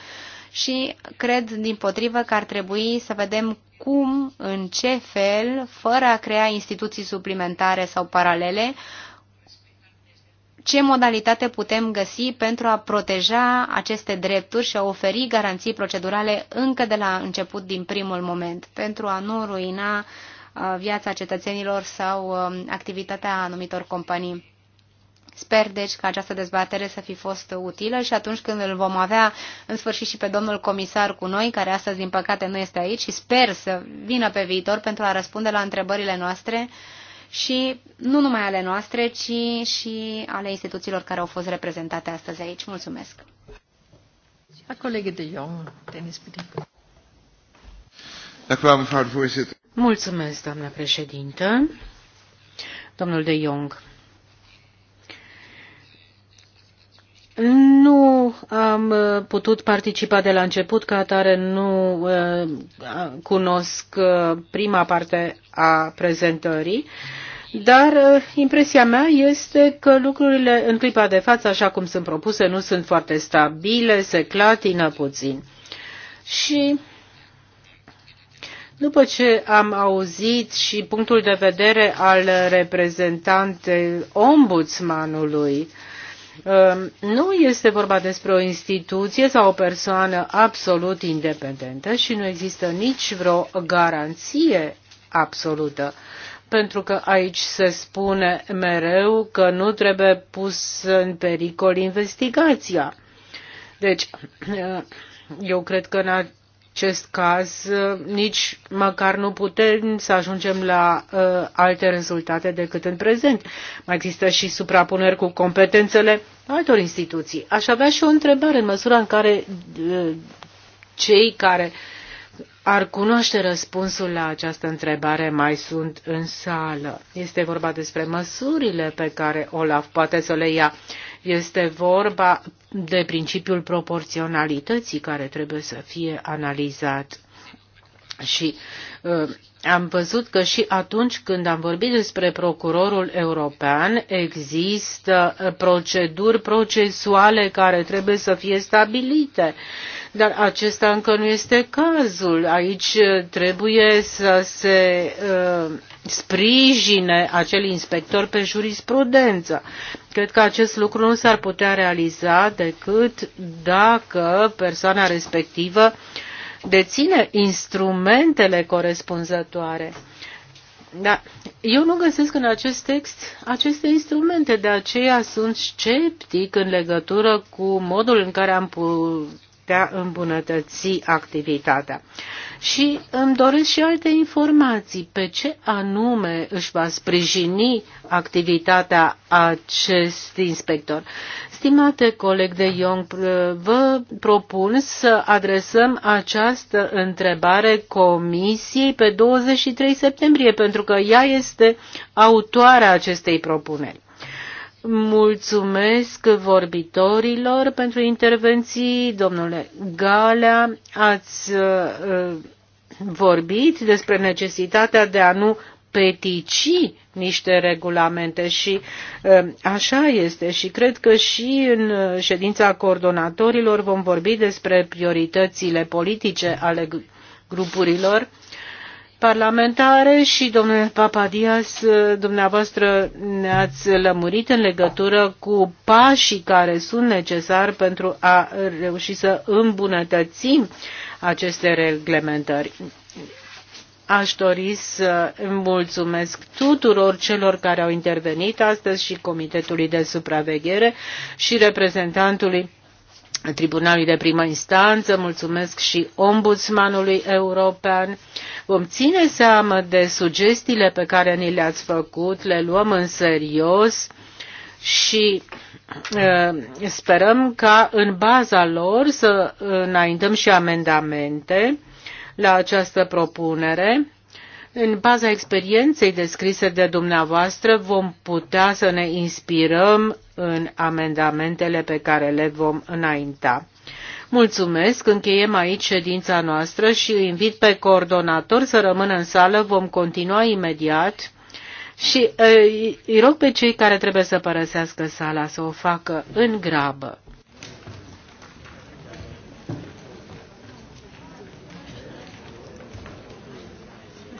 și cred din potrivă că ar trebui să vedem cum, în ce fel, fără a crea instituții suplimentare sau paralele, ce modalitate putem găsi pentru a proteja aceste drepturi și a oferi garanții procedurale încă de la început, din primul moment, pentru a nu ruina uh, viața cetățenilor sau um, activitatea anumitor companii. Sper, deci, că această dezbatere să fi fost utilă și atunci când îl vom avea, în sfârșit, și pe domnul comisar cu noi, care astăzi, din păcate, nu este aici și sper să vină pe viitor pentru a răspunde la întrebările noastre, uh, și nu numai ale noastre, ci și ale instituțiilor care au fost reprezentate astăzi aici. Mulțumesc! Mulțumesc, doamnă președintă. Domnul de Jong, Nu am uh, putut participa de la început, ca atare nu uh, cunosc uh, prima parte a prezentării, dar uh, impresia mea este că lucrurile în clipa de față, așa cum sunt propuse, nu sunt foarte stabile, se clatină puțin. Și după ce am auzit și punctul de vedere al reprezentantei ombudsmanului, uh, nu este vorba despre o instituție sau o persoană absolut independentă și nu există nici vreo garanție absolută pentru că aici se spune mereu că nu trebuie pus în pericol investigația. Deci, eu cred că în acest caz nici măcar nu putem să ajungem la uh, alte rezultate decât în prezent. Mai există și suprapuneri cu competențele altor instituții. Aș avea și o întrebare în măsura în care uh, cei care uh, ar cunoaște răspunsul la această întrebare mai sunt în sală. Este vorba despre măsurile pe care Olaf poate să le ia. Este vorba de principiul proporționalității care trebuie să fie analizat. Și uh, am văzut că și atunci când am vorbit despre procurorul european, există proceduri procesuale care trebuie să fie stabilite. Uh, dar acesta încă nu este cazul. Aici uh, trebuie să se uh, sprijine acel inspector pe jurisprudență. Cred că acest lucru nu s-ar putea realiza decât dacă persoana respectivă deține instrumentele corespunzătoare. Da. Eu nu găsesc în acest text aceste instrumente, de aceea sunt sceptic în legătură cu modul în care am putea îmbunătăți activitatea. Și îmi doresc și alte informații pe ce anume își va sprijini activitatea acest inspector. Stimate coleg de Young, vă propun să adresăm această întrebare Comisiei pe 23 septembrie, pentru că ea este autoarea acestei propuneri. Mulțumesc vorbitorilor pentru intervenții. Domnule Galea, ați uh, uh, vorbit despre necesitatea de a nu petici niște regulamente și uh, așa este și cred că și în ședința coordonatorilor vom vorbi despre prioritățile politice ale grupurilor parlamentare și, domnule Papadias, dumneavoastră ne-ați lămurit în legătură cu pașii care sunt necesari pentru a reuși să îmbunătățim aceste reglementări. Aș dori să mulțumesc tuturor celor care au intervenit astăzi și Comitetului de Supraveghere și reprezentantului Tribunalului de primă instanță, mulțumesc și Ombudsmanului European. Vom ține seamă de sugestiile pe care ni le-ați făcut, le luăm în serios și uh, sperăm ca în baza lor să înaintăm și amendamente la această propunere. În baza experienței descrise de dumneavoastră vom putea să ne inspirăm în amendamentele pe care le vom înainta. Mulțumesc, încheiem aici ședința noastră și invit pe coordonator să rămână în sală, vom continua imediat și eh, îi rog pe cei care trebuie să părăsească sala să o facă în grabă.